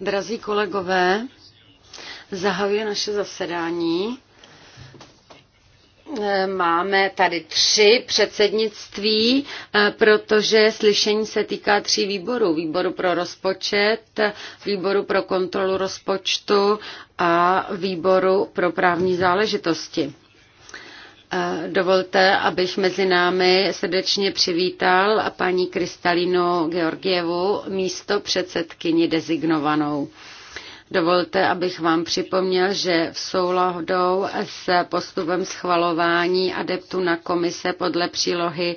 Drazí kolegové, zahajuje naše zasedání. Eh, máme tady tři předsednictví, eh, protože slyšení se týká tří výborů. Výboru pro rozpočet, výboru pro kontrolu rozpočtu a výboru pro právní záležitosti. Dovolte, abych mezi námi srdečně přivítal a paní Kristalinu Georgievu, místo předsedkyni dezignovanou. Dovolte, abych vám připomněl, že v souladu s postupem schvalování adeptu na komise podle přílohy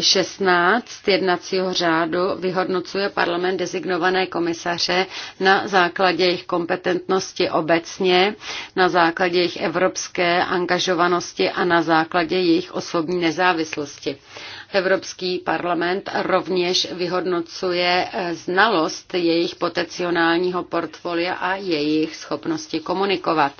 16 jednacího řádu vyhodnocuje parlament designované komisaře na základě jejich kompetentnosti obecně, na základě jejich evropské angažovanosti a na základě jejich osobní nezávislosti. Evropský parlament rovněž vyhodnocuje eh, znalost jejich potenciálního portfolia a jejich schopnosti komunikovat.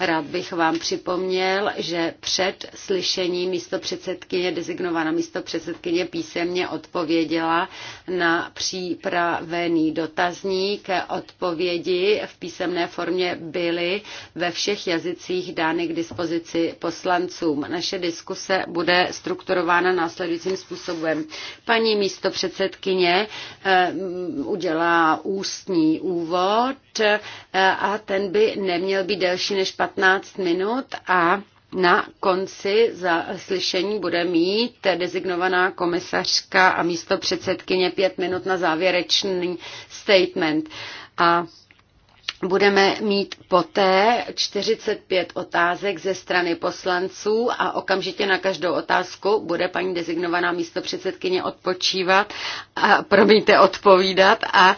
Rád bych vám připomněl, že před slyšením místo předsedkyně, designovaná místo předsedkyně písemně odpověděla na přípravený dotazník. Odpovědi v písemné formě byly ve všech jazycích dány k dispozici poslancům. Naše diskuse bude strukturována následujícím způsobem. Paní místo předsedkyně eh, udělá ústní úvod eh, a ten by neměl být delší než 15 minut a na konci za slyšení bude mít dezignovaná komisařka a místo předsedkyně 5 minut na závěrečný statement. A budeme mít poté 45 otázek ze strany poslanců a okamžitě na každou otázku bude paní dezignovaná místo předsedkyně odpočívat a promiňte odpovídat a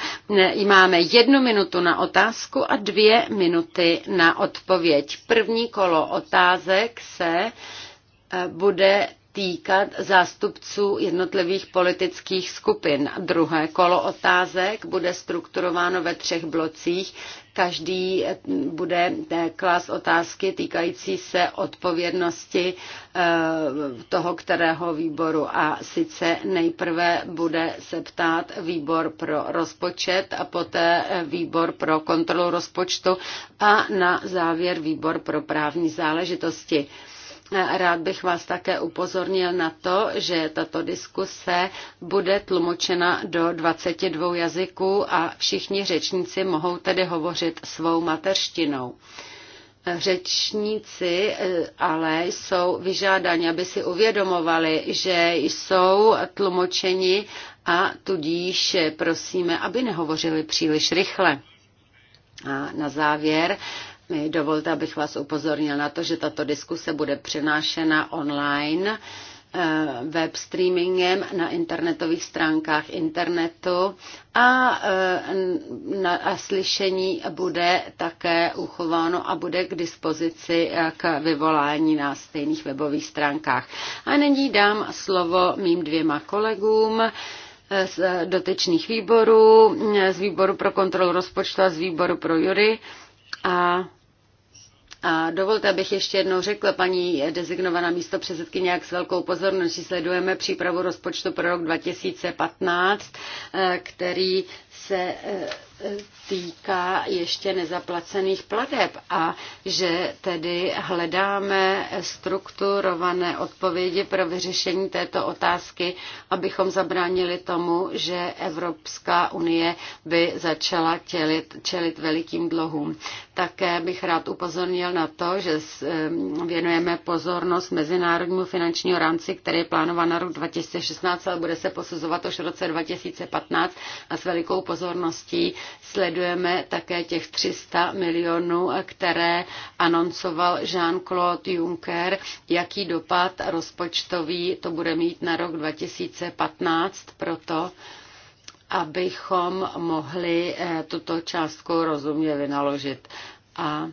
máme jednu minutu na otázku a dvě minuty na odpověď. První kolo otázek se eh, bude týkat zástupců jednotlivých politických skupin. Druhé kolo otázek bude strukturováno ve třech blocích. Každý eh, bude eh, klas otázky týkající se odpovědnosti eh, toho, kterého výboru. A sice nejprve bude se ptát výbor pro rozpočet a poté výbor pro kontrolu rozpočtu a na závěr výbor pro právní záležitosti. Rád bych vás také upozornil na to, že tato diskuse bude tlumočena do 22 jazyků a všichni řečníci mohou tedy hovořit svou mateřštinou. Řečníci eh, ale jsou vyžádáni, aby si uvědomovali, že jsou tlumočeni a tudíž eh, prosíme, aby nehovořili příliš rychle. A na závěr Eh, dovolte, abych vás upozornil na to, že tato diskuse bude přenášena online eh, web streamingem na internetových stránkách internetu a, eh, na, a slyšení bude také uchováno a bude k dispozici k vyvolání na stejných webových stránkách. A nyní dám slovo mým dvěma kolegům z dotyčných výborů, z výboru pro kontrolu rozpočtu a z výboru pro jury. A a dovolte, abych ještě jednou řekla, paní dezignovaná místo předsedky, jak s velkou pozorností sledujeme přípravu rozpočtu pro rok 2015, eh, který se eh, týká ještě nezaplacených plateb a že tedy hledáme strukturované odpovědi pro vyřešení této otázky, abychom zabránili tomu, že Evropská unie by začala čelit, čelit velikým dluhům. Také bych rád upozornil na to, že věnujeme pozornost mezinárodnímu finančního rámci, který je plánován na rok 2016, ale bude se posuzovat už v roce 2015 a s velikou pozorností sledujeme sledujeme také těch 300 milionů, které anoncoval Jean-Claude Juncker, jaký dopad rozpočtový to bude mít na rok 2015 proto, abychom mohli eh, tuto částku rozumně vynaložit. A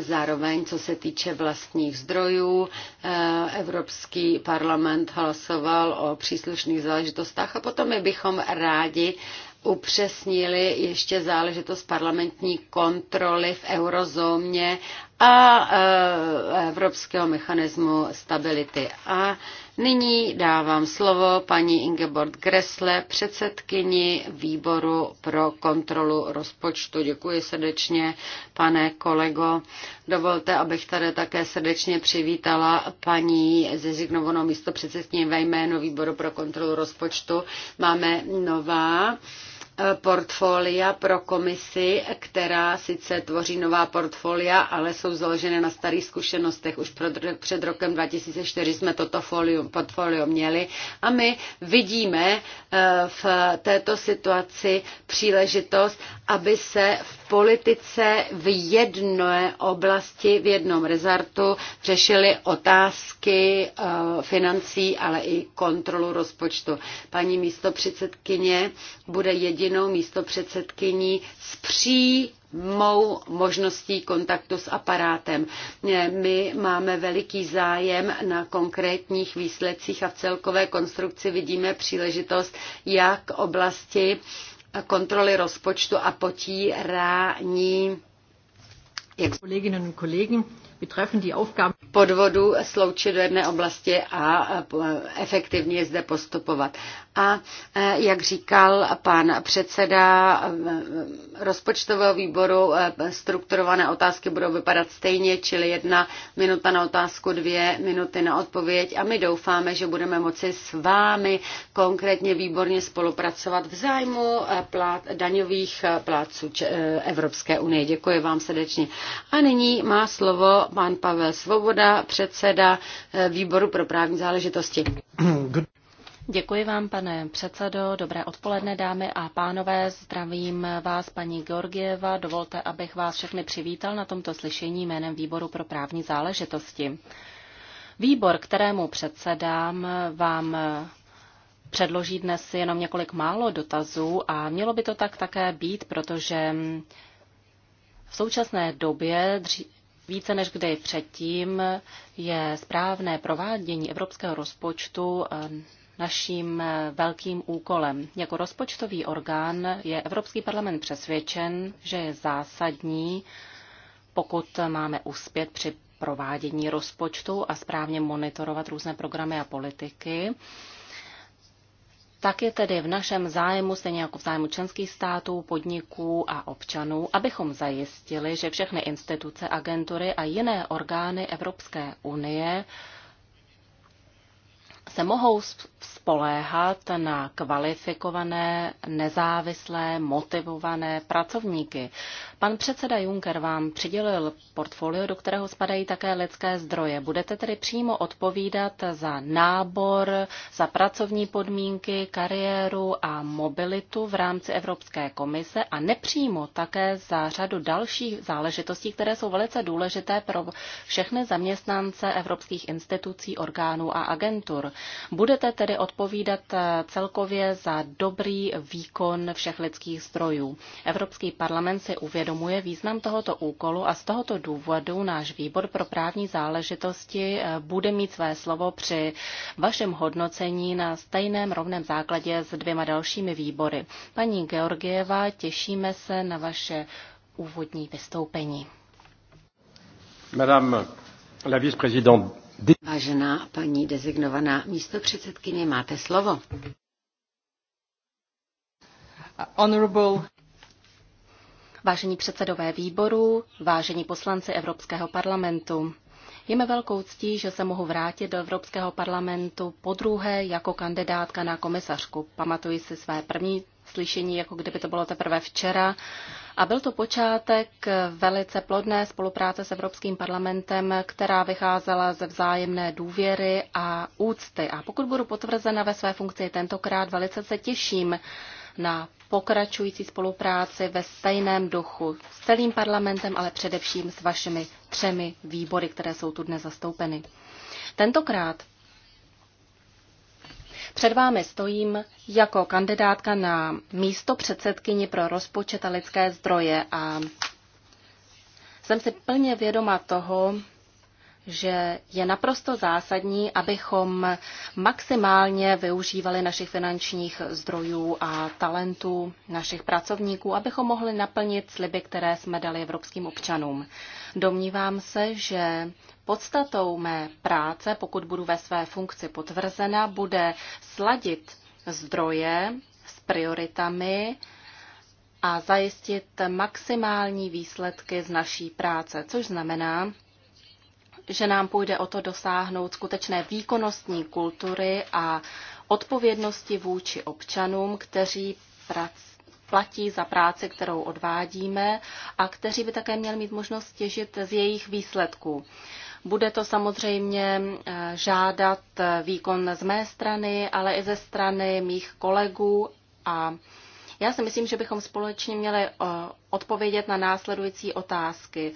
Zároveň, co se týče vlastních zdrojů, eh, Evropský parlament hlasoval o příslušných záležitostech a potom my bychom rádi upřesnili ještě záležitost parlamentní kontroly v eurozóně a e, Evropského mechanismu stability. A nyní dávám slovo paní Ingeborg Gressle, předsedkyni výboru pro kontrolu rozpočtu. Děkuji srdečně, pane kolego. Dovolte, abych tady také srdečně přivítala paní zezignovanou místo předsedkyni ve jménu výboru pro kontrolu rozpočtu. Máme nová portfolia pro komisi, která sice tvoří nová portfolia, ale jsou založené na starých zkušenostech. Už před rokem 2004 jsme toto folium, portfolio měli a my vidíme eh, v této situaci příležitost, aby se v politice v jedné oblasti, v jednom rezartu řešily otázky eh, financí, ale i kontrolu rozpočtu. Paní místo předsedkyně bude jediná jedinou místopředsedkyní s pří mou možností kontaktu s aparátem. My máme veliký zájem na konkrétních výsledcích a v celkové konstrukci vidíme příležitost, jak oblasti kontroly rozpočtu a potírání jak... Kolleginnen a Kollegen, Podvodu sloučit do jedné oblasti a efektivně zde postupovat. A e, jak říkal pan předseda e, rozpočtového výboru, e, strukturované otázky budou vypadat stejně, čili jedna minuta na otázku, dvě minuty na odpověď a my doufáme, že budeme moci s vámi konkrétně výborně spolupracovat v zájmu plát, daňových plátců Evropské unie. Děkuji vám srdečně. A nyní má slovo pan Pavel Svoboda, předseda eh, výboru pro právní záležitosti. Děkuji vám, pane předsedo. Dobré odpoledne, dámy a pánové. Zdravím vás, paní Georgieva. Dovolte, abych vás všechny přivítal na tomto slyšení jménem Výboru pro právní záležitosti. Výbor, kterému předsedám, vám eh, předloží dnes jenom několik málo dotazů a mělo by to tak také být, protože v současné době více než kdy předtím je správné provádění evropského rozpočtu eh, naším eh, velkým úkolem. Jako rozpočtový orgán je Evropský parlament přesvědčen, že je zásadní, pokud máme uspět při provádění rozpočtu a správně monitorovat různé programy a politiky, tak je tedy v našem zájmu, stejně jako v zájmu členských států, podniků a občanů, abychom zajistili, že všechny instituce, agentury a jiné orgány Evropské unie se mohou spoléhat na kvalifikované, nezávislé, motivované pracovníky. Pan předseda Juncker vám přidělil portfolio, do kterého spadají také lidské zdroje. Budete tedy přímo odpovídat za nábor, za pracovní podmínky, kariéru a mobilitu v rámci Evropské komise a nepřímo také za řadu dalších záležitostí, které jsou velice důležité pro všechny zaměstnance evropských institucí, orgánů a agentur. Budete tedy odpovídat eh, celkově za dobrý výkon všech lidských zdrojů. Evropský parlament si uvědomuje význam tohoto úkolu a z tohoto důvodu náš výbor pro právní záležitosti eh, bude mít své slovo při vašem hodnocení na stejném rovném základě s dvěma dalšími výbory. Paní Georgieva, těšíme se na vaše úvodní vystoupení. Madame la vice-présidente Vážená paní dezignovaná místo předsedkyně, máte slovo. Honorable. Vážení předsedové výboru, vážení poslanci Evropského parlamentu, je mi velkou ctí, že se mohu vrátit do Evropského parlamentu po druhé jako kandidátka na komisařku. Pamatuji si své první slyšení, jako kdyby to bylo teprve včera. A byl to počátek velice plodné spolupráce s Evropským parlamentem, která vycházela ze vzájemné důvěry a úcty. A pokud budu potvrzena ve své funkci tentokrát, velice se těším na pokračující spolupráci ve stejném duchu s celým parlamentem, ale především s vašimi třemi výbory, které jsou tu dnes zastoupeny. Tentokrát před vámi stojím jako kandidátka na místo předsedkyni pro rozpočet a lidské zdroje a jsem si plně vědoma toho, že je naprosto zásadní, abychom maximálně využívali našich finančních zdrojů a talentů našich pracovníků, abychom mohli naplnit sliby, které jsme dali evropským občanům. Domnívám se, že podstatou mé práce, pokud budu ve své funkci potvrzena, bude sladit zdroje s prioritami, a zajistit maximální výsledky z naší práce, což znamená, že nám půjde o to dosáhnout skutečné výkonnostní kultury a odpovědnosti vůči občanům, kteří prac, platí za práci, kterou odvádíme a kteří by také měli mít možnost těžit z jejich výsledků. Bude to samozřejmě eh, žádat eh, výkon z mé strany, ale i ze strany mých kolegů a já si myslím, že bychom společně měli eh, odpovědět na následující otázky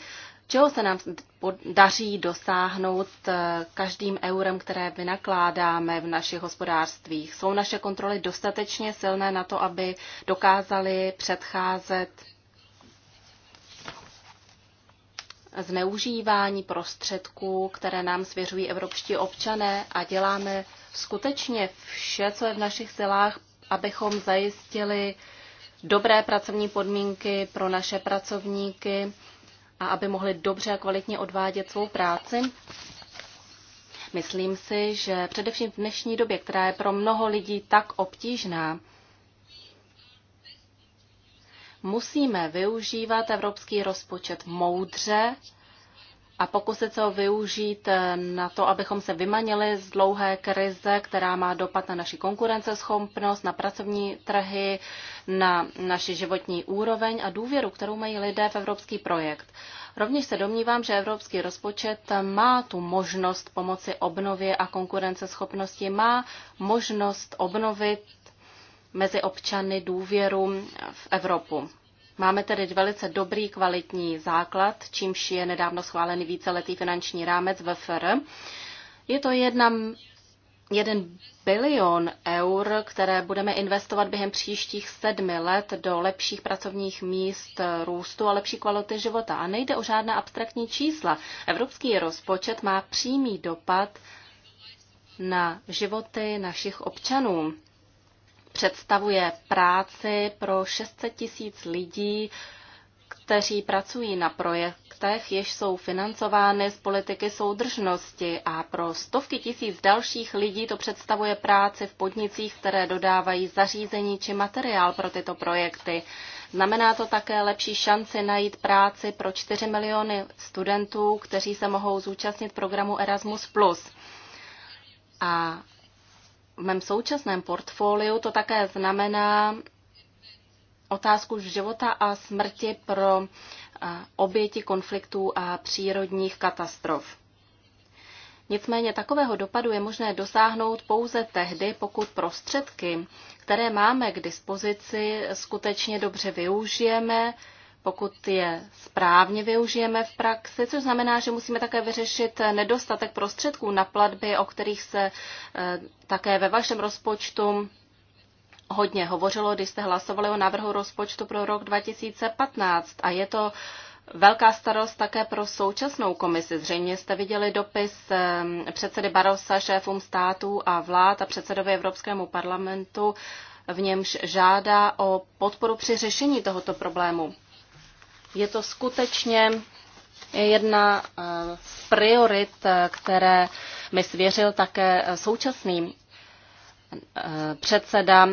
čeho se nám podaří dosáhnout eh, každým eurem, které vynakládáme v našich hospodářstvích. Jsou naše kontroly dostatečně silné na to, aby dokázali předcházet zneužívání prostředků, které nám svěřují evropští občané a děláme skutečně vše, co je v našich silách, abychom zajistili dobré pracovní podmínky pro naše pracovníky a aby mohli dobře a kvalitně odvádět svou práci. Myslím si, že především v dnešní době, která je pro mnoho lidí tak obtížná, musíme využívat evropský rozpočet moudře a pokusit se ho využít eh, na to, abychom se vymanili z dlouhé krize, která má dopad na naši konkurenceschopnost, na pracovní trhy, na naši životní úroveň a důvěru, kterou mají lidé v evropský projekt. Rovněž se domnívám, že evropský rozpočet má tu možnost pomoci obnově a konkurenceschopnosti, má možnost obnovit mezi občany důvěru v Evropu. Máme tedy velice dobrý kvalitní základ, čímž je nedávno schválený víceletý finanční rámec VFR. Je to jedna jeden bilion eur, které budeme investovat během příštích sedmi let do lepších pracovních míst, růstu a lepší kvality života. A nejde o žádná abstraktní čísla. Evropský rozpočet má přímý dopad na životy našich občanů představuje práci pro 600 tisíc lidí, kteří pracují na projektech, jež jsou financovány z politiky soudržnosti a pro stovky tisíc dalších lidí to představuje práci v podnicích, které dodávají zařízení či materiál pro tyto projekty. Znamená to také lepší šanci najít práci pro 4 miliony studentů, kteří se mohou zúčastnit programu Erasmus+. A mém současném portfoliu to také znamená otázku života a smrti pro oběti konfliktů a přírodních katastrof. Nicméně takového dopadu je možné dosáhnout pouze tehdy, pokud prostředky, které máme k dispozici, skutečně dobře využijeme, pokud je správně využijeme v praxi, což znamená, že musíme také vyřešit nedostatek prostředků na platby, o kterých se eh, také ve vašem rozpočtu hodně hovořilo, když jste hlasovali o návrhu rozpočtu pro rok 2015 a je to Velká starost také pro současnou komisi. Zřejmě jste viděli dopis eh, předsedy Barossa šéfům států a vlád a předsedovi Evropskému parlamentu, v němž žádá o podporu při řešení tohoto problému. Je to skutečně jedna eh, z priorit, eh, které mi svěřil také eh, současný předseda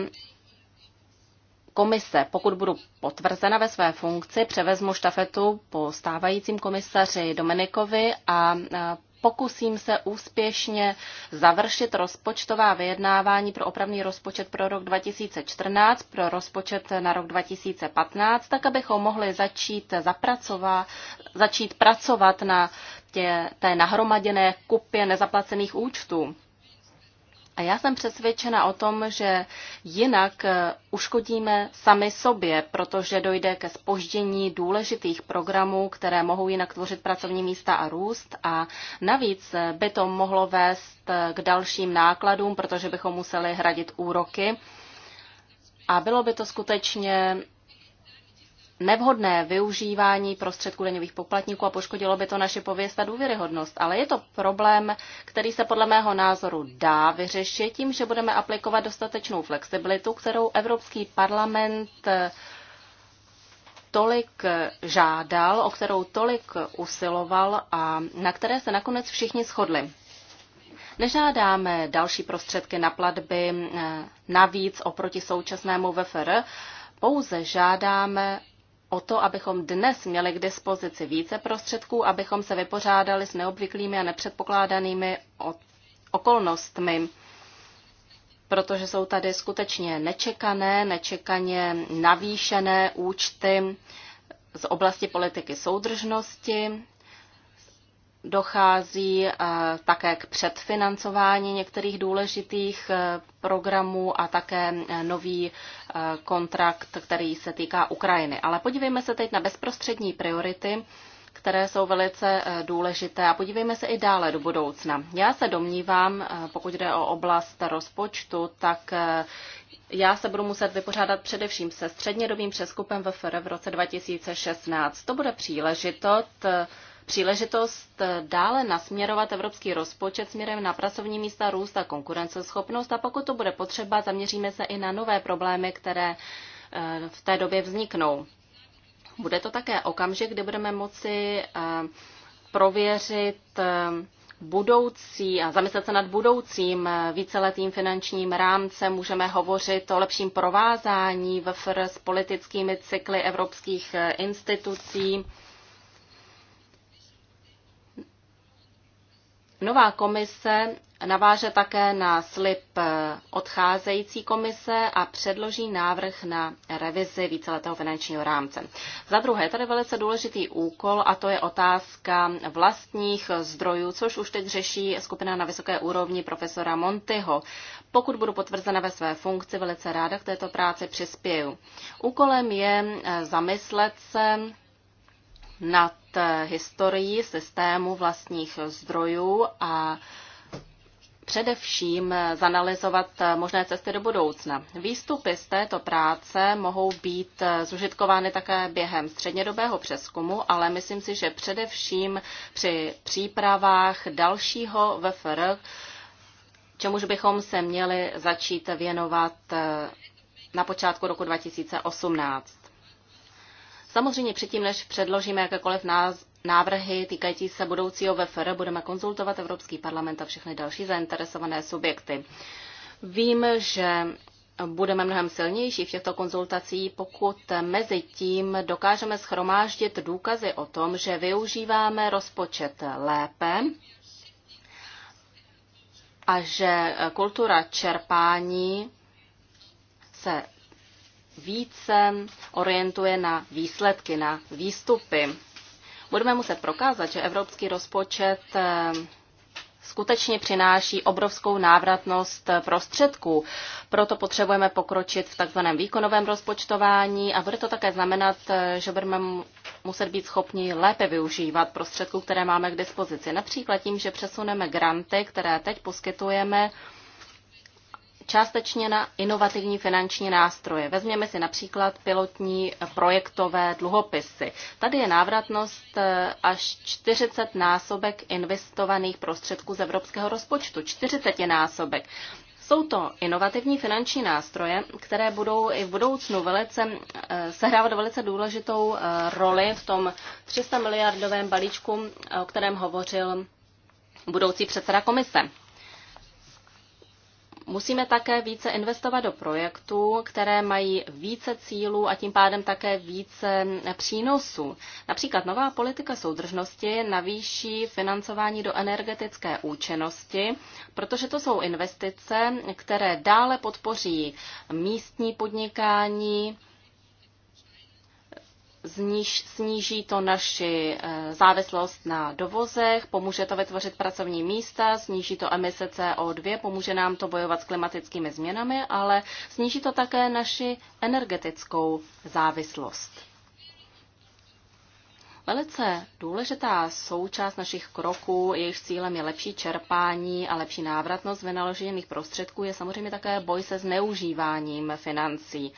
komise. Pokud budu potvrzena ve své funkci, převezmu štafetu po stávajícím komisaři Dominikovi a pokusím se úspěšně završit rozpočtová vyjednávání pro opravný rozpočet pro rok 2014, pro rozpočet na rok 2015, tak abychom mohli začít, začít pracovat na tě, té nahromaděné kupě nezaplacených účtů. A já jsem přesvědčena o tom, že jinak eh, uškodíme sami sobě, protože dojde ke spoždění důležitých programů, které mohou jinak tvořit pracovní místa a růst. A navíc eh, by to mohlo vést eh, k dalším nákladům, protože bychom museli hradit úroky. A bylo by to skutečně nevhodné využívání prostředků daňových poplatníků a poškodilo by to naše pověst a důvěryhodnost. Ale je to problém, který se podle mého názoru dá vyřešit tím, že budeme aplikovat dostatečnou flexibilitu, kterou Evropský parlament eh, tolik eh, žádal, o kterou tolik usiloval a na které se nakonec všichni shodli. Nežádáme další prostředky na platby eh, navíc oproti současnému VFR, pouze žádáme o to, abychom dnes měli k dispozici více prostředků, abychom se vypořádali s neobvyklými a nepředpokládanými okolnostmi, protože jsou tady skutečně nečekané, nečekaně navýšené účty z oblasti politiky soudržnosti, Dochází eh, také k předfinancování některých důležitých eh, programů a také eh, nový kontrakt, který se týká Ukrajiny. Ale podívejme se teď na bezprostřední priority, které jsou velice důležité a podívejme se i dále do budoucna. Já se domnívám, pokud jde o oblast rozpočtu, tak já se budu muset vypořádat především se střednědobým přeskupem VFR v roce 2016. To bude příležitost příležitost dále nasměrovat evropský rozpočet směrem na pracovní místa, růst a konkurenceschopnost a pokud to bude potřeba, zaměříme se i na nové problémy, které eh, v té době vzniknou. Bude to také okamžik, kdy budeme moci eh, prověřit eh, budoucí a zamyslet se nad budoucím víceletým finančním rámcem. Můžeme hovořit o lepším provázání VFR s politickými cykly evropských institucí Nová komise naváže také na slib eh, odcházející komise a předloží návrh na revizi víceletého finančního rámce. Za druhé, je tady velice důležitý úkol a to je otázka vlastních zdrojů, což už teď řeší skupina na vysoké úrovni profesora Montyho. Pokud budu potvrzena ve své funkci, velice ráda k této práci přispěju. Úkolem je eh, zamyslet se nad eh, historií systému vlastních zdrojů a především eh, zanalizovat eh, možné cesty do budoucna. Výstupy z této práce mohou být zužitkovány také během střednědobého přeskumu, ale myslím si, že především při přípravách dalšího VFR, čemuž bychom se měli začít věnovat na počátku roku 2018. Samozřejmě předtím, než předložíme jakékoliv návrhy týkající se budoucího VFR, budeme konzultovat Evropský parlament a všechny další zainteresované subjekty. Vím, že budeme mnohem silnější v těchto konzultacích, pokud mezi tím dokážeme schromáždit důkazy o tom, že využíváme rozpočet lépe a že kultura čerpání se více orientuje na výsledky, na výstupy. Budeme muset prokázat, že evropský rozpočet eh, skutečně přináší obrovskou návratnost prostředků. Proto potřebujeme pokročit v takzvaném výkonovém rozpočtování a bude to také znamenat, eh, že budeme muset být schopni lépe využívat prostředků, které máme k dispozici. Například tím, že přesuneme granty, které teď poskytujeme, částečně na inovativní finanční nástroje. Vezměme si například pilotní projektové dluhopisy. Tady je návratnost eh, až 40 násobek investovaných prostředků z evropského rozpočtu. 40 násobek. Jsou to inovativní finanční nástroje, které budou i v budoucnu velice, eh, sehrávat velice důležitou eh, roli v tom 300 miliardovém balíčku, o kterém hovořil budoucí předseda komise. Musíme také více investovat do projektů, které mají více cílů a tím pádem také více přínosů. Například nová politika soudržnosti navýší financování do energetické účinnosti, protože to jsou investice, které dále podpoří místní podnikání, zníž, sníží to naši eh, závislost na dovozech, pomůže to vytvořit pracovní místa, sníží to emise CO2, pomůže nám to bojovat s klimatickými změnami, ale sníží to také naši energetickou závislost. Velice důležitá součást našich kroků, jejich cílem je lepší čerpání a lepší návratnost vynaložených prostředků, je samozřejmě také boj se zneužíváním financí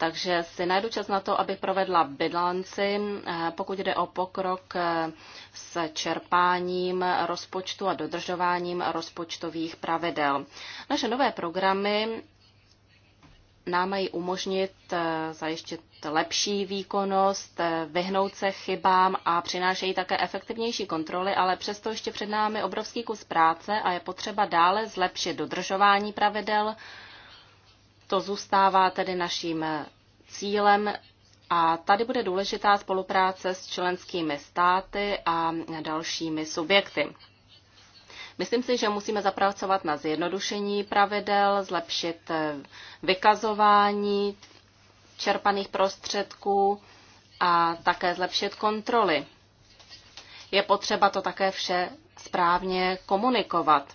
takže si najdu čas na to, aby provedla bilanci, eh, pokud jde o pokrok eh, s čerpáním rozpočtu a dodržováním rozpočtových pravidel. Naše nové programy nám mají umožnit eh, zajištět lepší výkonnost, vyhnout se chybám a přinášejí také efektivnější kontroly, ale přesto ještě před námi obrovský kus práce a je potřeba dále zlepšit dodržování pravidel, to zůstává tedy naším cílem a tady bude důležitá spolupráce s členskými státy a dalšími subjekty. Myslím si, že musíme zapracovat na zjednodušení pravidel, zlepšit eh, vykazování čerpaných prostředků a také zlepšit kontroly. Je potřeba to také vše správně komunikovat.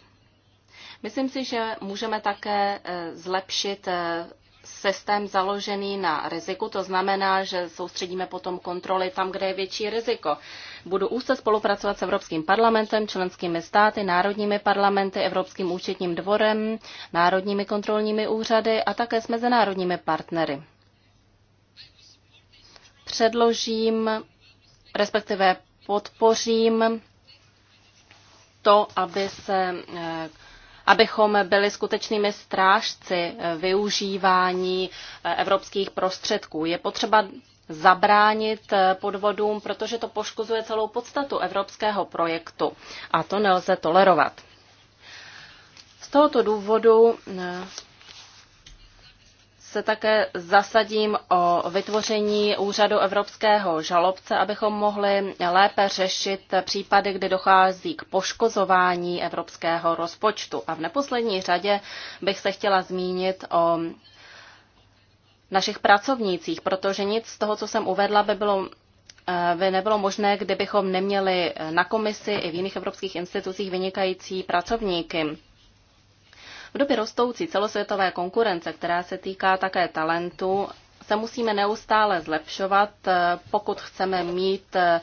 Myslím si, že můžeme také e, zlepšit e, systém založený na riziku, to znamená, že soustředíme potom kontroly tam, kde je větší riziko. Budu úzce spolupracovat s Evropským parlamentem, členskými státy, národními parlamenty, Evropským účetním dvorem, národními kontrolními úřady a také s mezinárodními partnery. Předložím, respektive podpořím to, aby se e, abychom byli skutečnými strážci eh, využívání eh, evropských prostředků. Je potřeba zabránit eh, podvodům, protože to poškozuje celou podstatu evropského projektu a to nelze tolerovat. Z tohoto důvodu se také zasadím o vytvoření úřadu evropského žalobce, abychom mohli lépe řešit případy, kdy dochází k poškozování evropského rozpočtu. A v neposlední řadě bych se chtěla zmínit o našich pracovnících, protože nic z toho, co jsem uvedla, by bylo eh, by nebylo možné, kdybychom neměli na komisi i v jiných evropských institucích vynikající pracovníky. V době rostoucí celosvětové konkurence, která se týká také talentu, se musíme neustále zlepšovat, eh, pokud chceme mít eh,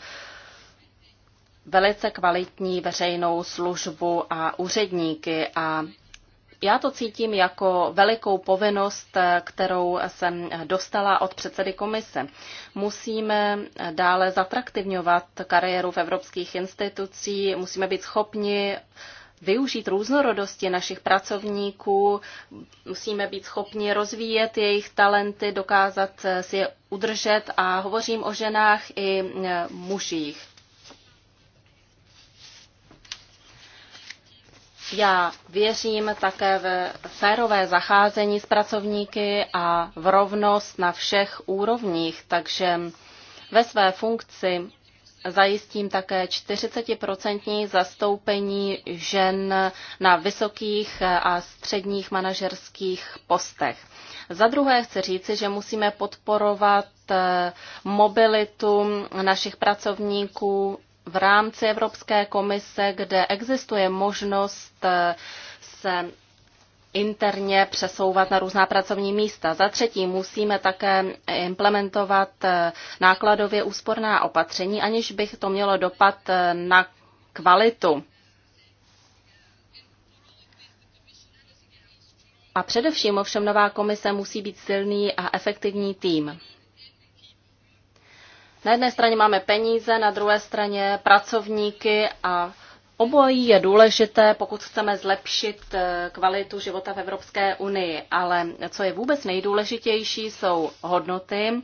velice kvalitní veřejnou službu a úředníky a já to cítím jako velikou povinnost, eh, kterou jsem dostala od předsedy komise. Musíme dále zatraktivňovat kariéru v evropských institucí, musíme být schopni využít různorodosti našich pracovníků, musíme být schopni rozvíjet jejich talenty, dokázat si je udržet a hovořím o ženách i e, mužích. Já věřím také v férové zacházení s pracovníky a v rovnost na všech úrovních, takže ve své funkci zajistím také 40% zastoupení žen na vysokých a středních manažerských postech. Za druhé chci říci, že musíme podporovat eh, mobilitu našich pracovníků v rámci Evropské komise, kde existuje možnost eh, se interně přesouvat na různá pracovní místa. Za třetí musíme také implementovat eh, nákladově úsporná opatření, aniž bych to mělo dopad eh, na kvalitu. A především ovšem nová komise musí být silný a efektivní tým. Na jedné straně máme peníze, na druhé straně pracovníky a Obojí je důležité, pokud chceme zlepšit eh, kvalitu života v Evropské unii, ale co je vůbec nejdůležitější, jsou hodnoty,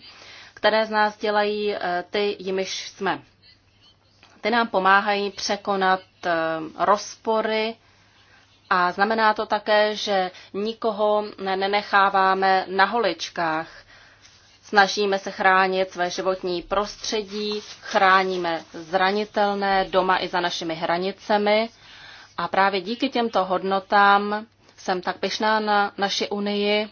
které z nás dělají eh, ty, jimiž jsme. Ty nám pomáhají překonat eh, rozpory a znamená to také, že nikoho nenecháváme na holičkách. Snažíme se chránit své životní prostředí, chráníme zranitelné doma i za našimi hranicemi. A právě díky těmto hodnotám jsem tak pyšná na naši Unii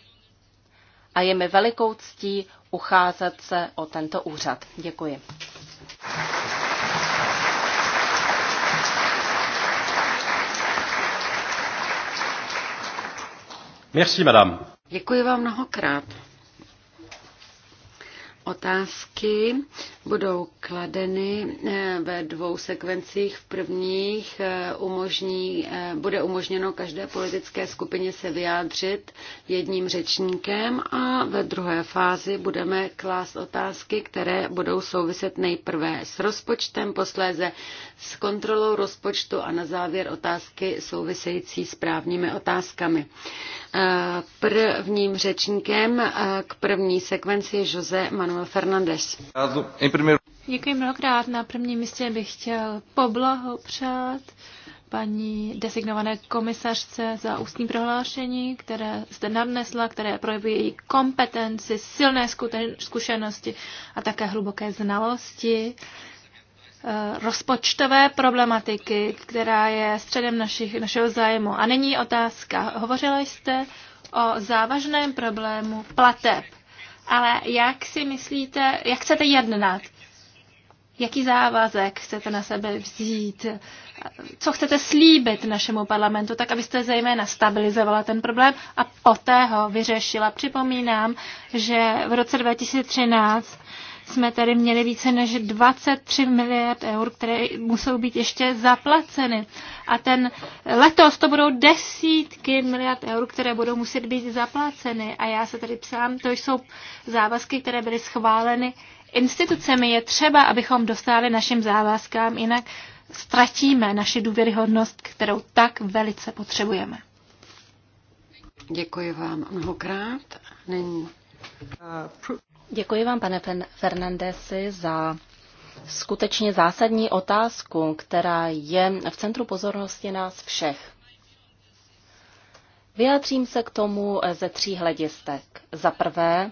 a je mi velikou ctí ucházet se o tento úřad. Děkuji. Merci, madame. Děkuji vám mnohokrát. Otázky budou kladeny eh, ve dvou sekvencích. V prvních eh, umožní, eh, bude umožněno každé politické skupině se vyjádřit jedním řečníkem a ve druhé fázi budeme klást otázky, které budou souviset nejprve s rozpočtem, posléze s kontrolou rozpočtu a na závěr otázky související s právními otázkami. Prvním řečníkem k první sekvenci je Jose Manuel Fernandez. Děkuji mnohokrát. Na prvním místě bych chtěl poblahopřát paní designované komisařce za ústní prohlášení, které jste nadnesla, které projevuje její kompetenci, silné zkušenosti a také hluboké znalosti eh, rozpočtové problematiky, která je středem našich, našeho zájmu. A není otázka. Hovořila jste o závažném problému plateb ale jak si myslíte, jak chcete jednat? Jaký závazek chcete na sebe vzít? Co chcete slíbit našemu parlamentu, tak abyste zejména stabilizovala ten problém a poté ho vyřešila? Připomínám, že v roce 2013 jsme tady měli více než 23 miliard eur, které musou být ještě zaplaceny. A ten letos to budou desítky miliard eur, které budou muset být zaplaceny. A já se tady psám, to jsou závazky, které byly schváleny institucemi. Je třeba, abychom dostali našim závazkám, jinak ztratíme naši důvěryhodnost, kterou tak velice potřebujeme. Děkuji vám mnohokrát. Nyní. Děkuji vám, pane Fernandesi, za skutečně zásadní otázku, která je v centru pozornosti nás všech. Vyjádřím se k tomu ze tří hledisek. Za prvé,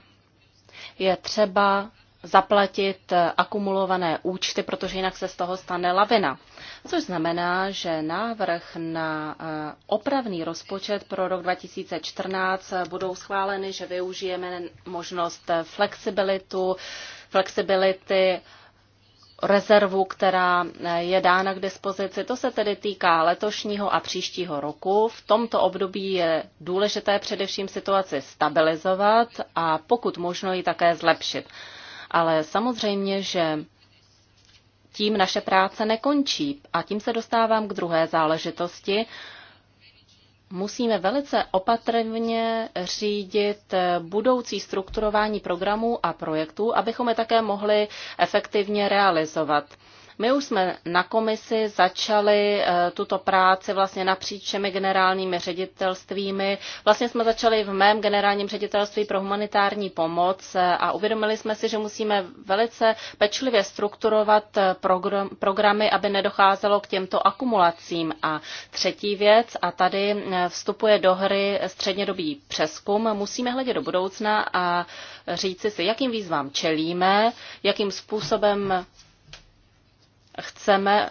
je třeba zaplatit eh, akumulované účty, protože jinak se z toho stane lavina. Což znamená, že návrh na eh, opravný rozpočet pro rok 2014 eh, budou schváleny, že využijeme možnost flexibilitu, flexibility rezervu, která je dána k dispozici. To se tedy týká letošního a příštího roku. V tomto období je důležité především situaci stabilizovat a pokud možno ji také zlepšit. Ale samozřejmě, že tím naše práce nekončí. A tím se dostávám k druhé záležitosti. Musíme velice opatrně řídit budoucí strukturování programů a projektů, abychom je také mohli efektivně realizovat. My už jsme na komisi začali eh, tuto práci vlastně napříč všemi generálními ředitelstvími. Vlastně jsme začali v mém generálním ředitelství pro humanitární pomoc eh, a uvědomili jsme si, že musíme velice pečlivě strukturovat eh, programy, aby nedocházelo k těmto akumulacím. A třetí věc, a tady vstupuje do hry střednědobý přeskum, musíme hledět do budoucna a říci si, jakým výzvám čelíme, jakým způsobem chceme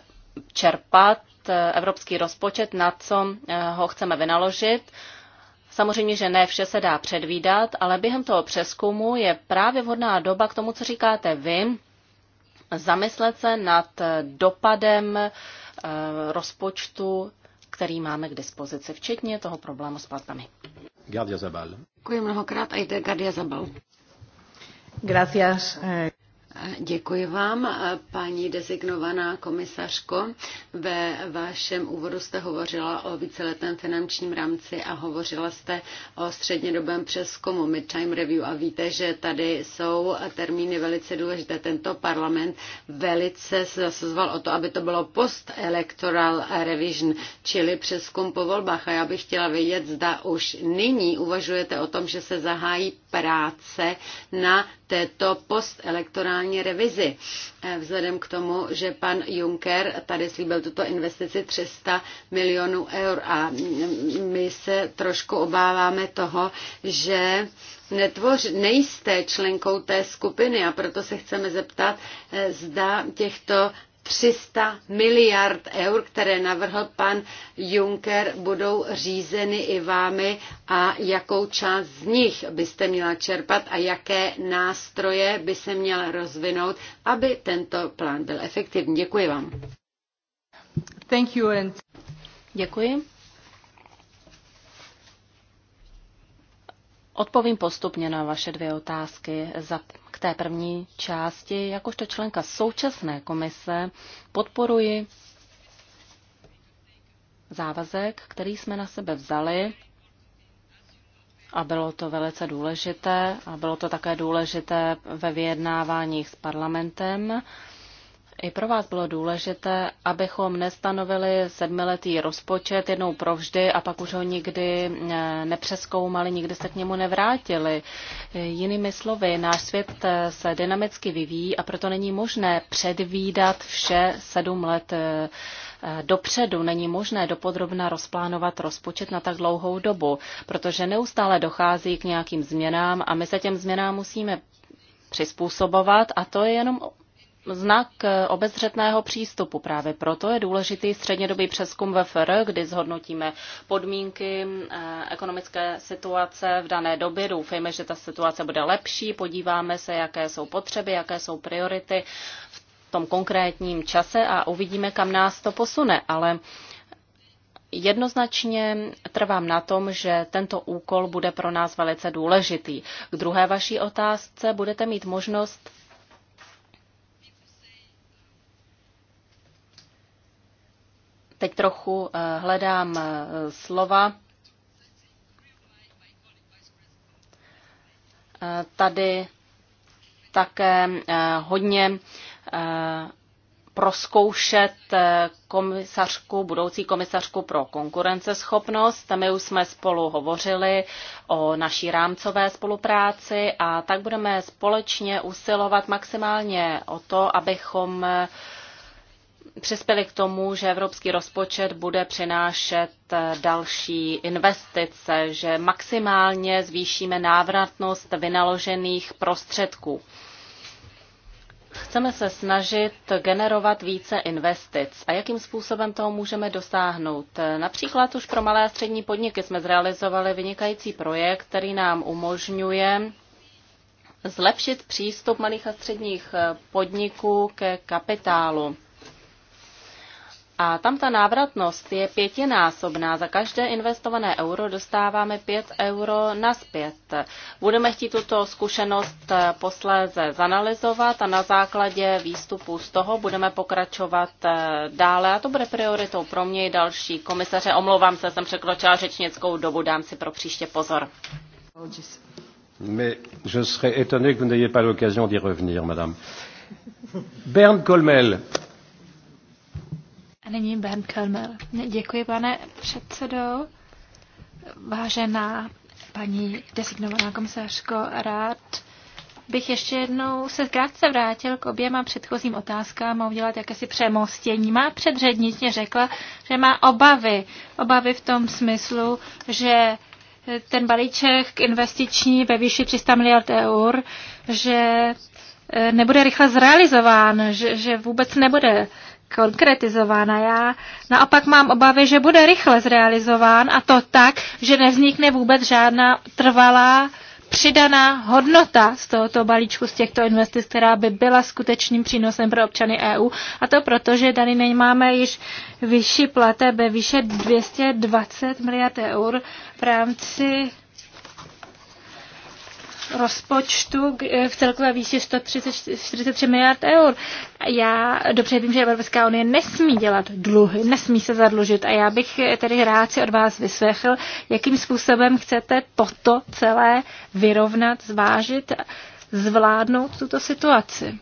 čerpat eh, evropský rozpočet, na co eh, ho chceme vynaložit. Samozřejmě, že ne vše se dá předvídat, ale během toho přeskumu je právě vhodná doba k tomu, co říkáte vy, zamyslet se nad eh, dopadem rozpočtu, který máme k dispozici, včetně toho problému s platbami. Gadia Zabal. Děkuji mnohokrát a jde Gadia Zabal. Gracias. Děkuji vám, paní designovaná komisařko. Ve vašem úvodu jste hovořila o víceletém finančním rámci a hovořila jste o střednědobém přeskumu midtime review a víte, že tady jsou termíny velice důležité. Tento parlament velice se zasazoval o to, aby to bylo post-electoral revision, čili přeskum po volbách. A já bych chtěla vědět, zda už nyní uvažujete o tom, že se zahájí práce na této post minimálně revizi. Eh, vzhledem k tomu, že pan Juncker tady slíbil tuto investici 300 milionů eur a mm, my se trošku obáváme toho, že netvoř, nejste členkou té skupiny a proto se chceme zeptat, eh, zda těchto 300 miliard eur, které navrhl pan Juncker, budou řízeny i vámi a jakou část z nich byste měla čerpat a jaké nástroje by se měla rozvinout, aby tento plán byl efektivní. Děkuji vám. Thank you and... Děkuji. Odpovím postupně na vaše dvě otázky. Za té první části, jakožto členka současné komise, podporuji závazek, který jsme na sebe vzali a bylo to velice důležité a bylo to také důležité ve vyjednáváních s parlamentem i pro vás bylo důležité, abychom nestanovili sedmiletý rozpočet jednou provždy a pak už ho nikdy eh, nepřeskoumali, nikdy se k němu nevrátili. Jinými slovy, náš svět eh, se dynamicky vyvíjí a proto není možné předvídat vše sedm let eh, dopředu není možné dopodrobna rozplánovat rozpočet na tak dlouhou dobu, protože neustále dochází k nějakým změnám a my se těm změnám musíme přizpůsobovat a to je jenom znak eh, obezřetného přístupu. Právě proto je důležitý střednědobý přeskum VFR, kdy zhodnotíme podmínky eh, ekonomické situace v dané době. Doufejme, že ta situace bude lepší, podíváme se, jaké jsou potřeby, jaké jsou priority v tom konkrétním čase a uvidíme, kam nás to posune. Ale Jednoznačně trvám na tom, že tento úkol bude pro nás velice důležitý. K druhé vaší otázce budete mít možnost Teď trochu eh, hledám eh, slova. Eh, tady také hodně proskoušet komisařku, budoucí komisařku pro konkurenceschopnost. My už jsme spolu hovořili o naší rámcové spolupráci a tak budeme společně usilovat maximálně o to, abychom přispěli k tomu, že evropský rozpočet bude přinášet eh, další investice, že maximálně zvýšíme návratnost vynaložených prostředků. Chceme se snažit generovat více investic. A jakým způsobem toho můžeme dosáhnout? Například už pro malé a střední podniky jsme zrealizovali vynikající projekt, který nám umožňuje zlepšit přístup malých a středních eh, podniků ke kapitálu. A tam ta návratnost je pětinásobná. Za každé investované euro dostáváme pět euro naspět. Budeme chtít tuto zkušenost eh, posléze zanalizovat a na základě výstupu z toho budeme pokračovat eh, dále. A to bude prioritou pro mě i další komisaře. Omlouvám se, jsem překročila řečnickou dobu, dám si pro příště pozor. Mais je serais étonné que vous n'ayez pas l'occasion d'y revenir, madame. Bernd Colmel. A nyní Bernd Kelmer. Děkuji, pane předsedo. Vážená paní designovaná komisařko, rád bych ještě jednou se krátce vrátil k oběma předchozím otázkám a udělat jakési přemostění. Má předřednice řekla, že má obavy. Obavy v tom smyslu, že ten balíček investiční ve výši 300 miliard eur, že e, nebude rychle zrealizován, že, že vůbec nebude konkretizována. Já naopak mám obavy, že bude rychle zrealizován a to tak, že nevznikne vůbec žádná trvalá přidaná hodnota z tohoto balíčku, z těchto investic, která by byla skutečným přínosem pro občany EU. A to proto, že tady nemáme již vyšší plate ve výše 220 miliard eur v rámci rozpočtu eh, v celkové výši 143 miliard eur. Já dobře vím, že Evropská unie nesmí dělat dluhy, nesmí se zadlužit a já bych eh, tedy rád si od vás vyslechl, jakým způsobem chcete toto celé vyrovnat, zvážit, zvládnout tuto situaci.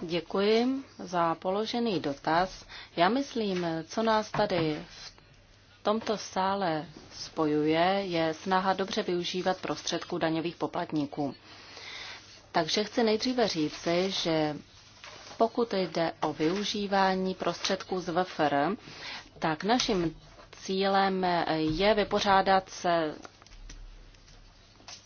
Děkuji za položený dotaz. Já myslím, co nás tady v tomto sále spojuje, je snaha dobře využívat prostředků daňových poplatníků. Takže chci nejdříve říci, že pokud jde o využívání prostředků z VFR, tak naším cílem je vypořádat se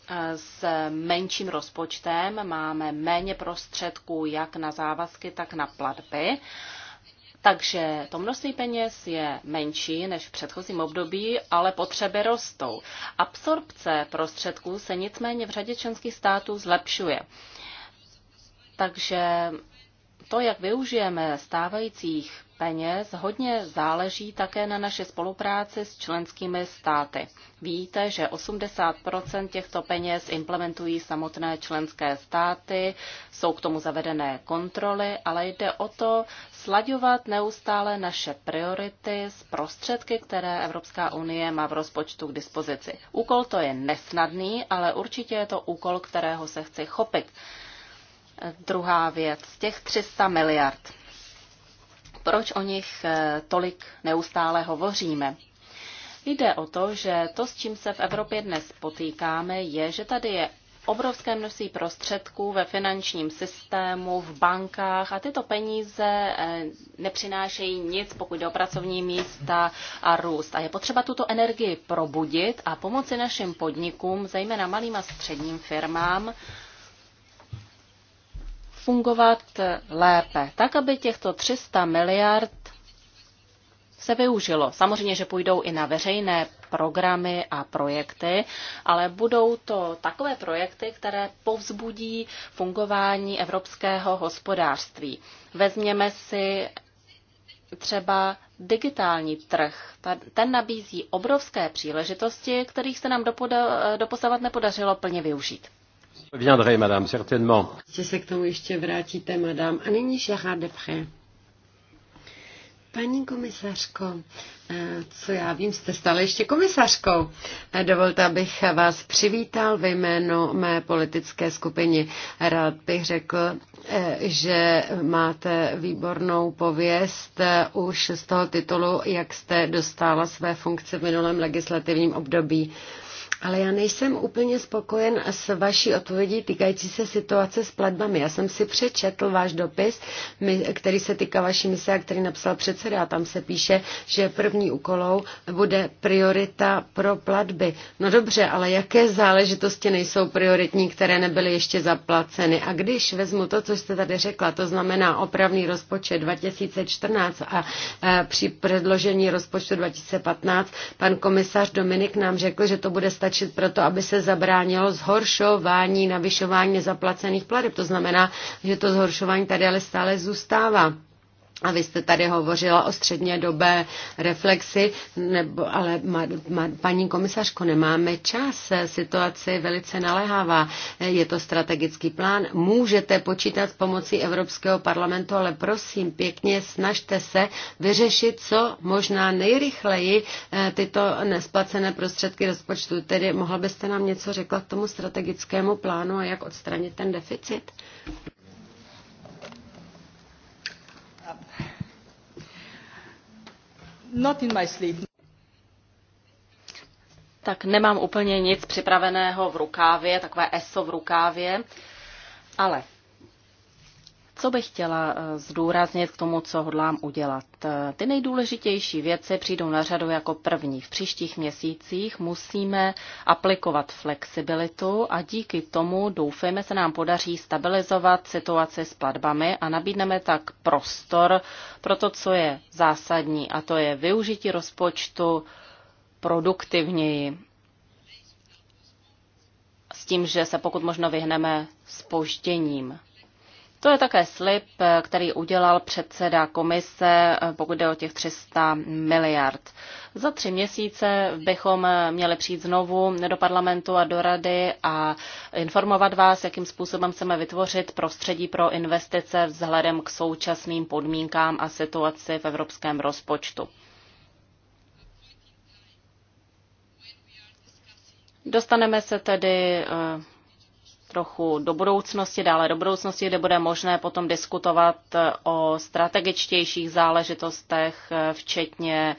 eh, s menším rozpočtem. Máme méně prostředků jak na závazky, tak na platby. Takže to množství peněz je menší než v předchozím období, ale potřeby rostou. Absorpce prostředků se nicméně v řadě členských států zlepšuje. Takže to, jak využijeme stávajících peněz, hodně záleží také na naše spolupráci s členskými státy. Víte, že 80 těchto peněz implementují samotné členské státy, jsou k tomu zavedené kontroly, ale jde o to slaďovat neustále naše priority s prostředky, které Evropská unie má v rozpočtu k dispozici. Úkol to je nesnadný, ale určitě je to úkol, kterého se chci chopit. Druhá věc, těch 300 miliard. Proč o nich eh, tolik neustále hovoříme? Jde o to, že to, s čím se v Evropě dnes potýkáme, je, že tady je obrovské množství prostředků ve finančním systému, v bankách a tyto peníze eh, nepřinášejí nic, pokud jde o pracovní místa a růst. A je potřeba tuto energii probudit a pomoci našim podnikům, zejména malým a středním firmám, fungovat lépe, tak aby těchto 300 miliard se využilo. Samozřejmě, že půjdou i na veřejné programy a projekty, ale budou to takové projekty, které povzbudí fungování evropského hospodářství. Vezměme si třeba digitální trh. Ten nabízí obrovské příležitosti, kterých se nám doposavat nepodařilo plně využít. Viendrai, madame, certainement. Jistě se k tomu ještě vrátíte, madame. A nyní Gérard Depré. Paní komisařko, eh, co já vím, jste stále ještě komisařkou. Eh, dovolte, abych vás přivítal ve jménu mé politické skupiny. Rád bych řekl, eh, že máte výbornou pověst už z toho titulu, jak jste dostala své funkce v minulém legislativním období. Ale já nejsem úplně spokojen s vaší odpovědí týkající se situace s platbami. Já jsem si přečetl váš dopis, který se týká vaší mise a který napsal předseda. A tam se píše, že první úkolou bude priorita pro platby. No dobře, ale jaké záležitosti nejsou prioritní, které nebyly ještě zaplaceny? A když vezmu to, co jste tady řekla, to znamená opravný rozpočet 2014 a e, při předložení rozpočtu 2015, pan komisař Dominik nám řekl, že to bude stačit tlačit proto, aby se zabránilo zhoršování, navyšování nezaplacených plateb. To znamená, že to zhoršování tady ale stále zůstává. A vy jste tady hovořila o středně dobé reflexi, nebo, ale ma, ma, paní komisařko, nemáme čas, situace je velice naléhavá, je to strategický plán, můžete počítat s pomocí Evropského parlamentu, ale prosím pěkně, snažte se vyřešit co možná nejrychleji eh, tyto nesplacené prostředky rozpočtu. Tedy mohla byste nám něco řekla k tomu strategickému plánu a jak odstranit ten deficit? not in my sleep. Tak nemám úplně nic připraveného v rukávě, takové ESO v rukávě, ale co bych chtěla eh, zdůraznit k tomu, co hodlám udělat? Eh, ty nejdůležitější věci přijdou na řadu jako první. V příštích měsících musíme aplikovat flexibilitu a díky tomu doufejme se nám podaří stabilizovat situaci s platbami a nabídneme tak prostor pro to, co je zásadní, a to je využití rozpočtu produktivněji s tím, že se pokud možno vyhneme spožděním. To je také slib, který udělal předseda komise, pokud jde o těch 300 miliard. Za tři měsíce bychom měli přijít znovu do parlamentu a do rady a informovat vás, jakým způsobem chceme vytvořit prostředí pro investice vzhledem k současným podmínkám a situaci v evropském rozpočtu. Dostaneme se tedy eh, trochu do budoucnosti, dále do budoucnosti, kde bude možné potom diskutovat eh, o strategičtějších záležitostech, eh, včetně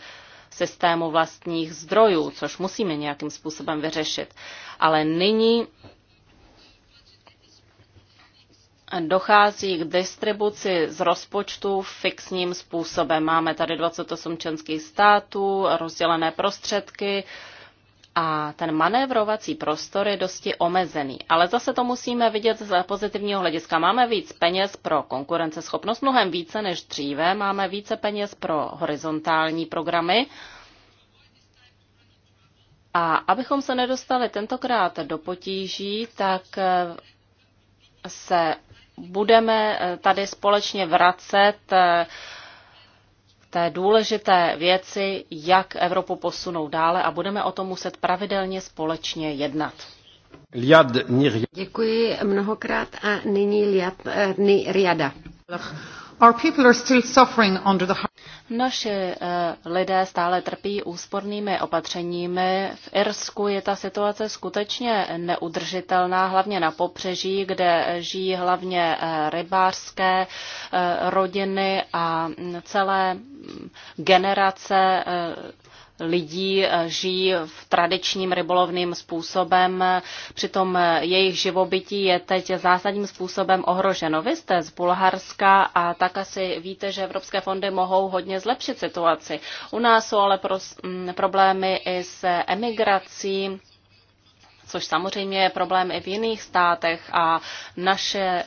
systému vlastních zdrojů, což musíme nějakým způsobem vyřešit. Ale nyní dochází k distribuci z rozpočtu fixním způsobem. Máme tady 28 členských států, rozdělené prostředky, a ten manévrovací prostor je dosti omezený. Ale zase to musíme vidět z pozitivního hlediska. Máme víc peněz pro konkurenceschopnost, mnohem více než dříve. Máme více peněz pro horizontální programy. A abychom se nedostali tentokrát do potíží, tak eh, se budeme eh, tady společně vracet eh, té důležité věci, jak Evropu posunout dále a budeme o tom muset pravidelně společně jednat. Liad Děkuji mnohokrát a nyní Liad eh, Riada. Our people are still suffering under the... Naše eh, lidé stále trpí úspornými opatřeními. V Irsku je ta situace skutečně neudržitelná, hlavně na popřeží, kde žijí hlavně eh, rybářské eh, rodiny a mm, celé mm, generace lidí eh, žijí v tradičním rybolovným způsobem, přitom jejich živobytí je teď zásadním způsobem ohroženo. Vy jste z Bulharska a tak asi víte, že evropské fondy mohou hodně zlepšit situaci. U nás jsou ale pro, m, mm, problémy i s emigrací, což samozřejmě je problém i v jiných státech a naše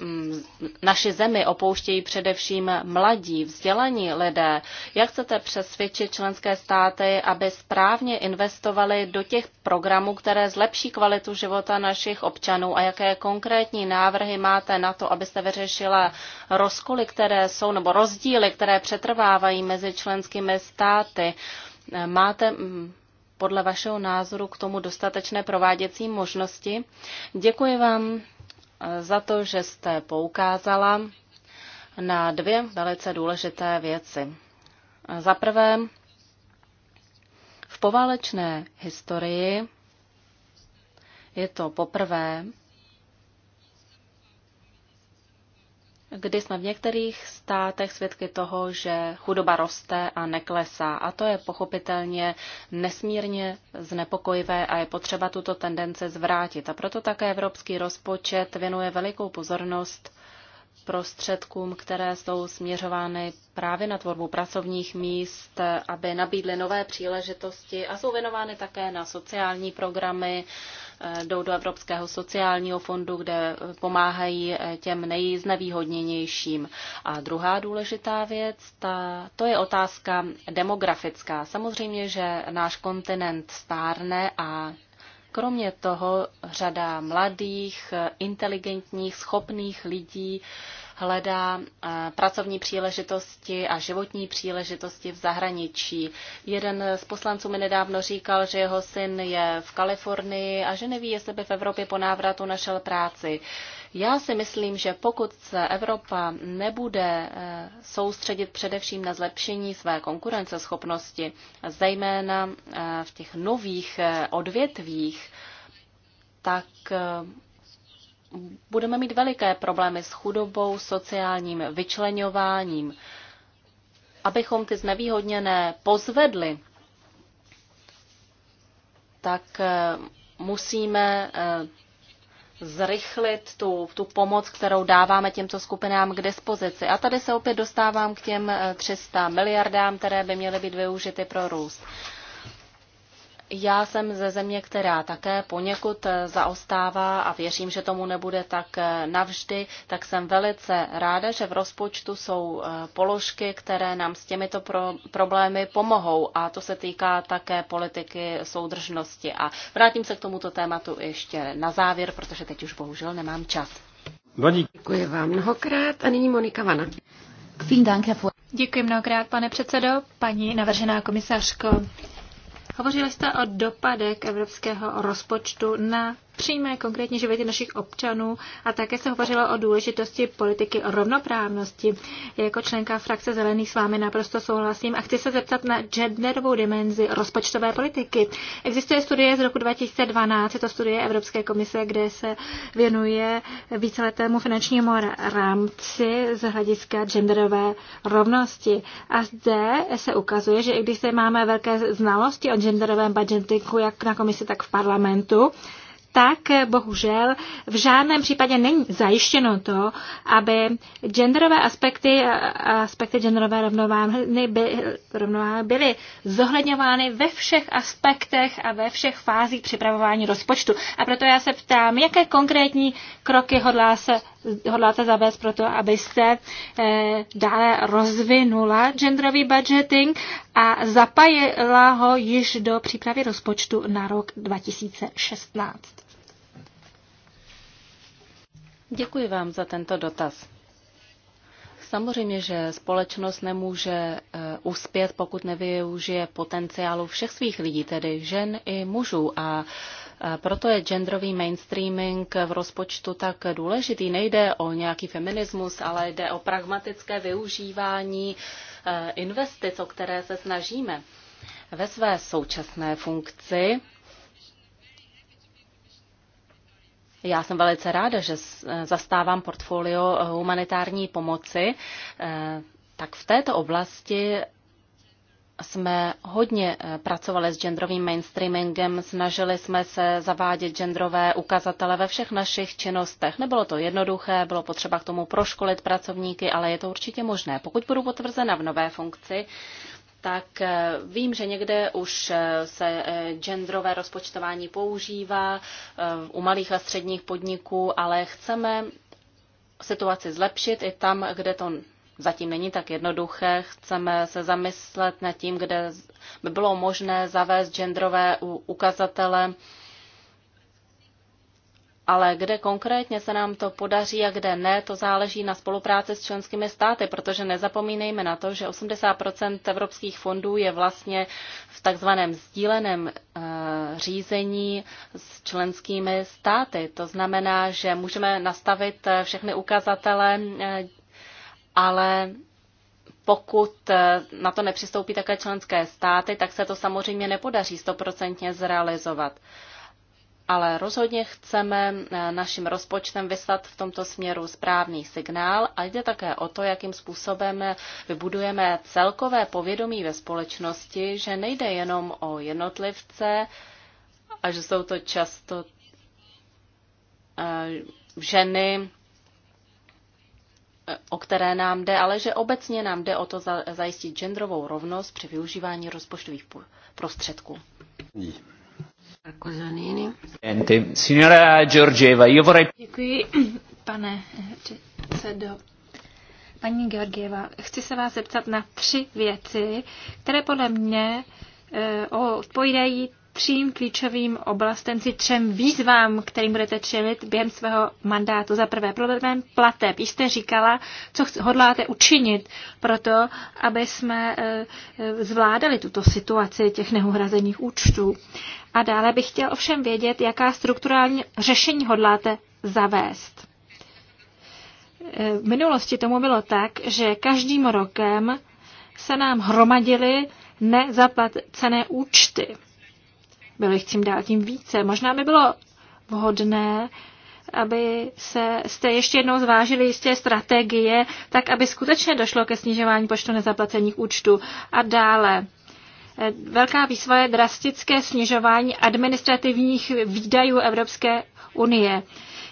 Mm, naši zemi opouštějí především mladí, vzdělaní lidé. Jak chcete přesvědčit členské státy, aby správně investovali do těch programů, které zlepší kvalitu života našich občanů a jaké konkrétní návrhy máte na to, abyste vyřešila rozkoly, které jsou, nebo rozdíly, které přetrvávají mezi členskými státy? Máte mm, podle vašeho názoru k tomu dostatečné prováděcí možnosti? Děkuji vám za to, že jste poukázala na dvě velice důležité věci. Za prvé, v poválečné historii je to poprvé, kdy jsme v některých státech svědky toho, že chudoba roste a neklesá. A to je pochopitelně nesmírně znepokojivé a je potřeba tuto tendence zvrátit. A proto také evropský rozpočet věnuje velikou pozornost prostředkům, které jsou směřovány právě na tvorbu pracovních míst, aby nabídly nové příležitosti a jsou věnovány také na sociální programy, eh, jdou do Evropského sociálního fondu, kde pomáhají eh, těm nejznevýhodněnějším. A druhá důležitá věc, ta, to je otázka demografická. Samozřejmě, že náš kontinent stárne a Kromě toho řada mladých, inteligentních, schopných lidí hledá eh, pracovní příležitosti a životní příležitosti v zahraničí. Jeden z poslanců mi nedávno říkal, že jeho syn je v Kalifornii a že neví, jestli by v Evropě po návratu našel práci. Já si myslím, že pokud se Evropa nebude eh, soustředit především na zlepšení své konkurenceschopnosti, zejména eh, v těch nových odvětvích, tak budeme mít veliké problémy s chudobou, sociálním vyčlenováním. Abychom ty znevýhodněné pozvedli, tak eh, musíme eh, zrychlit tu, tu pomoc, kterou dáváme těmto skupinám k dispozici. A tady se opět dostávám k těm 300 eh, miliardám, které by měly být využity pro růst. Já jsem ze země, která také poněkud eh, zaostává a věřím, že tomu nebude tak eh, navždy, tak jsem velice ráda, že v rozpočtu jsou eh, položky, které nám s těmito pro- problémy pomohou a to se týká také politiky soudržnosti. A vrátím se k tomuto tématu ještě na závěr, protože teď už bohužel nemám čas. Děkuji vám mnohokrát a nyní Monika Vana. Děkuji mnohokrát, pane předsedo, paní navržená komisařko. Hovořili jste o dopadech evropského rozpočtu na přímé konkrétní životy našich občanů a také se hovořilo o důležitosti politiky o rovnoprávnosti. Jako členka frakce Zelených s vámi naprosto souhlasím a chci se zeptat na genderovou dimenzi rozpočtové politiky. Existuje studie z roku 2012, je to studie Evropské komise, kde se věnuje víceletému finančnímu rámci z hlediska genderové rovnosti. A zde se ukazuje, že i když se máme velké znalosti o genderovém budgetingu, jak na komisi, tak v parlamentu, tak bohužel v žádném případě není zajištěno to, aby genderové aspekty a aspekty genderové rovnováhy byly zohledňovány ve všech aspektech a ve všech fázích připravování rozpočtu. A proto já se ptám, jaké konkrétní kroky hodlá se, hodláte zavést pro to, abyste eh, dále rozvinula genderový budgeting a zapojila ho již do přípravy rozpočtu na rok 2016. Děkuji vám za tento dotaz. Samozřejmě, že společnost nemůže eh, uspět, pokud nevyužije potenciálu všech svých lidí, tedy žen i mužů. A eh, proto je genderový mainstreaming v rozpočtu tak důležitý. Nejde o nějaký feminismus, ale jde o pragmatické využívání eh, investic, o které se snažíme. Ve své současné funkci Já jsem velice ráda, že zastávám portfolio humanitární pomoci. Eh, tak v této oblasti jsme hodně eh, pracovali s genderovým mainstreamingem, snažili jsme se zavádět genderové ukazatele ve všech našich činnostech. Nebylo to jednoduché, bylo potřeba k tomu proškolit pracovníky, ale je to určitě možné. Pokud budu potvrzena v nové funkci, tak eh, vím, že někde už eh, se eh, genderové rozpočtování používá u malých a středních podniků, ale chceme situaci zlepšit i tam, kde to zatím není tak jednoduché. Chceme se zamyslet nad tím, kde by bylo možné zavést genderové ukazatele ale kde konkrétně se nám to podaří a kde ne, to záleží na spolupráci s členskými státy, protože nezapomínejme na to, že 80 evropských fondů je vlastně v takzvaném sdíleném eh, řízení s členskými státy. To znamená, že můžeme nastavit eh, všechny ukazatele, eh, ale pokud na to nepřistoupí také členské státy, tak se to samozřejmě nepodaří stoprocentně zrealizovat ale rozhodně chceme eh, naším rozpočtem vyslat v tomto směru správný signál a jde také o to, jakým způsobem vybudujeme celkové povědomí ve společnosti, že nejde jenom o jednotlivce a že jsou to často eh, ženy, eh, o které nám jde, ale že obecně nám jde o to zajistit genderovou rovnost při využívání rozpočtových prostředků. Kozanini. Signora Georgieva, io vorrei... Děkuji, pane předsedo. Paní Georgieva, chci se vás zeptat na tři věci, které podle mě eh, odpovídají třím klíčovým oblastem, si třem výzvám, kterým budete čelit během svého mandátu. Za prvé problém plateb. Jste říkala, co hodláte učinit pro to, aby jsme e, e, zvládali tuto situaci těch neuhrazených účtů. A dále bych chtěl ovšem vědět, jaká strukturální řešení hodláte zavést. E, v minulosti tomu bylo tak, že každým rokem se nám hromadily nezaplacené účty bylo jich tím dál tím více. Možná by bylo vhodné, aby se jste ještě jednou zvážili jisté strategie, tak aby skutečně došlo ke snižování počtu nezaplacených účtů. A dále, eh, velká výzva je drastické snižování administrativních výdajů Evropské unie.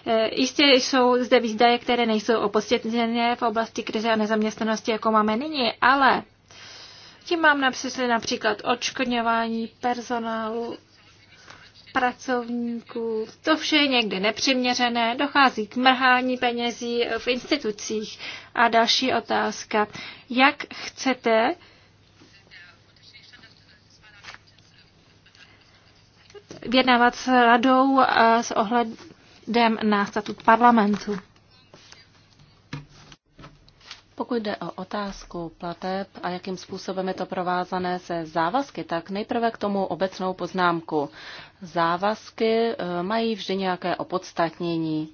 Eh, jistě jsou zde výdaje, které nejsou opodstatněné v oblasti krize a nezaměstnanosti, jako máme nyní, ale tím mám na například odškodňování personálu pracovníků. To vše je někde nepřiměřené, dochází k mrhání penězí v institucích. A další otázka. Jak chcete vědnávat s radou a s ohledem na statut parlamentu? Pokud jde o otázku plateb a jakým způsobem je to provázané se závazky, tak nejprve k tomu obecnou poznámku. Závazky eh, mají vždy nějaké opodstatnění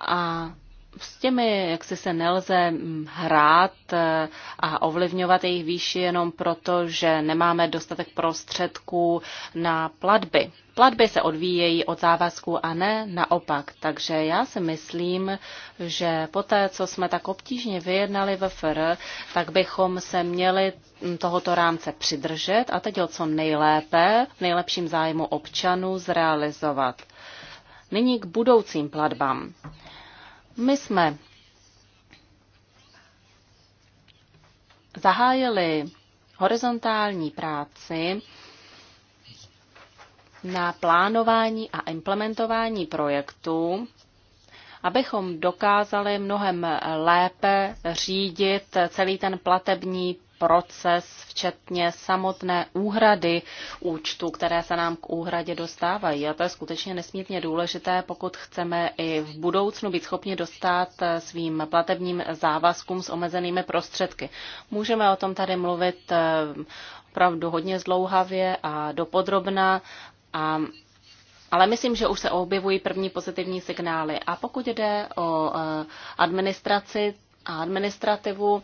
a s těmi, jak si se nelze mm, hrát eh, a ovlivňovat jejich výši jenom proto, že nemáme dostatek prostředků na platby. Platby se odvíjejí od závazku a ne naopak. Takže já si myslím, že po té, co jsme tak obtížně vyjednali ve FR, tak bychom se měli mm, tohoto rámce přidržet a teď ho co nejlépe, v nejlepším zájmu občanů, zrealizovat. Nyní k budoucím platbám. My jsme zahájili horizontální práci na plánování a implementování projektů, abychom dokázali mnohem lépe řídit celý ten platební proces, včetně samotné úhrady účtu, které se nám k úhradě dostávají. A to je skutečně nesmírně důležité, pokud chceme i v budoucnu být schopni dostat svým platebním závazkům s omezenými prostředky. Můžeme o tom tady mluvit eh, opravdu hodně zlouhavě a dopodrobná, a ale myslím, že už se objevují první pozitivní signály. A pokud jde o eh, administraci a administrativu,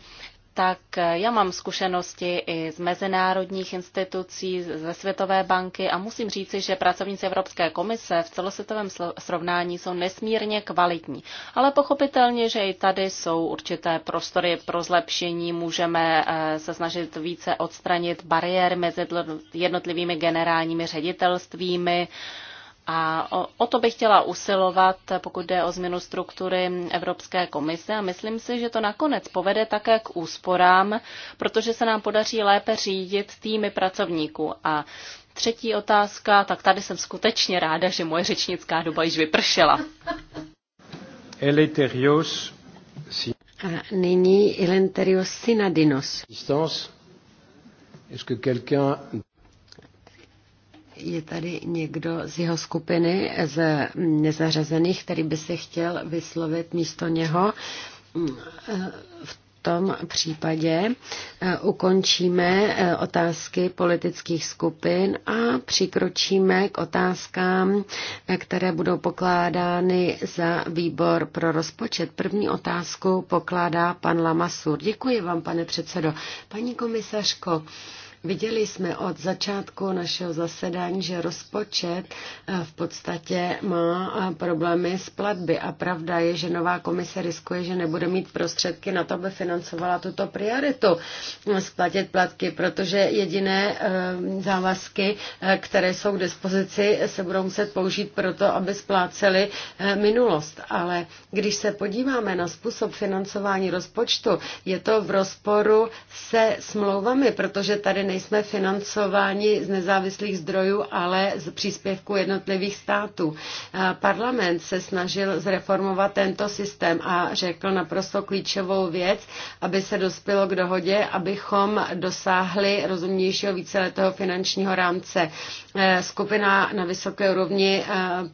tak já mám zkušenosti i z mezinárodních institucí, ze Světové banky a musím říci, že pracovníci Evropské komise v celosvětovém srovnání jsou nesmírně kvalitní. Ale pochopitelně, že i tady jsou určité prostory pro zlepšení, můžeme eh, se snažit více odstranit bariér mezi jednotlivými generálními ředitelstvími, a o, o to bych chtěla usilovat, pokud jde o změnu struktury Evropské komise. A myslím si, že to nakonec povede také k úsporám, protože se nám podaří lépe řídit týmy pracovníků. A třetí otázka, tak tady jsem skutečně ráda, že moje řečnická doba již vypršela. A nyní Elenterios Sinadinos. Est-ce que quelqu'un je tady někdo z jeho skupiny, z nezařazených, který by se chtěl vyslovit místo něho? V tom případě eh, ukončíme eh, otázky politických skupin a přikročíme k otázkám, eh, které budou pokládány za výbor pro rozpočet. První otázku pokládá pan Lamasur. Děkuji vám, pane předsedo. Paní komisařko, Viděli jsme od začátku našeho zasedání, že rozpočet eh, v podstatě má eh, problémy s platby a pravda je, že nová komise riskuje, že nebude mít prostředky na to, aby financovala tuto prioritu eh, splatit platky, protože jediné závazky, které jsou k dispozici, se budou muset použít proto, aby spláceli minulost. Ale když se podíváme na způsob financování rozpočtu, je to v rozporu se smlouvami, protože tady ne nejsme financováni z nezávislých zdrojů, ale z příspěvku jednotlivých států. Parlament se snažil zreformovat tento systém a řekl naprosto klíčovou věc, aby se dospělo k dohodě, abychom dosáhli rozumnějšího víceletého finančního rámce. E, skupina na vysoké úrovni e,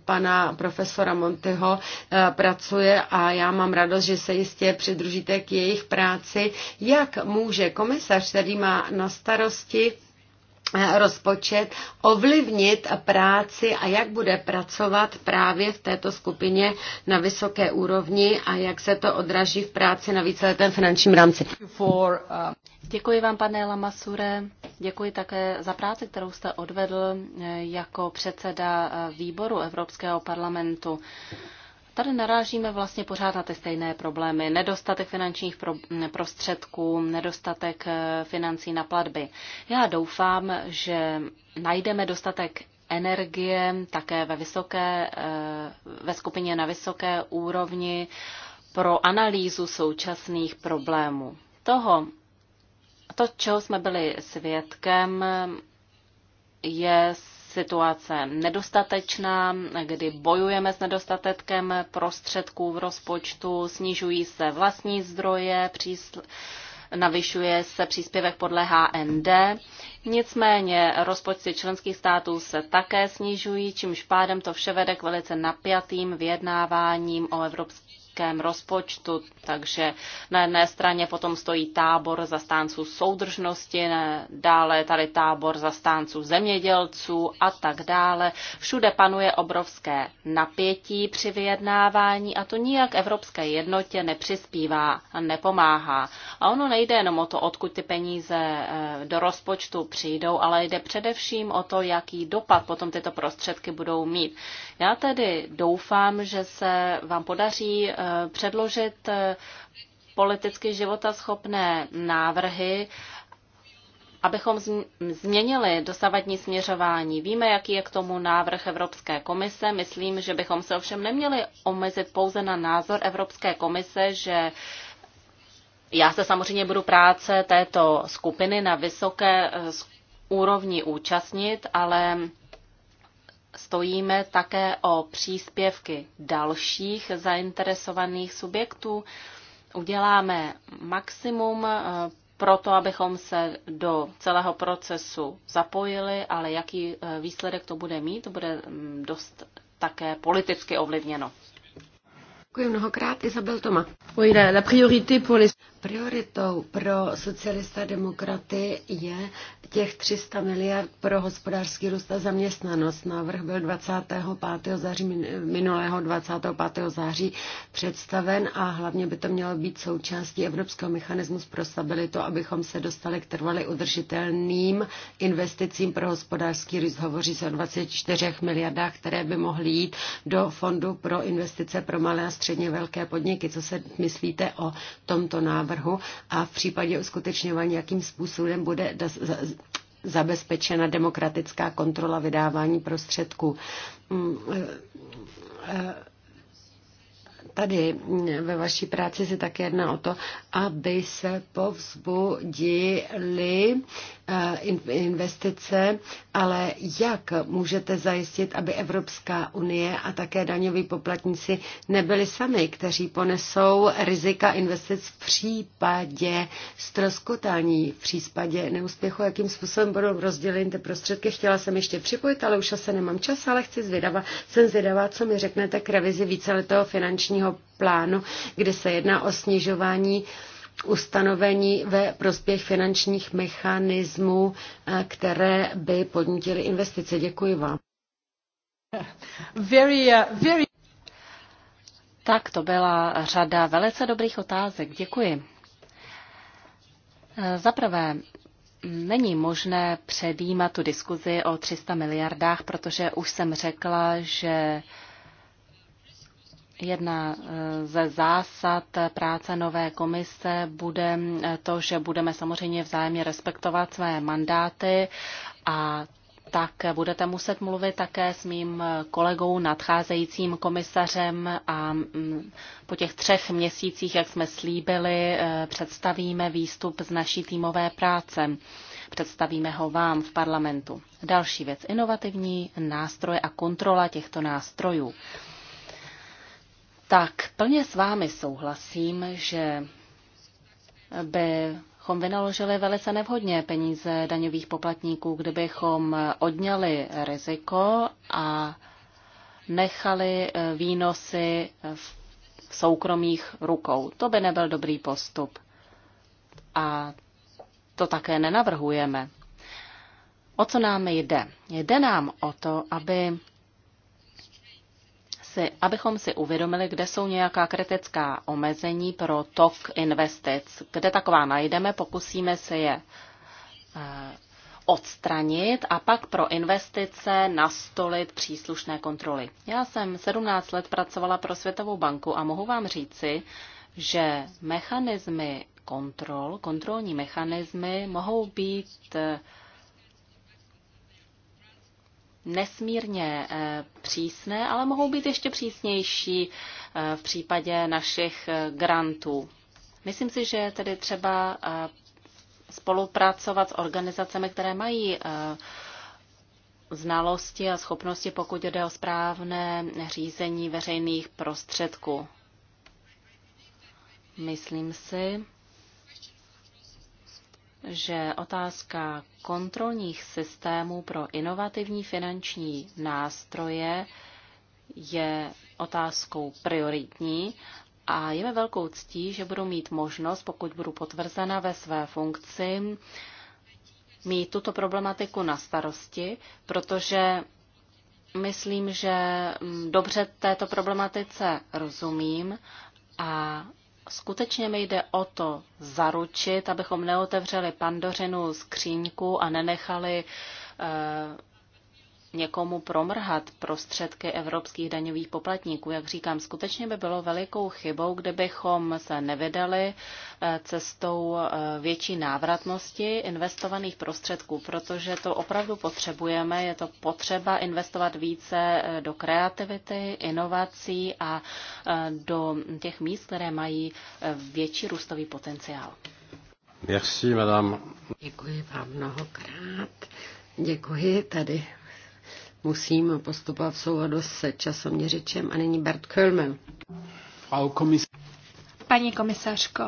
pana profesora Montyho e, pracuje a já mám radost, že se jistě přidružíte k jejich práci. Jak může komisař, který má na starost oblasti eh, rozpočet ovlivnit práci a jak bude pracovat právě v této skupině na vysoké úrovni a jak se to odraží v práci na víceletém finančním rámci. Eh, Děkuji vám, pane Lamasure. Děkuji také za práci, kterou jste odvedl eh, jako předseda výboru Evropského parlamentu. Tady narážíme vlastně pořád na ty stejné problémy. Nedostatek finančních pro, prostředků, nedostatek eh, financí na platby. Já doufám, že najdeme dostatek energie také ve, vysoké, eh, ve skupině na vysoké úrovni pro analýzu současných problémů. Toho, to, čeho jsme byli svědkem, je situace nedostatečná, kdy bojujeme s nedostatkem prostředků v rozpočtu, snižují se vlastní zdroje, přísl navyšuje se příspěvek podle HND. Nicméně rozpočty členských států se také snižují, čímž pádem to vše vede k velice napjatým vyjednáváním o evropských evropském rozpočtu, takže na jedné straně potom stojí tábor zastánců soudržnosti, dále tady tábor zastánců zemědělců a tak dále. Všude panuje obrovské napětí při vyjednávání a to nijak evropské jednotě nepřispívá a nepomáhá. A ono nejde jenom o to, odkud ty peníze eh, do rozpočtu přijdou, ale jde především o to, jaký dopad potom tyto prostředky budou mít. Já tedy doufám, že se vám podaří Eh, předložit eh, politicky životaschopné návrhy, abychom změnili dosavadní směřování. Víme, jaký je k tomu návrh Evropské komise. Myslím, že bychom se ovšem neměli omezit pouze na názor Evropské komise, že já se samozřejmě budu práce této skupiny na vysoké eh, úrovni účastnit, ale stojíme také o příspěvky dalších zainteresovaných subjektů. Uděláme maximum eh, pro to, abychom se do celého procesu zapojili, ale jaký eh, výsledek to bude mít, to bude mm, dost také politicky ovlivněno. Děkuji mnohokrát, Izabel Toma. Prioritou pro socialista demokraty je těch 300 miliard pro hospodářský růst a zaměstnanost. Návrh byl 25. září minulého 25. září představen a hlavně by to mělo být součástí Evropského mechanismu pro stabilitu, abychom se dostali k trvale udržitelným investicím pro hospodářský růst. Hovoří se o 24 miliardách, které by mohly jít do fondu pro investice pro malé a středně velké podniky. Co se myslíte o tomto návrhu a v případě uskutečňování, jakým způsobem bude zabezpečena demokratická kontrola vydávání prostředků? Mm, eh, eh, tady ve vaší práci se také jedná o to, aby se povzbudili eh, investice, ale jak můžete zajistit, aby Evropská unie a také daňoví poplatníci nebyli sami, kteří ponesou rizika investic v případě stroskotání, v případě neúspěchu, jakým způsobem budou rozděleny ty prostředky. Chtěla jsem ještě připojit, ale už asi nemám čas, ale chci zvědavat, jsem zvědavá, co mi řeknete k revizi víceletého finančního akčního plánu, kde se jedná o snižování ustanovení ve prospěch finančních mechanismů, eh, které by podnítily investice. Děkuji vám. Very, uh, very... Tak to byla řada velice dobrých otázek. Děkuji. Eh, za prvé, není možné předjímat tu diskuzi o 300 miliardách, protože už jsem řekla, že Jedna eh, ze zásad práce nové komise bude eh, to, že budeme samozřejmě vzájemně respektovat své mandáty a tak budete muset mluvit také s mým kolegou, nadcházejícím komisařem a mm, po těch třech měsících, jak jsme slíbili, eh, představíme výstup z naší týmové práce. Představíme ho vám v parlamentu. Další věc, inovativní nástroje a kontrola těchto nástrojů tak plně s vámi souhlasím, že bychom vynaložili velice nevhodně peníze daňových poplatníků, kdybychom odňali riziko a nechali eh, výnosy v soukromých rukou. To by nebyl dobrý postup. A to také nenavrhujeme. O co nám jde? Jde nám o to, aby si, abychom si uvědomili, kde jsou nějaká kritická omezení pro tok investic. Kde taková najdeme, pokusíme se je eh, odstranit a pak pro investice nastolit příslušné kontroly. Já jsem 17 let pracovala pro Světovou banku a mohu vám říci, že mechanismy kontrol, kontrolní mechanismy mohou být eh, nesmírně eh, přísné, ale mohou být ještě přísnější eh, v případě našich eh, grantů. Myslím si, že je tedy třeba spolupracovat s organizacemi, které mají znalosti a schopnosti, pokud jde o správné řízení veřejných prostředků. Myslím si, že otázka kontrolních systémů pro inovativní finanční nástroje je otázkou prioritní a je mi velkou ctí, že budu mít možnost, pokud budu potvrzena ve své funkci, mít tuto problematiku na starosti, protože myslím, že mm, dobře této problematice rozumím a skutečně mi jde o to zaručit, abychom neotevřeli pandořinu skříňku a nenechali eh, někomu promrhat prostředky evropských daňových poplatníků. Jak říkám, skutečně by bylo velikou chybou, kdybychom se nevydali eh, cestou eh, větší návratnosti investovaných prostředků, protože to opravdu potřebujeme. Je to potřeba investovat více eh, do kreativity, inovací a do těch míst, které mají větší růstový potenciál. Merci, madame. Děkuji vám mnohokrát. Děkuji tady musím postupovat v souladu s časoměřičem a nyní Bert Kölmel. Paní komisařko,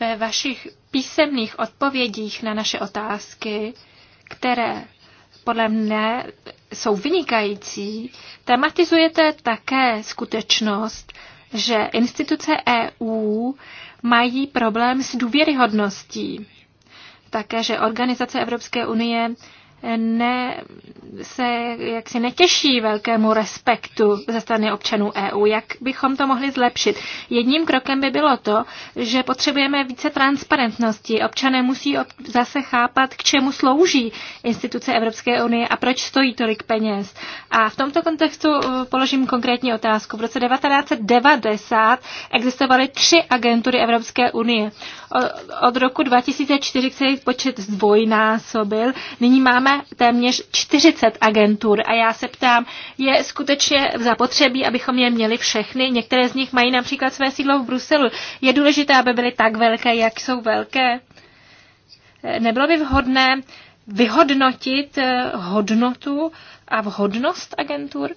ve vašich písemných odpovědích na naše otázky, které podle mne jsou vynikající, tematizujete také skutečnost, že instituce EU mají problém s důvěryhodností. Také, že organizace Evropské unie ne, se jaksi netěší velkému respektu ze strany občanů EU. Jak bychom to mohli zlepšit? Jedním krokem by bylo to, že potřebujeme více transparentnosti. Občané musí zase chápat, k čemu slouží instituce Evropské unie a proč stojí tolik peněz. A v tomto kontextu uh, položím konkrétní otázku. V roce 1990 existovaly tři agentury Evropské unie. Od roku 2004 se jejich počet zdvojnásobil. Nyní máme téměř 40 agentur a já se ptám, je skutečně zapotřebí, abychom je měli všechny? Některé z nich mají například své sídlo v Bruselu. Je důležité, aby byly tak velké, jak jsou velké? Nebylo by vhodné vyhodnotit eh, hodnotu a vhodnost agentur?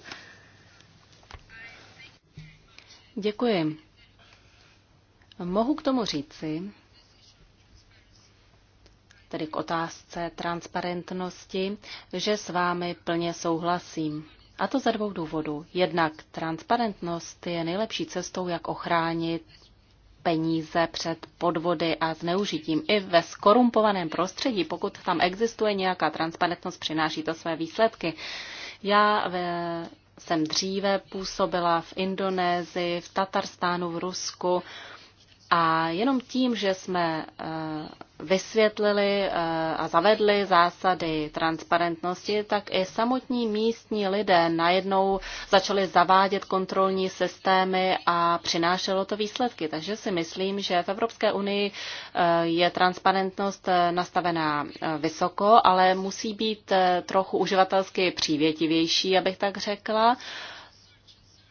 Děkuji. Mohu k tomu říci, tedy k otázce transparentnosti, že s vámi plně souhlasím. A to ze dvou důvodů. Jednak transparentnost je nejlepší cestou, jak ochránit peníze před podvody a zneužitím. I ve skorumpovaném prostředí, pokud tam existuje nějaká transparentnost, přináší to své výsledky. Já ve, jsem dříve působila v Indonésii, v Tatarstánu, v Rusku a jenom tím, že jsme eh, vysvětlili eh, a zavedli zásady transparentnosti, tak i samotní místní lidé najednou začali zavádět kontrolní systémy a přinášelo to výsledky. Takže si myslím, že v Evropské unii eh, je transparentnost nastavená vysoko, ale musí být trochu uživatelsky přívětivější, abych tak řekla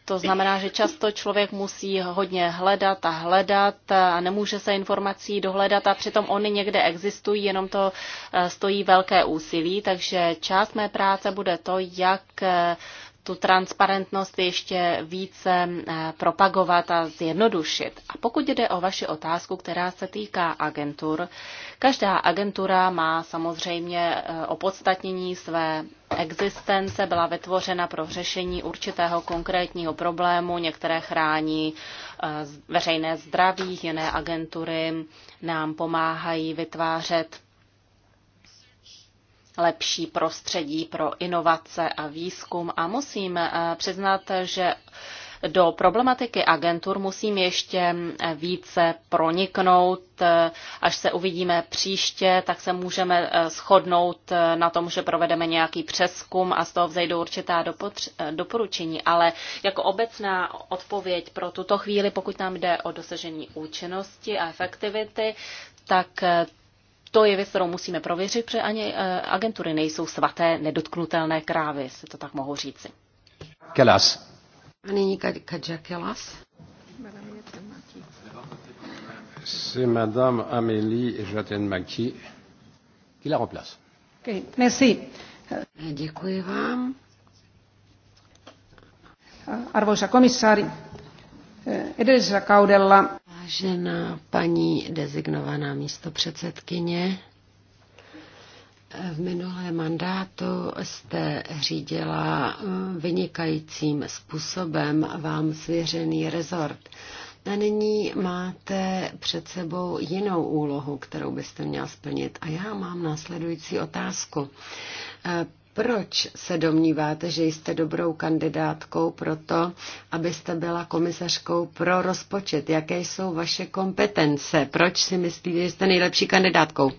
to znamená, že často člověk musí hodně hledat a hledat a nemůže se informací dohledat a přitom oni někde existují, jenom to eh, stojí velké úsilí, takže část mé práce bude to, jak eh, tu transparentnost ještě více eh, propagovat a zjednodušit. A pokud jde o vaši otázku, která se týká agentur, každá agentura má samozřejmě eh, opodstatnění své existence, byla vytvořena pro řešení určitého konkrétního problému, některé chrání eh, veřejné zdraví, jiné agentury nám pomáhají vytvářet lepší prostředí pro inovace a výzkum. A musím eh, přiznat, že do problematiky agentur musím ještě eh, více proniknout. Eh, až se uvidíme příště, tak se můžeme shodnout na tom, že provedeme nějaký přeskum a z toho vzejdou určitá doporučení. Ale jako obecná odpověď pro tuto chvíli, pokud nám jde o dosažení účinnosti a efektivity, tak to je věc, kterou musíme prověřit, protože ani eh, agentury nejsou svaté, nedotknutelné krávy, se to tak mohou říci. Kelas. A nyní Kadža Kelas. C'est Madame Amélie Jouten-Maki. qui la remplace. Okay, merci. Eh, děkuji vám. Eh, arvoisa komissaari, edellisellä kaudella Vážená paní dezignovaná místo předsedkyně, v minulém mandátu jste řídila vynikajícím způsobem vám svěřený rezort. A nyní máte před sebou jinou úlohu, kterou byste měla splnit. A já mám následující otázku. Proč se domníváte, že jste dobrou kandidátkou pro to, abyste byla komisařkou pro rozpočet? Jaké jsou vaše kompetence? Proč si myslíte, že jste nejlepší kandidátkou?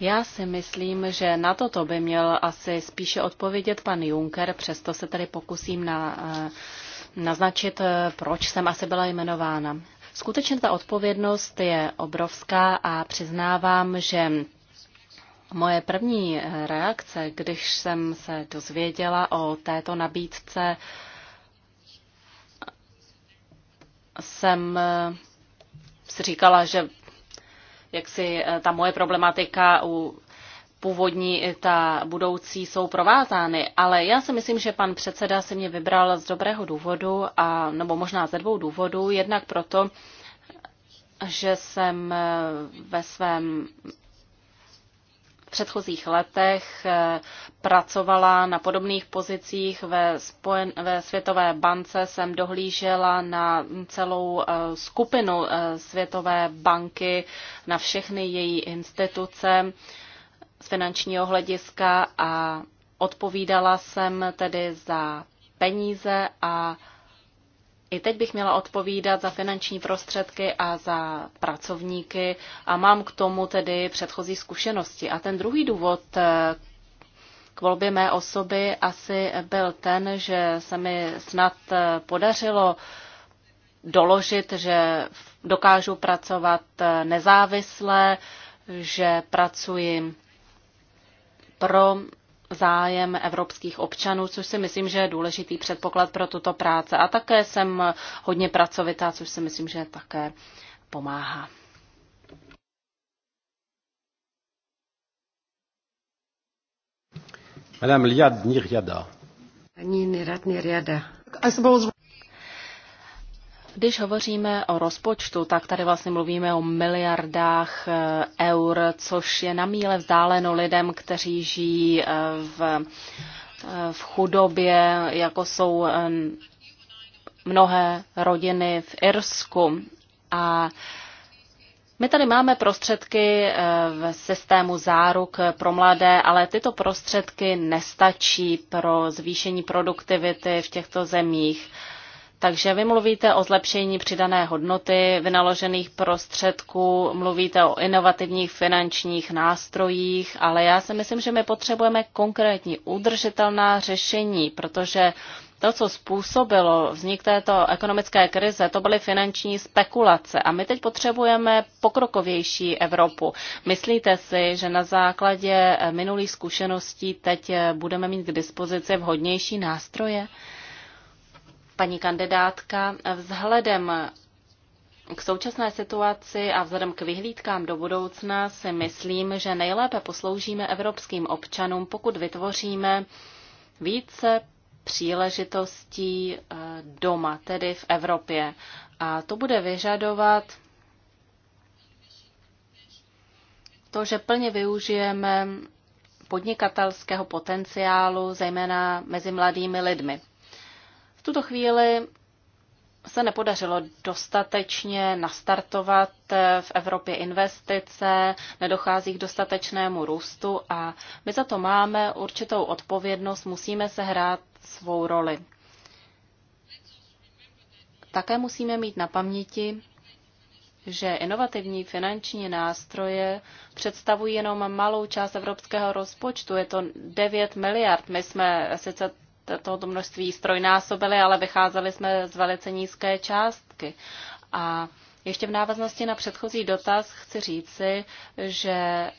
Já si myslím, že na toto by měl asi spíše odpovědět pan Juncker, přesto se tady pokusím na, eh, naznačit, eh, proč jsem asi byla jmenována. Skutečně ta odpovědnost je obrovská a přiznávám, že Moje první eh, reakce, když jsem se dozvěděla o této nabídce, jsem eh, si říkala, že jak si eh, ta moje problematika u původní i ta budoucí jsou provázány, ale já si myslím, že pan předseda si mě vybral z dobrého důvodu, a, nebo možná ze dvou důvodů. Jednak proto, že jsem ve svém v předchozích letech eh, pracovala na podobných pozicích ve, spojen, ve Světové bance, jsem dohlížela na celou eh, skupinu eh, Světové banky, na všechny její instituce z finančního hlediska a odpovídala jsem tedy za peníze a i teď bych měla odpovídat za finanční prostředky a za pracovníky a mám k tomu tedy předchozí zkušenosti. A ten druhý důvod eh, k volbě mé osoby asi byl ten, že se mi snad eh, podařilo doložit, že dokážu pracovat eh, nezávisle, že pracuji pro zájem evropských občanů, což si myslím, že je důležitý předpoklad pro tuto práce. A také jsem hodně pracovitá, což si myslím, že také pomáhá. Madame Liad Niriada. Ani Nirad Niriada. Když hovoříme o rozpočtu, tak tady vlastně mluvíme o miliardách eh, eur, což je na míle vzdáleno lidem, kteří žijí eh, v, eh, v chudobě, jako jsou mnohé rodiny v Irsku. A my tady máme prostředky v systému záruk pro mladé, ale tyto prostředky nestačí pro zvýšení produktivity v těchto zemích. Takže vy mluvíte o zlepšení přidané hodnoty vynaložených prostředků, mluvíte o inovativních finančních nástrojích, ale já si myslím, že my potřebujeme konkrétní udržitelná řešení, protože to, co způsobilo vznik této ekonomické krize, to byly finanční spekulace a my teď potřebujeme pokrokovější Evropu. Myslíte si, že na základě minulých zkušeností teď budeme mít k dispozici vhodnější nástroje? Paní kandidátka, vzhledem k současné situaci a vzhledem k vyhlídkám do budoucna si myslím, že nejlépe posloužíme evropským občanům, pokud vytvoříme více příležitostí eh, doma, tedy v Evropě. A to bude vyžadovat to, že plně využijeme podnikatelského potenciálu, zejména mezi mladými lidmi tuto chvíli se nepodařilo dostatečně nastartovat v Evropě investice, nedochází k dostatečnému růstu a my za to máme určitou odpovědnost, musíme se hrát svou roli. Také musíme mít na paměti, že inovativní finanční nástroje představují jenom malou část evropského rozpočtu. Je to 9 miliard. My jsme sice tohoto množství strojnásobili, ale vycházeli jsme z velice nízké částky. A ještě v návaznosti na předchozí dotaz chci říci, že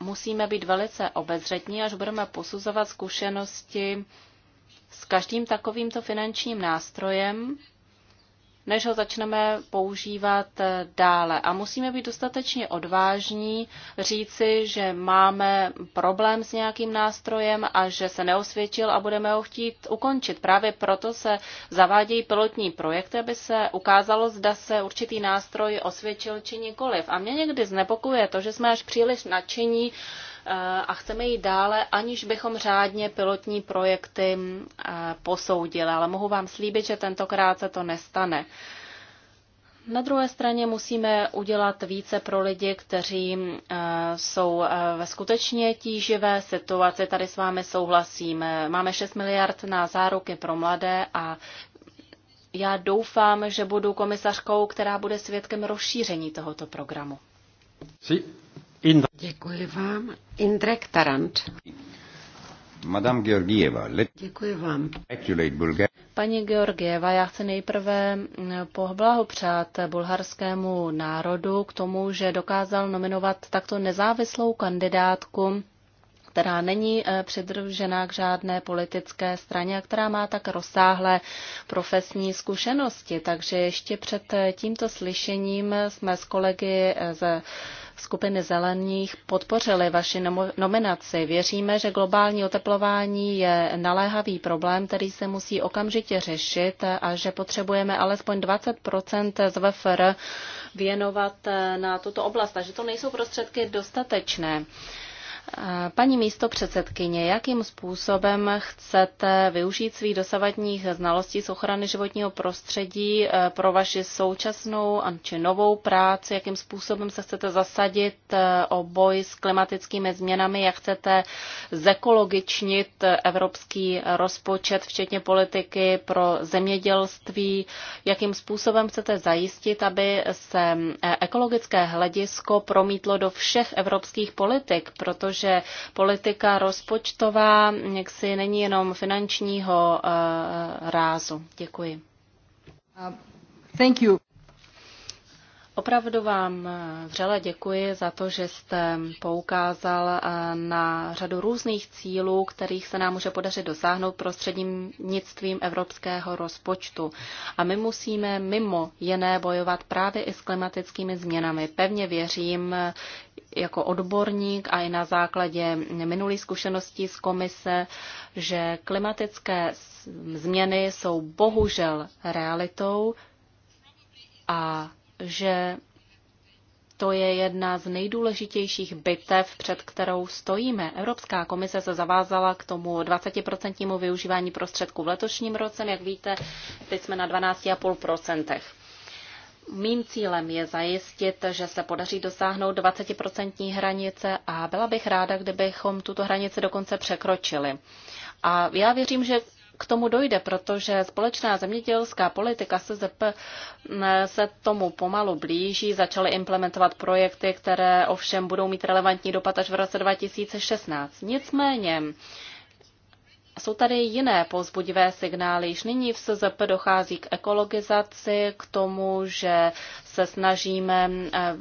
musíme být velice obezřetní, až budeme posuzovat zkušenosti s každým takovýmto finančním nástrojem, než ho začneme používat eh, dále. A musíme být dostatečně odvážní říci, že máme problém s nějakým nástrojem a že se neosvědčil a budeme ho chtít ukončit. Právě proto se zavádějí pilotní projekty, aby se ukázalo, zda se určitý nástroj osvědčil či nikoliv. A mě někdy znepokuje to, že jsme až příliš nadšení a chceme jít dále, aniž bychom řádně pilotní projekty eh, posoudili. Ale mohu vám slíbit, že tentokrát se to nestane. Na druhé straně musíme udělat více pro lidi, kteří eh, jsou eh, ve skutečně tíživé situaci. Tady s vámi souhlasím. Máme 6 miliard na záruky pro mladé a já doufám, že budu komisařkou, která bude svědkem rozšíření tohoto programu. Sí. Indra. Děkuji vám. Indrek Tarant. Madame Georgieva, let... Děkuji vám. Paní Georgieva, já chci nejprve mm, poblahopřát bulharskému národu k tomu, že dokázal nominovat takto nezávislou kandidátku která není eh, přidružená k žádné politické straně a která má tak rozsáhlé profesní zkušenosti. Takže ještě před eh, tímto slyšením jsme s kolegy eh, ze skupiny zelených podpořili vaši nominaci. Věříme, že globální oteplování je naléhavý problém, který se musí okamžitě řešit a že potřebujeme alespoň 20 z VFR věnovat na tuto oblast a že to nejsou prostředky dostatečné. Paní místo předsedkyně, jakým způsobem chcete využít svých dosavadních znalostí z ochrany životního prostředí eh, pro vaši současnou či novou práci? Jakým způsobem se chcete zasadit eh, o boj s klimatickými změnami? Jak chcete zekologičnit eh, evropský rozpočet, včetně politiky pro zemědělství? Jakým způsobem chcete zajistit, aby se ekologické hledisko promítlo do všech evropských politik? Protože že politika rozpočtová jaksi není jenom finančního eh, rázu. Děkuji. Uh, thank you. Opravdu vám eh, vřele děkuji za to, že jste poukázal eh, na řadu různých cílů, kterých se nám může podařit dosáhnout prostřednictvím evropského rozpočtu. A my musíme mimo jiné bojovat právě i s klimatickými změnami. Pevně věřím, eh, jako odborník a i na základě minulých zkušeností z komise, že klimatické změny jsou bohužel realitou a že to je jedna z nejdůležitějších bitev, před kterou stojíme. Evropská komise se zavázala k tomu 20% využívání prostředků v letošním roce. Jak víte, teď jsme na 12,5%. Mým cílem je zajistit, že se podaří dosáhnout 20% hranice a byla bych ráda, kdybychom tuto hranici dokonce překročili. A já věřím, že k tomu dojde, protože společná zemědělská politika SZP mm, se tomu pomalu blíží. Začaly implementovat projekty, které ovšem budou mít relevantní dopad až v roce 2016. Nicméně, jsou tady jiné pozbudivé signály. Již nyní v SZP dochází k ekologizaci, k tomu, že se snažíme eh,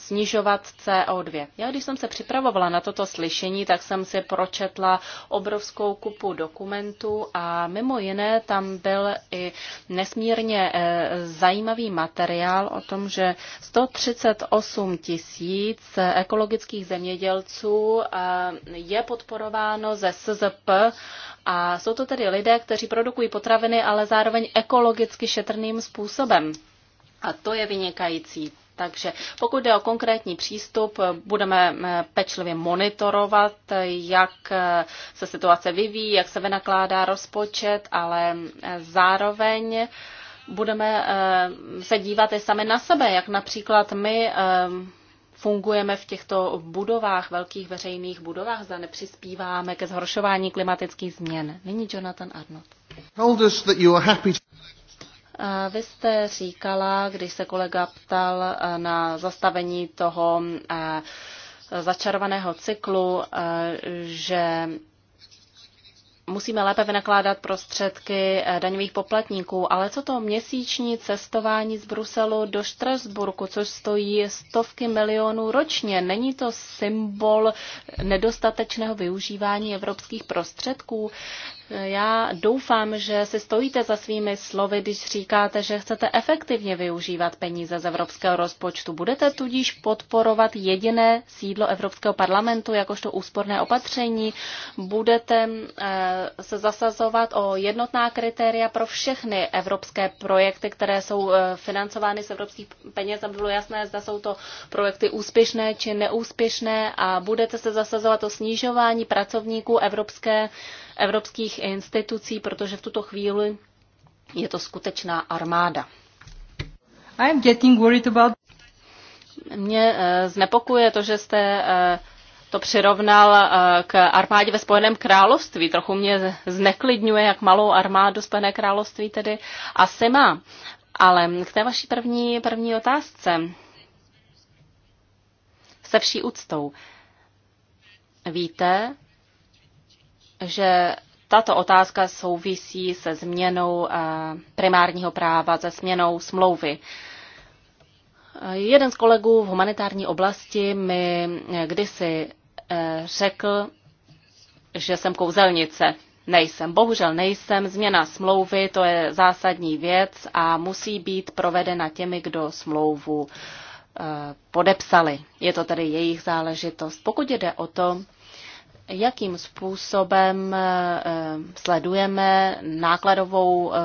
snižovat CO2. Já když jsem se připravovala na toto slyšení, tak jsem si pročetla obrovskou kupu dokumentů a mimo jiné tam byl i nesmírně eh, zajímavý materiál o tom, že 138 tisíc eh, ekologických zemědělců eh, je podporováno ze SZP a jsou to tedy lidé, kteří produkují potraviny, ale zároveň ekologicky šetrným způsobem. A to je vynikající. Takže pokud jde o konkrétní přístup, budeme eh, pečlivě monitorovat, jak eh, se situace vyvíjí, jak se vynakládá rozpočet, ale eh, zároveň budeme se dívat i sami na sebe, jak například my fungujeme v těchto budovách, velkých veřejných budovách, zda nepřispíváme ke zhoršování klimatických změn. Nyní Jonathan Arnott. Vy jste říkala, když se kolega ptal e, na zastavení toho e, začarovaného cyklu, e, že musíme lépe vynakládat prostředky daňových poplatníků, ale co to měsíční cestování z Bruselu do Štrasburku, což stojí stovky milionů ročně, není to symbol nedostatečného využívání evropských prostředků? Já doufám, že si stojíte za svými slovy, když říkáte, že chcete efektivně využívat peníze z evropského rozpočtu. Budete tudíž podporovat jediné sídlo Evropského parlamentu jakožto úsporné opatření. Budete eh, se zasazovat o jednotná kritéria pro všechny evropské projekty, které jsou eh, financovány z evropských peněz, aby bylo jasné, zda jsou to projekty úspěšné či neúspěšné a budete se zasazovat o snižování pracovníků Evropské evropských institucí, protože v tuto chvíli je to skutečná armáda. I'm getting worried about... Mě eh, znepokuje to, že jste eh, to přirovnal eh, k armádě ve Spojeném království. Trochu mě zneklidňuje, jak malou armádu Spojené království tedy asi má. Ale k té vaší první, první otázce. Se vší úctou. Víte, že tato otázka souvisí se změnou eh, primárního práva, se změnou smlouvy. Jeden z kolegů v humanitární oblasti mi eh, kdysi eh, řekl, že jsem kouzelnice. Nejsem, bohužel nejsem. Změna smlouvy to je zásadní věc a musí být provedena těmi, kdo smlouvu podepsali. Je to tedy jejich záležitost. Pokud jde o to, jakým způsobem eh, sledujeme nákladovou eh,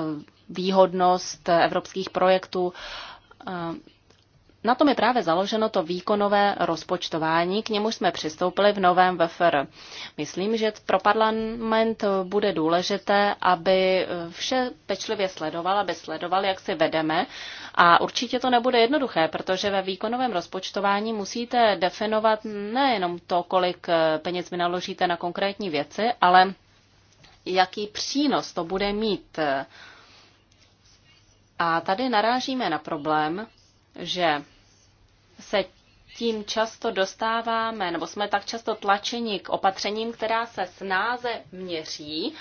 výhodnost evropských projektů eh, na tom je právě založeno to výkonové rozpočtování, k němu jsme přistoupili v novém VFR. Myslím, že pro parlament bude důležité, aby vše pečlivě sledoval, aby sledoval, jak si vedeme. A určitě to nebude jednoduché, protože ve výkonovém rozpočtování musíte definovat nejenom to, kolik peněz vynaložíte na konkrétní věci, ale jaký přínos to bude mít. A tady narážíme na problém, že se tím často dostáváme, nebo jsme tak často tlačeni k opatřením, která se snáze měří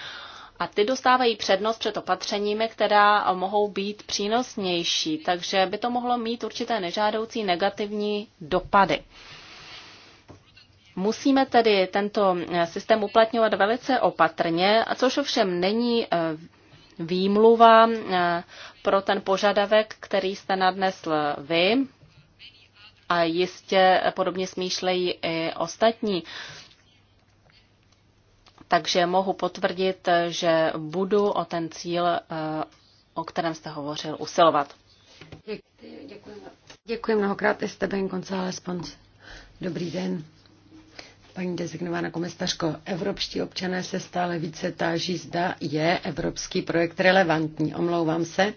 a ty dostávají přednost před opatřeními, která mohou být přínosnější, takže by to mohlo mít určité nežádoucí negativní dopady. Musíme tedy tento systém uplatňovat velice opatrně, což ovšem není eh, výmluva eh, pro ten požadavek, který jste nadnesl vy a jistě podobně smýšlejí i ostatní. Takže mohu potvrdit, že budu o ten cíl, eh, o kterém jste hovořil, usilovat. Děkuji, děkuji, mnohokrát, mnohokrát, jste González Pons. Dobrý den. Paní designovaná komisařko, evropští občané se stále více táží, zda je evropský projekt relevantní. Omlouvám se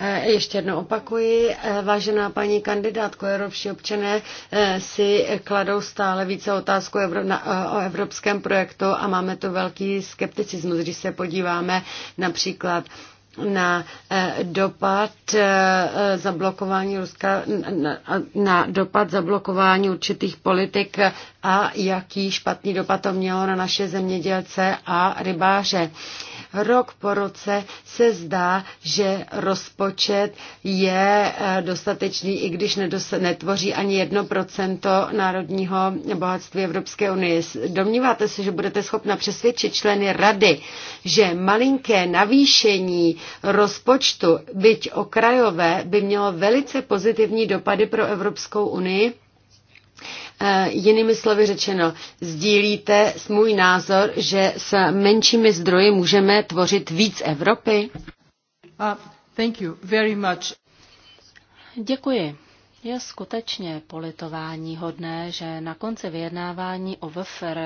E, ještě jednou opakuji, e, vážená paní kandidátko, evropští občané e, si kladou stále více otázku o evropském projektu a máme tu velký skepticismus, když se podíváme například na dopad zablokování Ruska, na dopad zablokování určitých politik a jaký špatný dopad to mělo na naše zemědělce a rybáře rok po roce se zdá, že rozpočet je eh, dostatečný, i když netvoří ani 1% národního bohatství Evropské unie. Domníváte se, že budete schopna přesvědčit členy rady, že malinké navýšení rozpočtu, byť okrajové, by mělo velice pozitivní dopady pro Evropskou unii? Eh, jinými slovy řečeno, sdílíte s můj názor, že s menšími zdroji můžeme tvořit víc Evropy? Uh, thank you very much. Děkuji. Je skutečně politování hodné, že na konci vyjednávání o VFR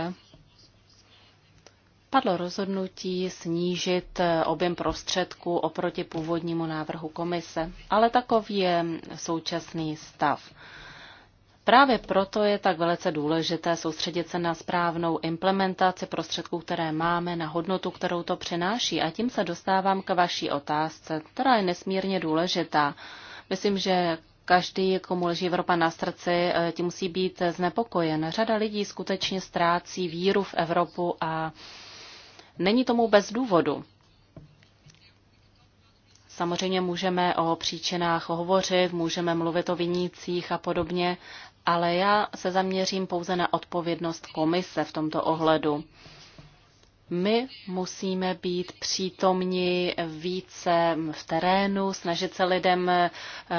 padlo rozhodnutí snížit eh, objem prostředků oproti původnímu návrhu komise, ale takový je současný stav. Právě proto je tak velice důležité soustředit se na správnou implementaci prostředků, které máme, na hodnotu, kterou to přináší. A tím se dostávám k vaší otázce, která je nesmírně důležitá. Myslím, že každý, komu leží Evropa na srdci, ti musí být znepokojen. Řada lidí skutečně ztrácí víru v Evropu a není tomu bez důvodu. Samozřejmě můžeme o příčinách hovořit, můžeme mluvit o vinících a podobně, ale já se zaměřím pouze na odpovědnost komise v tomto ohledu. My musíme být přítomni více v terénu, snažit se lidem eh,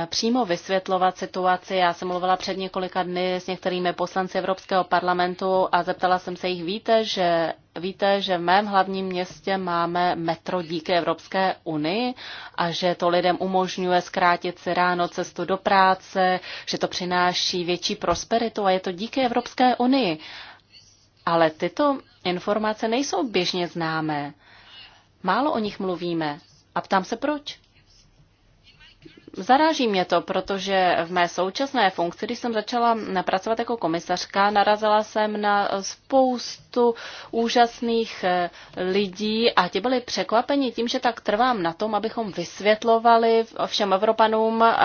přímo vysvětlovat situaci. Já jsem mluvila před několika dny s některými poslanci Evropského parlamentu a zeptala jsem se jich, víte, že Víte, že v mém hlavním městě máme metro díky Evropské unii a že to lidem umožňuje zkrátit si ráno cestu do práce, že to přináší větší prosperitu a je to díky Evropské unii ale tyto informace nejsou běžně známé. Málo o nich mluvíme a ptám se proč. Zaráží mě to, protože v mé současné funkci, když jsem začala pracovat jako komisařka, narazila jsem na spoustu úžasných eh, lidí a ti byli překvapeni tím, že tak trvám na tom, abychom vysvětlovali všem Evropanům eh,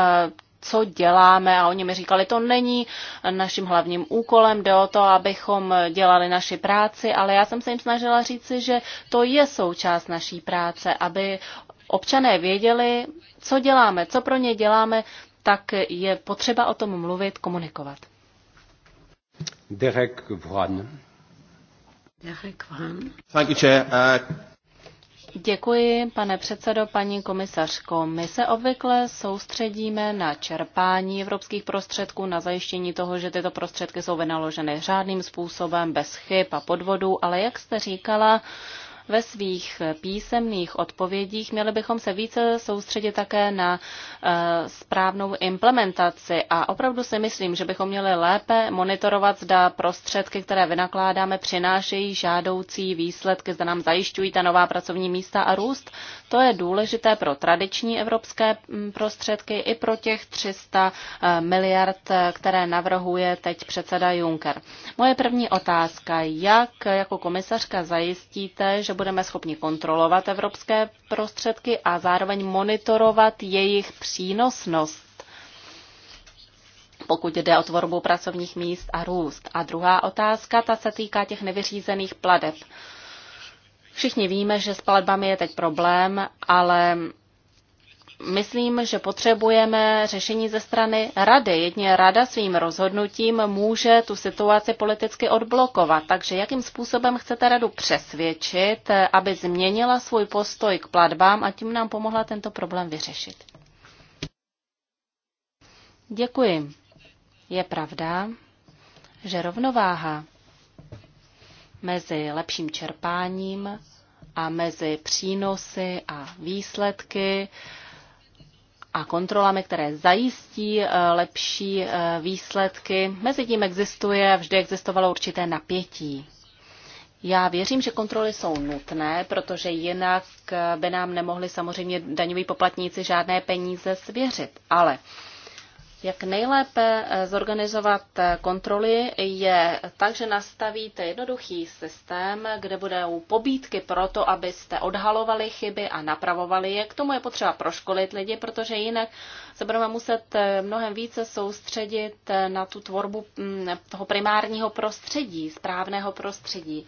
co děláme a oni mi říkali, to není naším hlavním úkolem, jde o to, abychom dělali naši práci, ale já jsem se jim snažila říci, že to je součást naší práce, aby občané věděli, co děláme, co pro ně děláme, tak je potřeba o tom mluvit, komunikovat. Derek Vran. Derek Vran. Thank you, Chair. Uh... Děkuji, pane předsedo, paní komisařko. My se obvykle soustředíme na čerpání evropských prostředků, na zajištění toho, že tyto prostředky jsou vynaloženy řádným způsobem, bez chyb a podvodů, ale jak jste říkala, ve svých písemných odpovědích. Měli bychom se více soustředit také na eh, správnou implementaci a opravdu si myslím, že bychom měli lépe monitorovat, zda prostředky, které vynakládáme, přinášejí žádoucí výsledky, zda nám zajišťují ta nová pracovní místa a růst. To je důležité pro tradiční evropské mm, prostředky i pro těch 300 eh, miliard, eh, které navrhuje teď předseda Juncker. Moje první otázka, jak jako komisařka zajistíte, že budeme schopni kontrolovat evropské prostředky a zároveň monitorovat jejich přínosnost? pokud jde o tvorbu pracovních míst a růst. A druhá otázka, ta se týká těch nevyřízených pladeb. Všichni víme, že s paletbami je teď problém, ale myslím, že potřebujeme řešení ze strany rady. Jedně rada svým rozhodnutím může tu situaci politicky odblokovat. Takže jakým způsobem chcete radu přesvědčit, aby změnila svůj postoj k platbám a tím nám pomohla tento problém vyřešit? Děkuji. Je pravda, že rovnováha mezi lepším čerpáním a mezi přínosy a výsledky a kontrolami, které zajistí eh, lepší eh, výsledky. Mezi tím existuje, vždy existovalo určité napětí. Já věřím, že kontroly jsou nutné, protože jinak eh, by nám nemohli samozřejmě daňoví poplatníci žádné peníze svěřit. Ale jak nejlépe eh, zorganizovat eh, kontroly je tak, že nastavíte jednoduchý systém, kde budou pobídky pro to, abyste odhalovali chyby a napravovali je. K tomu je potřeba proškolit lidi, protože jinak se budeme muset eh, mnohem více soustředit na tu tvorbu mm, toho primárního prostředí, správného prostředí.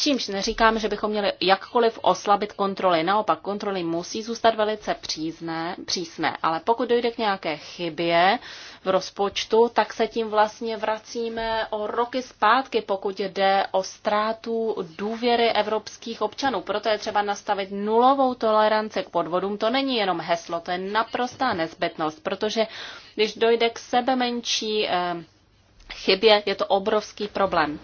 Čímž neříkám, že bychom měli jakkoliv oslabit kontroly. Naopak, kontroly musí zůstat velice přízné, přísné, ale pokud dojde k nějaké chybě v rozpočtu, tak se tím vlastně vracíme o roky zpátky, pokud jde o ztrátu důvěry evropských občanů. Proto je třeba nastavit nulovou toleranci k podvodům. To není jenom heslo, to je naprostá nezbytnost, protože když dojde k sebe menší eh, chybě, je to obrovský problém.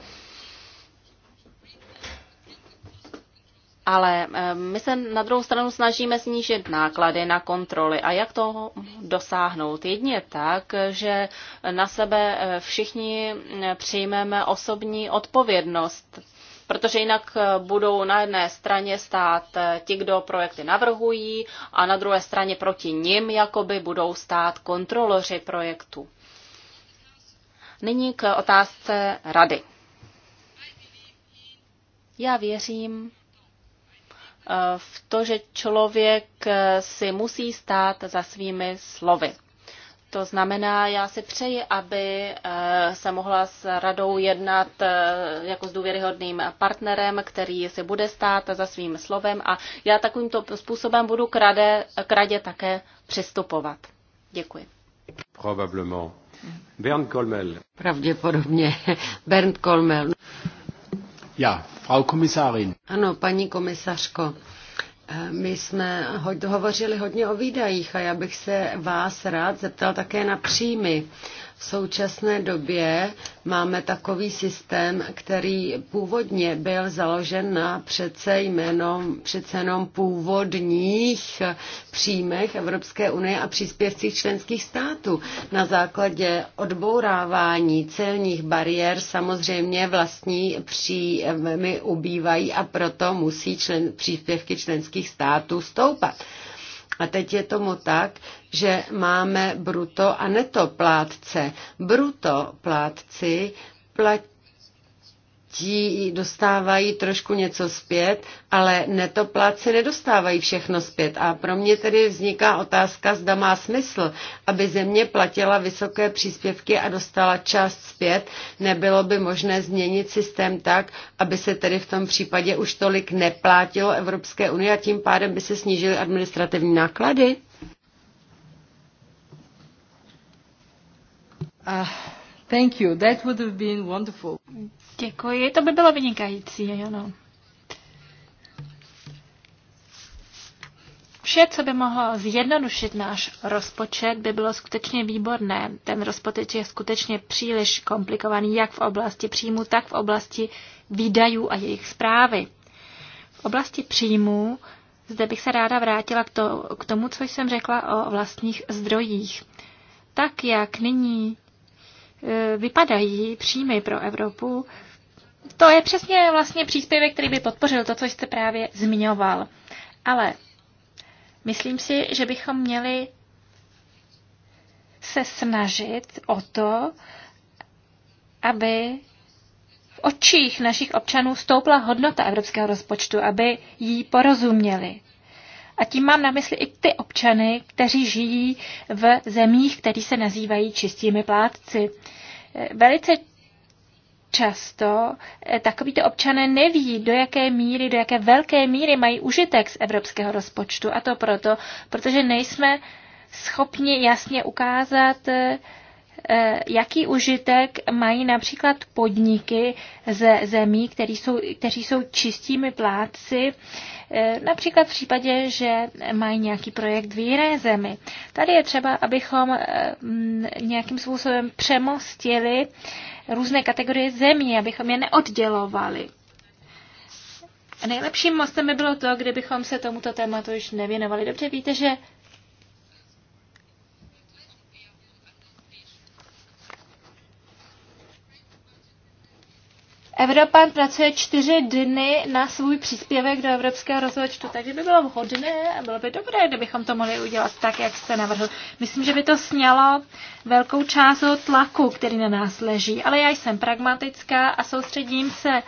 Ale eh, my se na druhou stranu snažíme snížit náklady na kontroly. A jak toho dosáhnout? Jedně tak, že na sebe eh, všichni eh, přijmeme osobní odpovědnost. Protože jinak budou na jedné straně stát ti, kdo projekty navrhují, a na druhé straně proti nim jakoby budou stát kontroloři projektu. Nyní k otázce rady. Já věřím, v to, že člověk eh, si musí stát za svými slovy. To znamená, já si přeji, aby eh, se mohla s radou jednat eh, jako s důvěryhodným partnerem, který si bude stát za svým slovem a já takovýmto způsobem budu k, rade, k radě také přistupovat. Děkuji. Probablement. Bernd Kolmel. Pravděpodobně. Bernd Kolmel. Já. Frau Kommissarin. Ano, paní komisařko. Eh, my jsme hovořili hodně o výdajích a já bych se vás rád zeptal také na příjmy. V současné době máme takový systém, který původně byl založen na přece, jméno, přece jenom původních příjmech Evropské unie a příspěvcích členských států. Na základě odbourávání celních bariér samozřejmě vlastní příjmy ubývají a proto musí člen, příspěvky členských států stoupat. A teď je tomu tak, že máme bruto a neto plátce. Bruto plátci platí ti dostávají trošku něco zpět, ale netopláci nedostávají všechno zpět. A pro mě tedy vzniká otázka, zda má smysl, aby země platila vysoké příspěvky a dostala část zpět. Nebylo by možné změnit systém tak, aby se tedy v tom případě už tolik neplátilo Evropské unie a tím pádem by se snížily administrativní náklady? Uh. Thank you. That would have been wonderful. Děkuji, to by bylo vynikající, ano. Vše, co by mohlo zjednodušit náš rozpočet, by bylo skutečně výborné. Ten rozpočet je skutečně příliš komplikovaný, jak v oblasti příjmu, tak v oblasti výdajů a jejich zprávy. V oblasti příjmu zde bych se ráda vrátila k, to, k tomu, co jsem řekla o vlastních zdrojích. Tak, jak nyní E, vypadají příjmy pro Evropu, to je přesně vlastně příspěvek, který by podpořil to, co jste právě zmiňoval. Ale myslím si, že bychom měli se snažit o to, aby v očích našich občanů stoupla hodnota evropského rozpočtu, aby jí porozuměli. A tím mám na mysli i ty občany, kteří žijí v zemích, které se nazývají čistými plátci. Velice často eh, takovýto občané neví, do jaké míry, do jaké velké míry mají užitek z evropského rozpočtu. A to proto, protože nejsme schopni jasně ukázat, eh, Eh, jaký užitek mají například podniky ze zemí, kteří jsou, kteří jsou čistými plátci, eh, například v případě, že mají nějaký projekt v jiné zemi. Tady je třeba, abychom eh, nějakým způsobem přemostili různé kategorie zemí, abychom je neoddělovali. Nejlepším mostem by bylo to, kdybychom se tomuto tématu již nevěnovali. Dobře víte, že Evropan pracuje čtyři dny na svůj příspěvek do evropského rozpočtu, takže by bylo vhodné a bylo by dobré, kdybychom to mohli udělat tak, jak jste navrhl. Myslím, že by to snělo velkou část tlaku, který na nás leží, ale já jsem pragmatická a soustředím se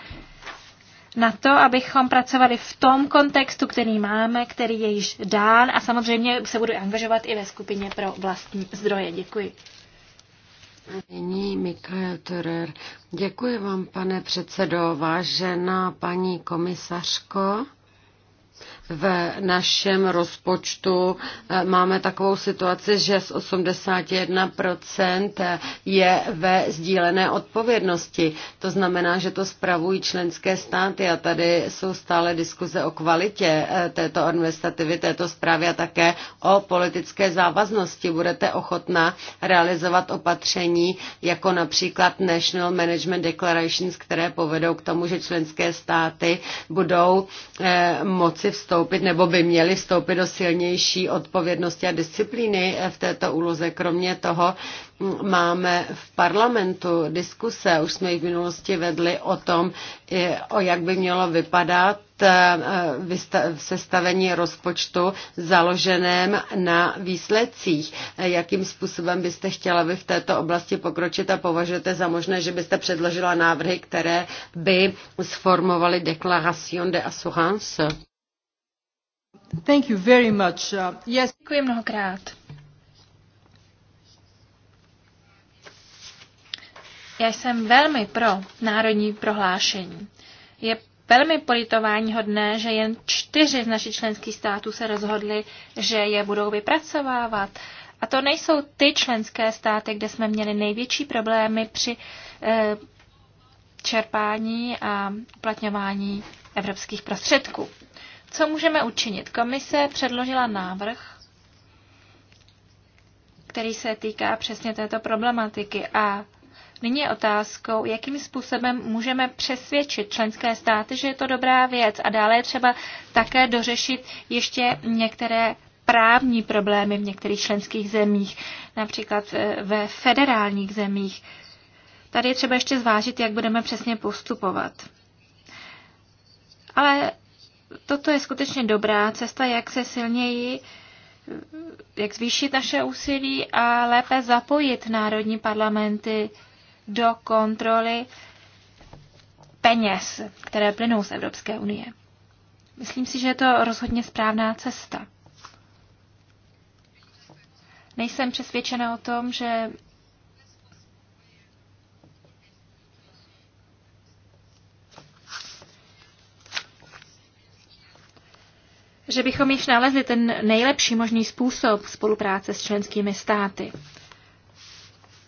na to, abychom pracovali v tom kontextu, který máme, který je již dán a samozřejmě se budu angažovat i ve skupině pro vlastní zdroje. Děkuji. Nyní Mikael Törer. Děkuji vám, pane předsedo, vážená paní komisařko v našem rozpočtu eh, máme takovou situaci, že z 81% je ve sdílené odpovědnosti. To znamená, že to spravují členské státy a tady jsou stále diskuze o kvalitě eh, této administrativy, této zprávy a také o politické závaznosti. Budete ochotna realizovat opatření jako například National Management Declarations, které povedou k tomu, že členské státy budou eh, moci vstoupit vstoupit nebo by měli vstoupit do silnější odpovědnosti a disciplíny v této úloze. Kromě toho máme v parlamentu diskuse, už jsme ji v minulosti vedli o tom, o jak by mělo vypadat e, e, sestavení rozpočtu založeném na výsledcích. E, jakým způsobem byste chtěla vy v této oblasti pokročit a považujete za možné, že byste předložila návrhy, které by sformovaly Declaration de Assurance? Thank you very much. Uh, yes. Děkuji mnohokrát. Já jsem velmi pro národní prohlášení. Je velmi politování hodné, že jen čtyři z našich členských států se rozhodli, že je budou vypracovávat. A to nejsou ty členské státy, kde jsme měli největší problémy při e, čerpání a uplatňování evropských prostředků. Co můžeme učinit? Komise předložila návrh, který se týká přesně této problematiky a Nyní je otázkou, jakým způsobem můžeme přesvědčit členské státy, že je to dobrá věc a dále je třeba také dořešit ještě některé právní problémy v některých členských zemích, například eh, ve federálních zemích. Tady je třeba ještě zvážit, jak budeme přesně postupovat. Ale toto je skutečně dobrá cesta, jak se silněji jak zvýšit naše úsilí a lépe zapojit národní parlamenty do kontroly peněz, které plynou z Evropské unie. Myslím si, že je to rozhodně správná cesta. Nejsem přesvědčena o tom, že že bychom již nalezli ten nejlepší možný způsob spolupráce s členskými státy.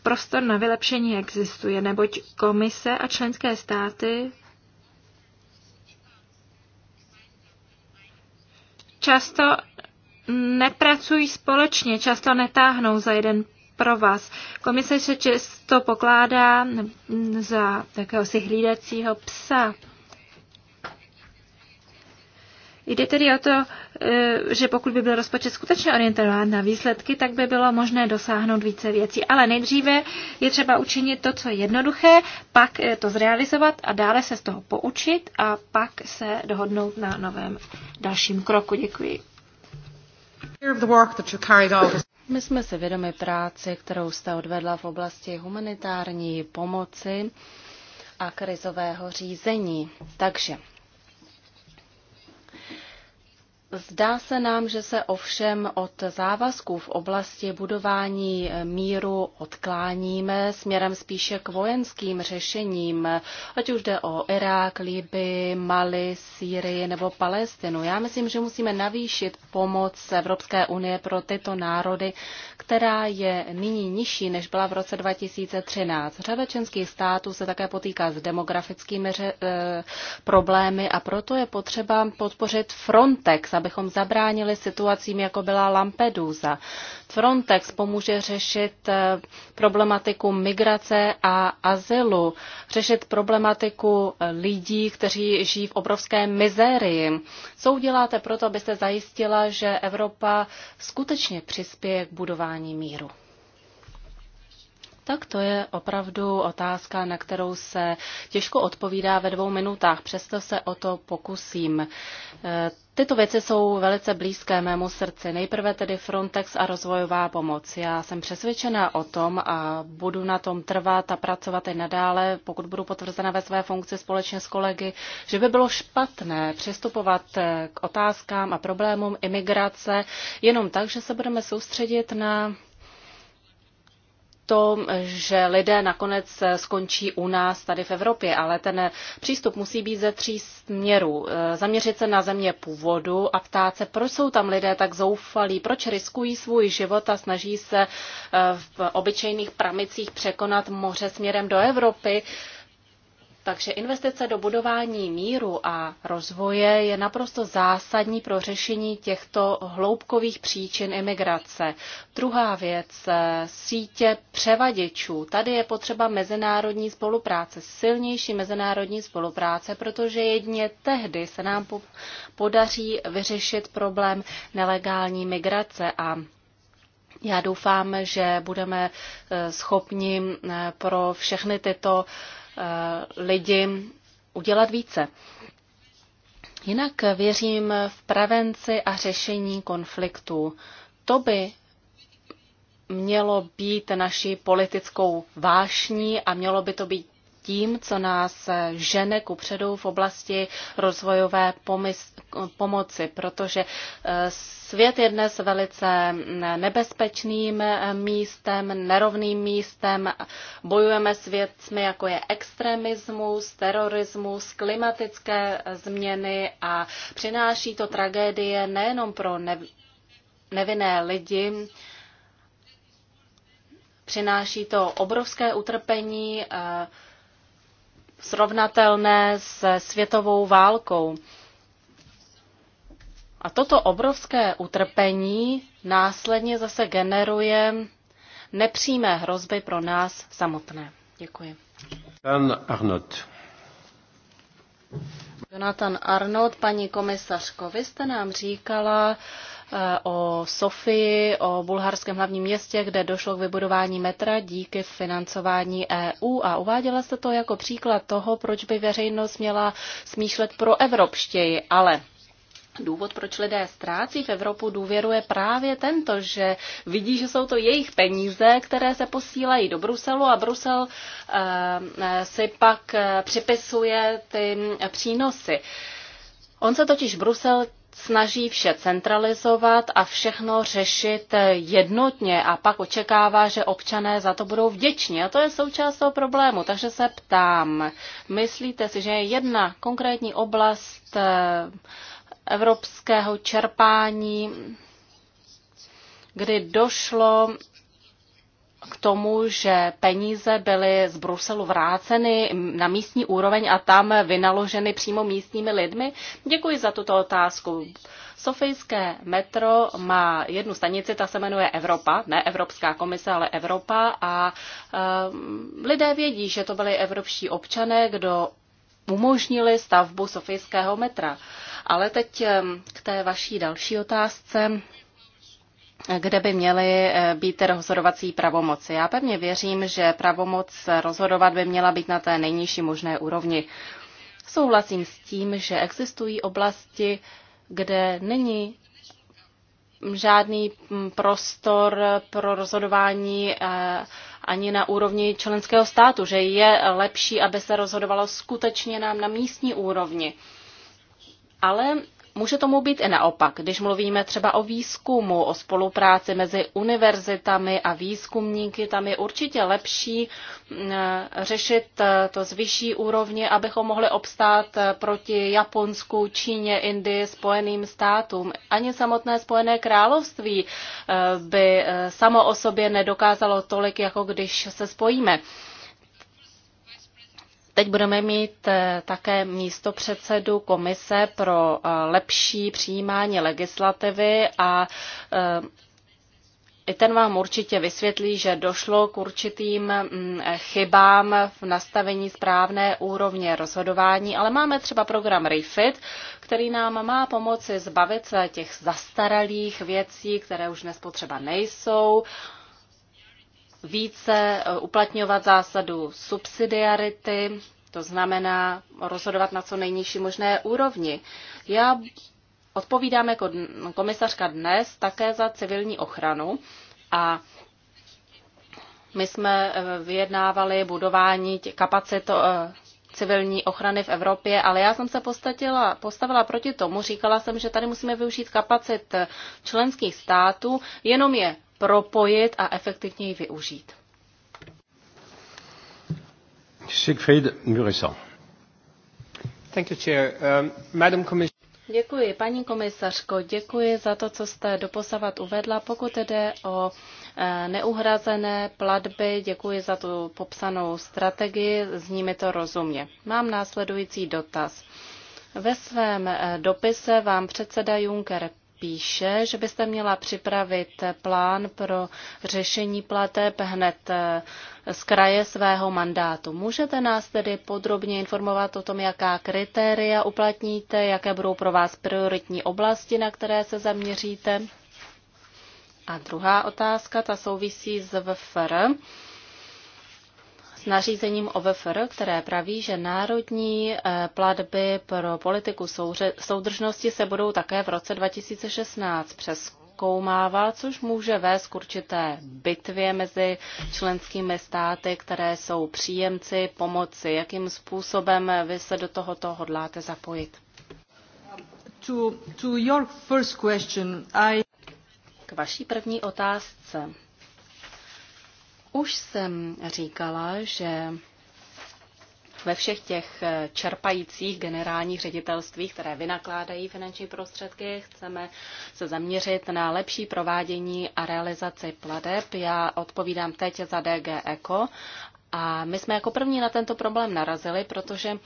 Prostor na vylepšení existuje, neboť komise a členské státy často nepracují společně, často netáhnou za jeden pro vás. Komise se často pokládá za takového si hlídacího psa. Jde tedy o to, e, že pokud by byl rozpočet skutečně orientován na výsledky, tak by bylo možné dosáhnout více věcí. Ale nejdříve je třeba učinit to, co je jednoduché, pak e, to zrealizovat a dále se z toho poučit a pak se dohodnout na novém dalším kroku. Děkuji. My jsme si vědomi práci, kterou jste odvedla v oblasti humanitární pomoci a krizového řízení. Takže Zdá se nám, že se ovšem od závazků v oblasti budování míru odkláníme směrem spíše k vojenským řešením, ať už jde o Irák, Liby, Mali, Sýrii nebo Palestinu. Já myslím, že musíme navýšit pomoc Evropské unie pro tyto národy, která je nyní nižší, než byla v roce 2013. Řada členských států se také potýká s demografickými ře- eh, problémy a proto je potřeba podpořit Frontex, abychom zabránili situacím, jako byla Lampedusa. Frontex pomůže řešit eh, problematiku migrace a azylu, řešit problematiku eh, lidí, kteří žijí v obrovské mizérii. Co uděláte proto, abyste zajistila, že Evropa skutečně přispěje k budování míru? Tak to je opravdu otázka, na kterou se těžko odpovídá ve dvou minutách, přesto se o to pokusím. Eh, Tyto věci jsou velice blízké mému srdci. Nejprve tedy Frontex a rozvojová pomoc. Já jsem přesvědčená o tom a budu na tom trvat a pracovat i nadále, pokud budu potvrzena ve své funkci společně s kolegy, že by bylo špatné přistupovat k otázkám a problémům imigrace jenom tak, že se budeme soustředit na to, že lidé nakonec skončí u nás tady v Evropě, ale ten přístup musí být ze tří směrů. Zaměřit se na země původu a ptát se, proč jsou tam lidé tak zoufalí, proč riskují svůj život a snaží se v obyčejných pramicích překonat moře směrem do Evropy. Takže investice do budování míru a rozvoje je naprosto zásadní pro řešení těchto hloubkových příčin imigrace. Druhá věc, eh, sítě převaděčů. Tady je potřeba mezinárodní spolupráce, silnější mezinárodní spolupráce, protože jedině tehdy se nám podaří vyřešit problém nelegální migrace a já doufám, že budeme eh, schopni eh, pro všechny tyto Eh, lidi udělat více. Jinak věřím v prevenci a řešení konfliktů. To by mělo být naší politickou vášní a mělo by to být tím, co nás eh, žene kupředu v oblasti rozvojové pomoci, protože eh, svět je dnes velice mm, nebezpečným eh, místem, nerovným místem. Bojujeme s věcmi, jako je extremismus, terorismus, klimatické změny a přináší to tragédie nejenom pro nevinné lidi, přináší to obrovské utrpení, srovnatelné se světovou válkou. A toto obrovské utrpení následně zase generuje nepřímé hrozby pro nás samotné. Děkuji. Pan Arnott. Jonathan Arnold, paní komisařko, vy jste nám říkala, Eh, o Sofii, o bulharském hlavním městě, kde došlo k vybudování metra díky financování EU a uváděla se to jako příklad toho, proč by veřejnost měla smýšlet pro evropštěji, ale Důvod, proč lidé ztrácí v Evropu důvěru, je právě tento, že vidí, že jsou to jejich peníze, které se posílají do Bruselu a Brusel eh, eh si pak eh, připisuje ty přínosy. On se totiž Brusel snaží vše centralizovat a všechno řešit jednotně a pak očekává, že občané za to budou vděční. A to je součást toho problému. Takže se ptám, myslíte si, že je jedna konkrétní oblast eh, evropského čerpání, kdy došlo k tomu, že peníze byly z Bruselu vráceny na místní úroveň a tam vynaloženy přímo místními lidmi? Děkuji za tuto otázku. Sofijské metro má jednu stanici, ta se jmenuje Evropa, ne Evropská komise, ale Evropa a um, lidé vědí, že to byli evropští občané, kdo umožnili stavbu sofijského metra. Ale teď eh, k té vaší další otázce kde by měly eh, být rozhodovací pravomoci. Já pevně věřím, že pravomoc rozhodovat by měla být na té nejnižší možné úrovni. Souhlasím s tím, že existují oblasti, kde není žádný mm, prostor pro rozhodování eh, ani na úrovni členského státu, že je lepší, aby se rozhodovalo skutečně nám na místní úrovni. Ale Může tomu být i naopak, když mluvíme třeba o výzkumu, o spolupráci mezi univerzitami a výzkumníky, tam je určitě lepší mm, řešit eh, to z vyšší úrovně, abychom mohli obstát eh, proti Japonsku, Číně, Indii, Spojeným státům. Ani samotné Spojené království eh, by samo o sobě nedokázalo tolik, jako když se spojíme. Teď budeme mít eh, také místo předsedu Komise pro eh, lepší přijímání legislativy a eh, i ten vám určitě vysvětlí, že došlo k určitým mm, chybám v nastavení správné úrovně rozhodování, ale máme třeba program REFIT, který nám má pomoci zbavit se těch zastaralých věcí, které už dnes potřeba nejsou, více eh, uplatňovat zásadu subsidiarity, to znamená rozhodovat na co nejnižší možné úrovni. Já odpovídám jako komisařka dnes také za civilní ochranu a my jsme eh, vyjednávali budování kapacit eh, civilní ochrany v Evropě, ale já jsem se postavila, postavila proti tomu. Říkala jsem, že tady musíme využít kapacit členských států, jenom je propojit a efektivněji využít. Siegfried Muresan. Thank you, Chair. Um, Madam Commissioner. Děkuji, paní komisařko, děkuji za to, co jste doposavat uvedla. Pokud jde o eh, neuhrazené platby, děkuji za tu popsanou strategii, s nimi to rozumě. Mám následující dotaz. Ve svém eh, dopise vám předseda Juncker píše, že byste měla připravit plán pro řešení plateb hned eh, z kraje svého mandátu. Můžete nás tedy podrobně informovat o tom, jaká kritéria uplatníte, jaké budou pro vás prioritní oblasti, na které se zaměříte? A druhá otázka, ta souvisí s VFR s nařízením OVFR, které praví, že národní eh, platby pro politiku soudržnosti se budou také v roce 2016 přeskoumávat, což může vést k určité bitvě mezi členskými státy, které jsou příjemci pomoci. Jakým způsobem vy se do tohoto hodláte zapojit? To, to your first question, I... K vaší první otázce. Už jsem říkala, že ve všech těch eh, čerpajících generálních ředitelstvích, které vynakládají finanční prostředky, chceme se zaměřit na lepší provádění a realizaci pladeb. Já odpovídám teď za DG Eco a my jsme jako první na tento problém narazili, protože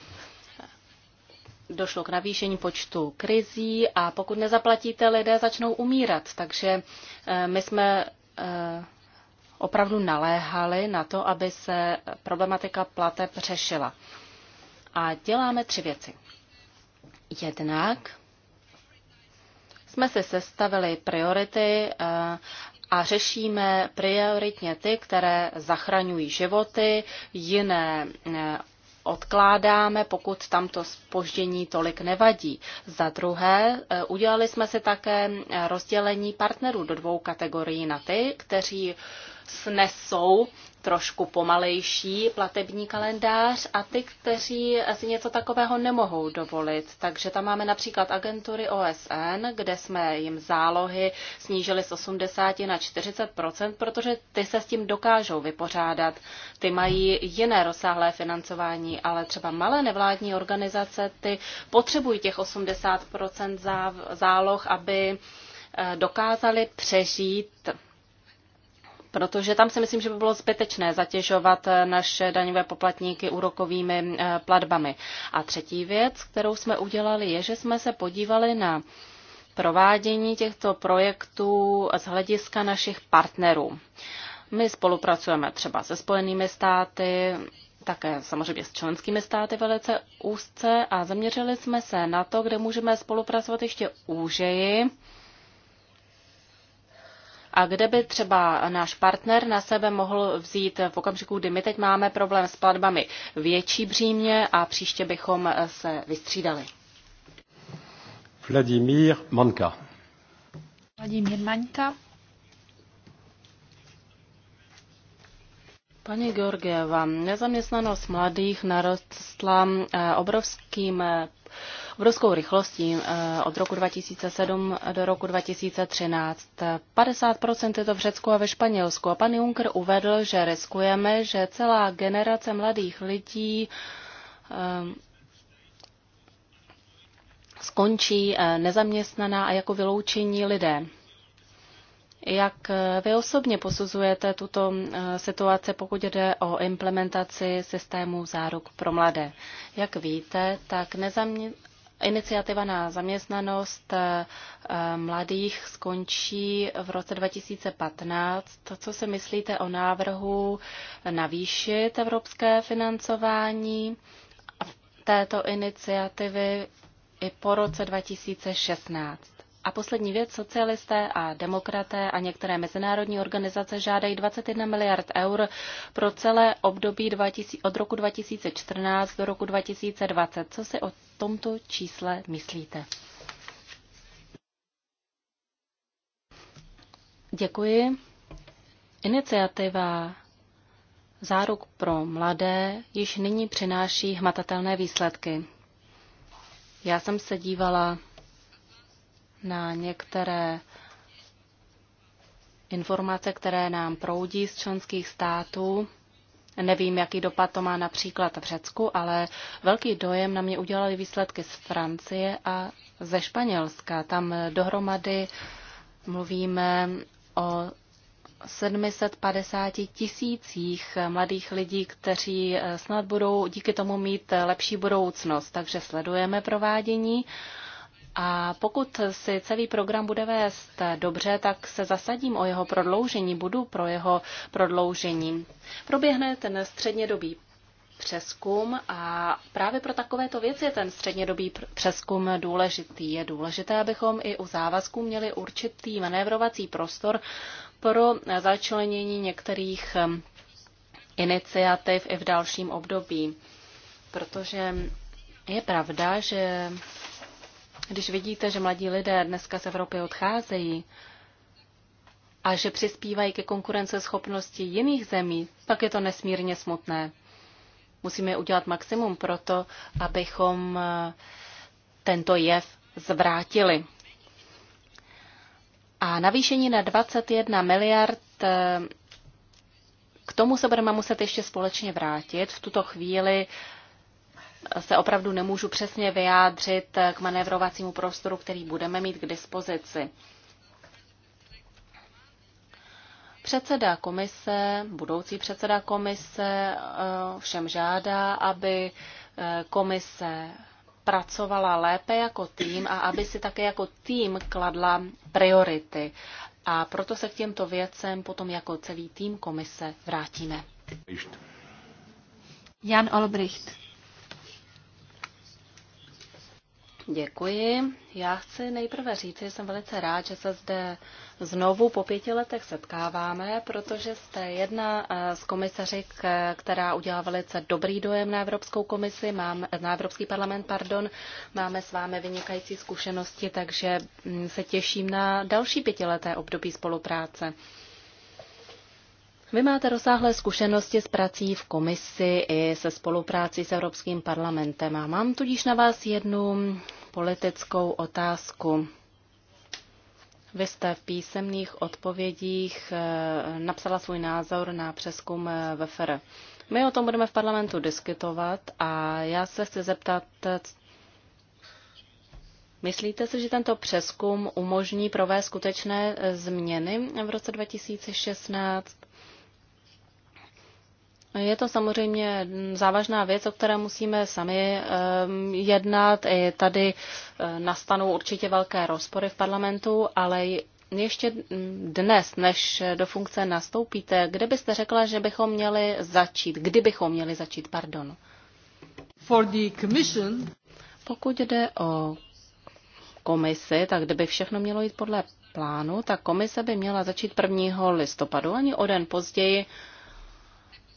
došlo k navýšení počtu krizí a pokud nezaplatíte, lidé začnou umírat. Takže eh, my jsme eh, opravdu naléhali na to, aby se problematika plateb řešila. A děláme tři věci. Jednak jsme si sestavili priority eh, a řešíme prioritně ty, které zachraňují životy, jiné eh, odkládáme, pokud tam to spoždění tolik nevadí. Za druhé, eh, udělali jsme si také rozdělení partnerů do dvou kategorií na ty, kteří snesou trošku pomalejší platební kalendář a ty, kteří si něco takového nemohou dovolit. Takže tam máme například agentury OSN, kde jsme jim zálohy snížili z 80 na 40 protože ty se s tím dokážou vypořádat. Ty mají jiné rozsáhlé financování, ale třeba malé nevládní organizace, ty potřebují těch 80 záloh, aby eh, dokázali přežít protože tam si myslím, že by bylo zbytečné zatěžovat eh, naše daňové poplatníky úrokovými eh, platbami. A třetí věc, kterou jsme udělali, je, že jsme se podívali na provádění těchto projektů z hlediska našich partnerů. My spolupracujeme třeba se Spojenými státy, také samozřejmě s členskými státy velice úzce a zaměřili jsme se na to, kde můžeme spolupracovat ještě úžeji a kde by třeba náš partner na sebe mohl vzít v okamžiku, kdy my teď máme problém s platbami větší břímě a příště bychom se vystřídali. Vladimír Manka. Vladimír Manka. Paní Georgieva, nezaměstnanost mladých narostla eh, obrovským eh, obrovskou rychlostí eh, od roku 2007 do roku 2013. 50% je to v Řecku a ve Španělsku. A pan Juncker uvedl, že riskujeme, že celá generace mladých lidí eh, skončí eh, nezaměstnaná a jako vyloučení lidé. Jak vy osobně posuzujete tuto situaci, pokud jde o implementaci systému záruk pro mladé? Jak víte, tak nezamě- iniciativa na zaměstnanost eh, eh, mladých skončí v roce 2015. To, co si myslíte o návrhu navýšit evropské financování této iniciativy i po roce 2016? A poslední věc, socialisté a demokraté a některé mezinárodní organizace žádají 21 miliard eur pro celé období 2000, od roku 2014 do roku 2020. Co si o tomto čísle myslíte? Děkuji. Iniciativa záruk pro mladé již nyní přináší hmatatelné výsledky. Já jsem se dívala na některé informace, které nám proudí z členských států. Nevím, jaký dopad to má například v Řecku, ale velký dojem na mě udělaly výsledky z Francie a ze Španělska. Tam dohromady mluvíme o 750 tisících mladých lidí, kteří eh, snad budou díky tomu mít eh, lepší budoucnost. Takže sledujeme provádění a pokud si celý program bude vést dobře, tak se zasadím o jeho prodloužení, budu pro jeho prodloužení. Proběhne ten střednědobý přeskum a právě pro takovéto věci je ten střednědobý přeskum důležitý. Je důležité, abychom i u závazků měli určitý manévrovací prostor pro začlenění některých um, iniciativ i v dalším období. Protože je pravda, že když vidíte, že mladí lidé dneska z Evropy odcházejí a že přispívají ke konkurenceschopnosti jiných zemí, pak je to nesmírně smutné. Musíme udělat maximum pro to, abychom eh, tento jev zvrátili. A navýšení na 21 miliard, eh, k tomu se budeme muset ještě společně vrátit. V tuto chvíli se opravdu nemůžu přesně vyjádřit k manévrovacímu prostoru, který budeme mít k dispozici. Předseda komise, budoucí předseda komise eh, všem žádá, aby eh, komise pracovala lépe jako tým a aby si také jako tým kladla priority. A proto se k těmto věcem potom jako celý tým komise vrátíme. Jan Olbricht. Děkuji. Já chci nejprve říct, že jsem velice rád, že se zde znovu po pěti letech setkáváme, protože jste jedna eh, z komisařek, která udělala velice dobrý dojem na Evropskou komisi, mám, na Evropský parlament, pardon. Máme s vámi vynikající zkušenosti, takže mm, se těším na další pětileté období spolupráce. Vy máte rozsáhlé zkušenosti s prací v komisi i se spolupráci s Evropským parlamentem a mám tudíž na vás jednu politickou otázku. Vy jste v písemných odpovědích eh, napsala svůj názor na přeskum eh, VFR. My o tom budeme v parlamentu diskutovat a já se chci zeptat, myslíte si, že tento přeskum umožní provést skutečné eh, změny v roce 2016? Je to samozřejmě závažná věc, o které musíme sami ehm, jednat. I tady eh, nastanou určitě velké rozpory v parlamentu, ale ještě dnes, než do funkce nastoupíte, kde byste řekla, že bychom měli začít? Kdy bychom měli začít, pardon? For the commission. Pokud jde o komisi, tak kdyby všechno mělo jít podle plánu, tak komise by měla začít 1. listopadu, ani o den později,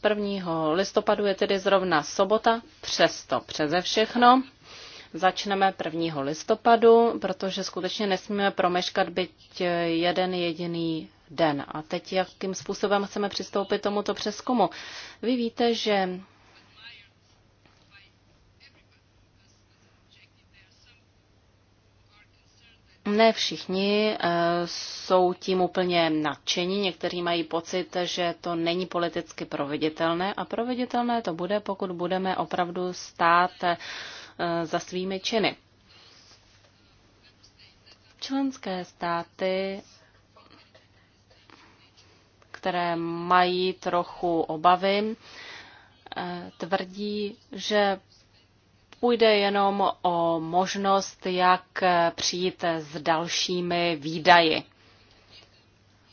1. listopadu je tedy zrovna sobota, přesto přeze všechno. Začneme 1. listopadu, protože skutečně nesmíme promeškat byť jeden jediný den. A teď jakým způsobem chceme přistoupit tomuto přeskumu? Vy víte, že Ne všichni eh, jsou tím úplně nadšení, někteří mají pocit, že to není politicky proveditelné a proveditelné to bude, pokud budeme opravdu stát eh, za svými činy. Členské státy, které mají trochu obavy, eh, tvrdí, že půjde jenom o možnost, jak přijít s dalšími výdaji.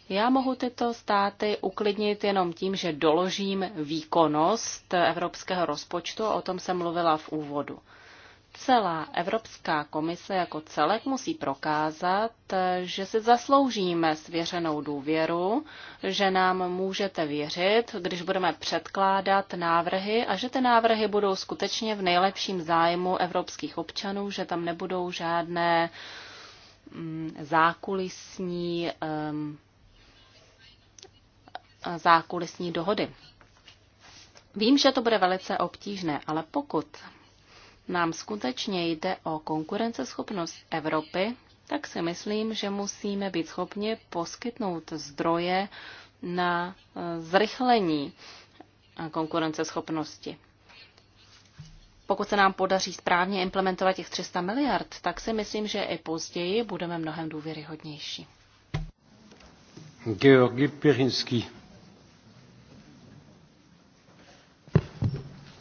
Já mohu tyto státy uklidnit jenom tím, že doložím výkonnost evropského rozpočtu, o tom jsem mluvila v úvodu celá Evropská komise jako celek musí prokázat, že si zasloužíme svěřenou důvěru, že nám můžete věřit, když budeme předkládat návrhy a že ty návrhy budou skutečně v nejlepším zájmu evropských občanů, že tam nebudou žádné mm, zákulisní, zákulisní dohody. Vím, že to bude velice obtížné, ale pokud nám skutečně jde o konkurenceschopnost Evropy, tak si myslím, že musíme být schopni poskytnout zdroje na eh, zrychlení eh, konkurenceschopnosti. Pokud se nám podaří správně implementovat těch 300 miliard, tak si myslím, že i později budeme mnohem důvěryhodnější. Georgi Pirinský.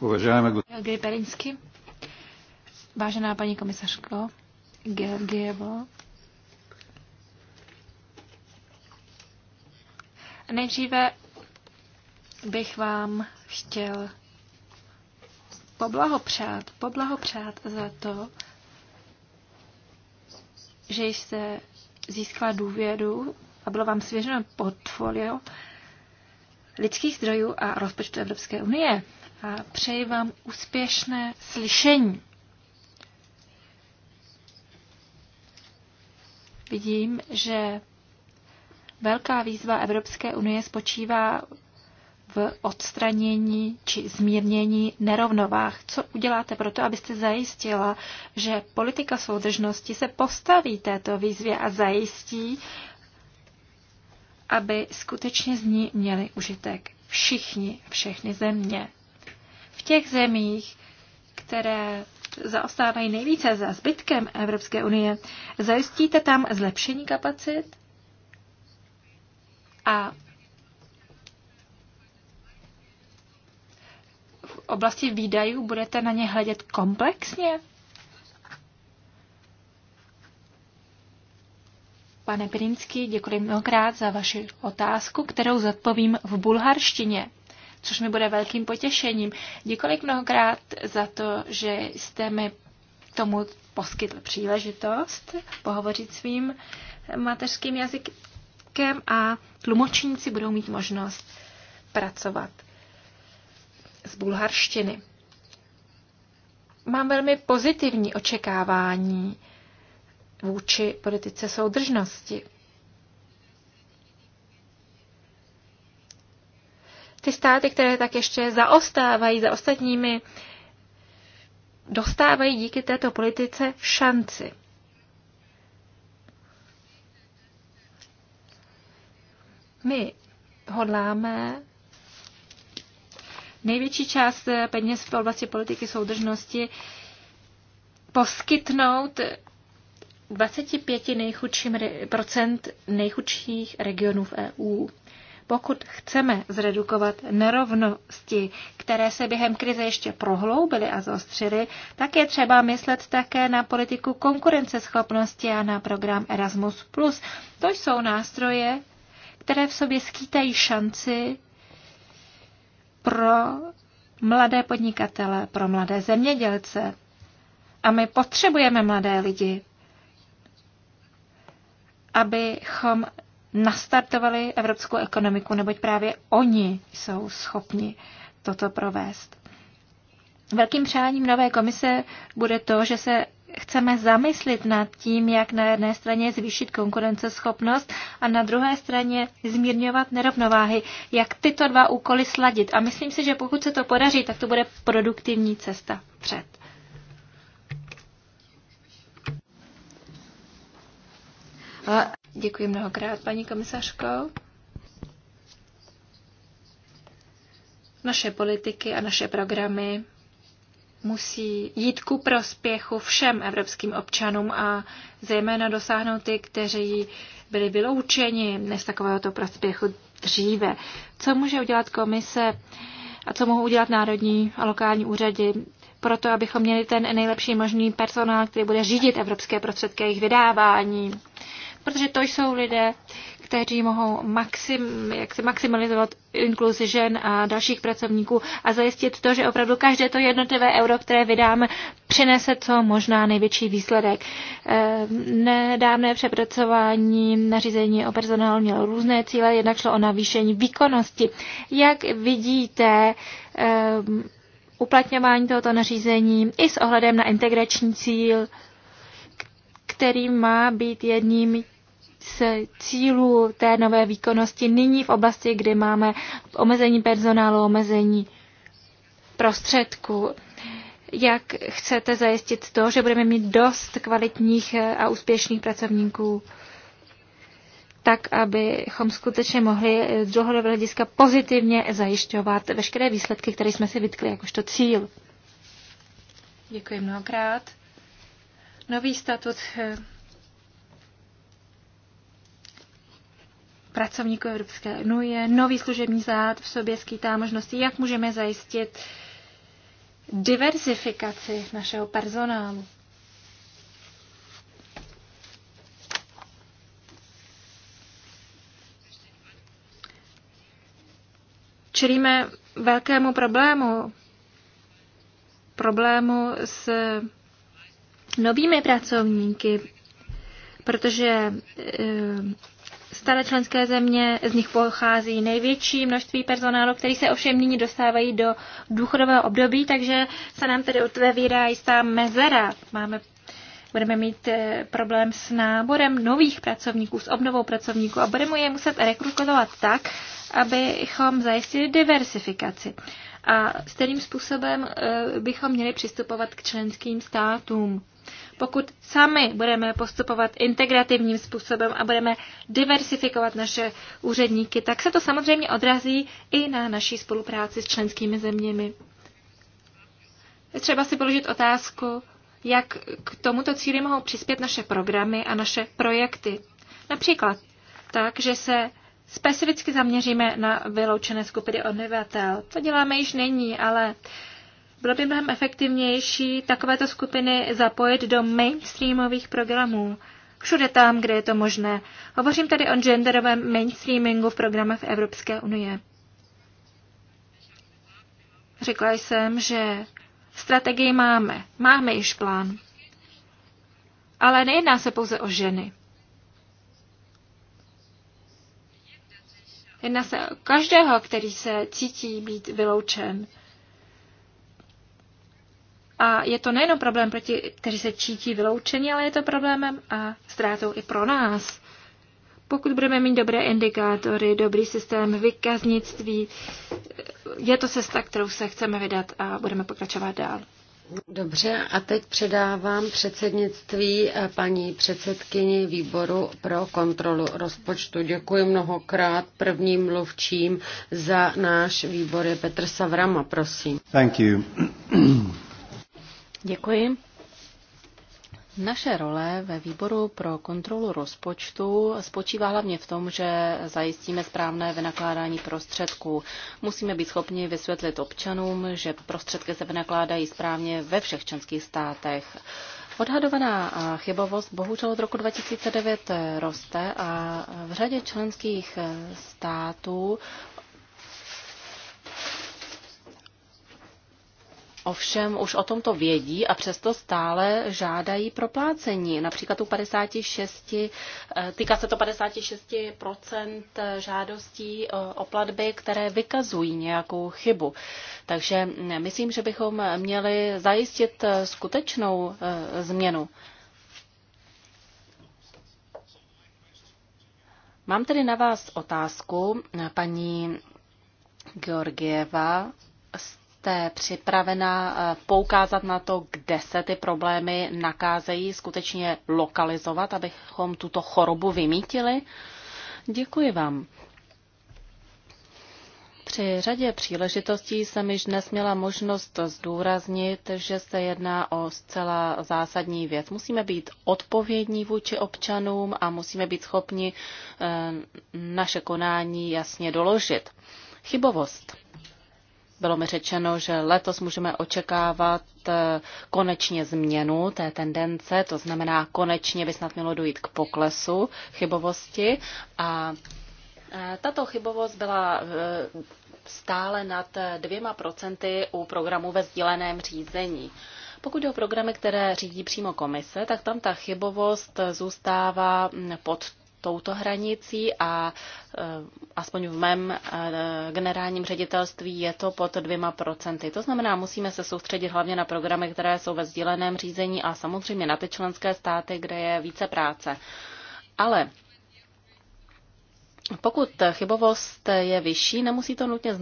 Uvažujeme... Georgi Pirinský. Vážená paní komisařko Georgievo, nejdříve bych vám chtěl poblahopřát, poblahopřát za to, že jste získala důvěru a bylo vám svěřeno portfolio lidských zdrojů a rozpočtu Evropské unie. A přeji vám úspěšné slyšení. vidím, že velká výzva Evropské unie spočívá v odstranění či zmírnění nerovnovách. Co uděláte proto, abyste zajistila, že politika soudržnosti se postaví této výzvě a zajistí, aby skutečně z ní měli užitek všichni, všechny země. V těch zemích, které zaostávají nejvíce za zbytkem Evropské unie. Zajistíte tam zlepšení kapacit? A v oblasti výdajů budete na ně hledět komplexně? Pane Pirinsky, děkuji mnohokrát za vaši otázku, kterou zodpovím v bulharštině což mi bude velkým potěšením. Děkolik mnohokrát za to, že jste mi tomu poskytl příležitost pohovořit svým mateřským jazykem a tlumočníci budou mít možnost pracovat z bulharštiny. Mám velmi pozitivní očekávání vůči politice soudržnosti. ty státy, které tak ještě zaostávají za ostatními, dostávají díky této politice šanci. My hodláme největší část peněz v oblasti politiky soudržnosti poskytnout 25 nejchudším, procent nejchudších regionů v EU. Pokud chceme zredukovat nerovnosti, které se během krize ještě prohloubily a zostřily, tak je třeba myslet také na politiku konkurenceschopnosti a na program Erasmus+. To jsou nástroje, které v sobě skýtají šanci pro mladé podnikatele, pro mladé zemědělce. A my potřebujeme mladé lidi, abychom nastartovali evropskou ekonomiku, neboť právě oni jsou schopni toto provést. Velkým přáním nové komise bude to, že se chceme zamyslit nad tím, jak na jedné straně zvýšit konkurenceschopnost a na druhé straně zmírňovat nerovnováhy, jak tyto dva úkoly sladit. A myslím si, že pokud se to podaří, tak to bude produktivní cesta před. Děkuji mnohokrát, paní komisařko. Naše politiky a naše programy musí jít ku prospěchu všem evropským občanům a zejména dosáhnout ty, kteří byli vyloučeni než takovéhoto prospěchu dříve. Co může udělat komise a co mohou udělat národní a lokální úřady pro to, abychom měli ten nejlepší možný personál, který bude řídit evropské prostředky a jejich vydávání? protože to jsou lidé, kteří mohou maxim, jak si maximalizovat inkluzi žen a dalších pracovníků a zajistit to, že opravdu každé to jednotlivé euro, které vydáme, přinese co možná největší výsledek. Ehm, nedávné přepracování nařízení o personálu mělo různé cíle, jednak šlo o navýšení výkonnosti. Jak vidíte, ehm, uplatňování tohoto nařízení i s ohledem na integrační cíl, který má být jedním cílů té nové výkonnosti nyní v oblasti, kdy máme omezení personálu, omezení prostředků. Jak chcete zajistit to, že budeme mít dost kvalitních a úspěšných pracovníků, tak abychom skutečně mohli z dlouhodobého hlediska pozitivně zajišťovat veškeré výsledky, které jsme si vytkli jakožto cíl? Děkuji mnohokrát. Nový statut pracovníků Evropské unie. Nový služební zád v sobě skýtá možnosti, jak můžeme zajistit diversifikaci našeho personálu. Čelíme velkému problému, problému s novými pracovníky, protože eh, staré členské země, z nich pochází největší množství personálu, který se ovšem nyní dostávají do důchodového období, takže se nám tedy otevírá jistá mezera. Máme budeme mít eh, problém s náborem nových pracovníků, s obnovou pracovníků a budeme je muset rekrutovat tak, abychom zajistili diversifikaci. A stejným způsobem eh, bychom měli přistupovat k členským státům pokud sami budeme postupovat integrativním způsobem a budeme diversifikovat naše úředníky, tak se to samozřejmě odrazí i na naší spolupráci s členskými zeměmi. Je třeba si položit otázku, jak k tomuto cíli mohou přispět naše programy a naše projekty. Například tak, že se specificky zaměříme na vyloučené skupiny obyvatel. To děláme již nyní, ale uh, bylo by mnohem efektivnější takovéto skupiny zapojit do mainstreamových programů. Všude tam, kde je to možné. Hovořím tady o genderovém mainstreamingu v programech Evropské unie. Řekla jsem, že strategii máme. Máme již plán. Ale nejedná se pouze o ženy. Jedná se o každého, který se cítí být vyloučen. A je to nejenom problém pro ti, kteří se čítí vyloučení, ale je to problémem a ztrátou i pro nás. Pokud budeme mít dobré indikátory, dobrý systém vykaznictví, je to cesta, kterou se chceme vydat a budeme pokračovat dál. Dobře, a teď předávám předsednictví eh, paní předsedkyni výboru pro kontrolu rozpočtu. Děkuji mnohokrát prvním mluvčím za náš výbor je Petr Savrama, prosím. Thank you. Děkuji. Naše role ve výboru pro kontrolu rozpočtu spočívá hlavně v tom, že zajistíme správné vynakládání prostředků. Musíme být schopni vysvětlit občanům, že prostředky se vynakládají správně ve všech členských státech. Odhadovaná chybovost bohužel od roku 2009 roste a v řadě členských států ovšem už o tomto vědí a přesto stále žádají proplácení. Například u 56, eh, týká se to 56 žádostí eh, o platby, které vykazují nějakou chybu. Takže eh, myslím, že bychom měli zajistit skutečnou změnu. Mám tedy na vás otázku, paní Georgieva jste připravena eh, poukázat na to, kde se ty problémy nakázejí, skutečně lokalizovat, abychom tuto chorobu vymítili? Děkuji vám. Při řadě příležitostí jsem již dnes měla možnost zdůraznit, že se jedná o zcela zásadní věc. Musíme být odpovědní vůči občanům a musíme být schopni eh, naše konání jasně doložit. Chybovost. Bylo mi řečeno, že letos můžeme očekávat eh, konečně změnu té tendence, to znamená, konečně by snad mělo dojít k poklesu chybovosti. A eh, tato chybovost byla eh, stále nad dvěma procenty u programů ve sdíleném řízení. Pokud jde o programy, které řídí přímo komise, tak tam ta chybovost zůstává mm, pod touto hranicí a eh, aspoň v mém eh, generálním ředitelství je to pod dvěma procenty. To znamená, musíme se soustředit hlavně na programy, které jsou ve sdíleném řízení a samozřejmě na ty členské státy, kde je více práce. Ale pokud chybovost je vyšší, nemusí to nutně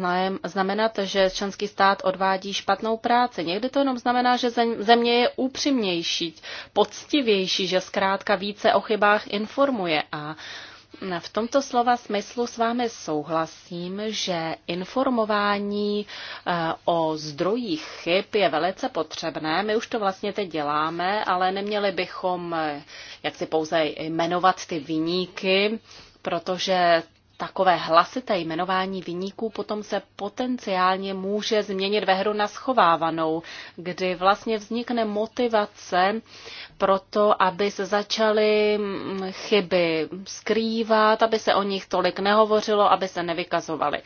znamenat, že členský stát odvádí špatnou práci. Někdy to jenom znamená, že země je úpřímnější, poctivější, že zkrátka více o chybách informuje. A v tomto slova smyslu s vámi souhlasím, že informování eh, o zdrojích chyb je velice potřebné. My už to vlastně teď děláme, ale neměli bychom eh, jak si pouze jmenovat ty vyníky, protože takové hlasité jmenování vyníků potom se potenciálně může změnit ve hru na schovávanou, kdy vlastně vznikne motivace pro to, aby se začaly mm, chyby skrývat, aby se o nich tolik nehovořilo, aby se nevykazovaly.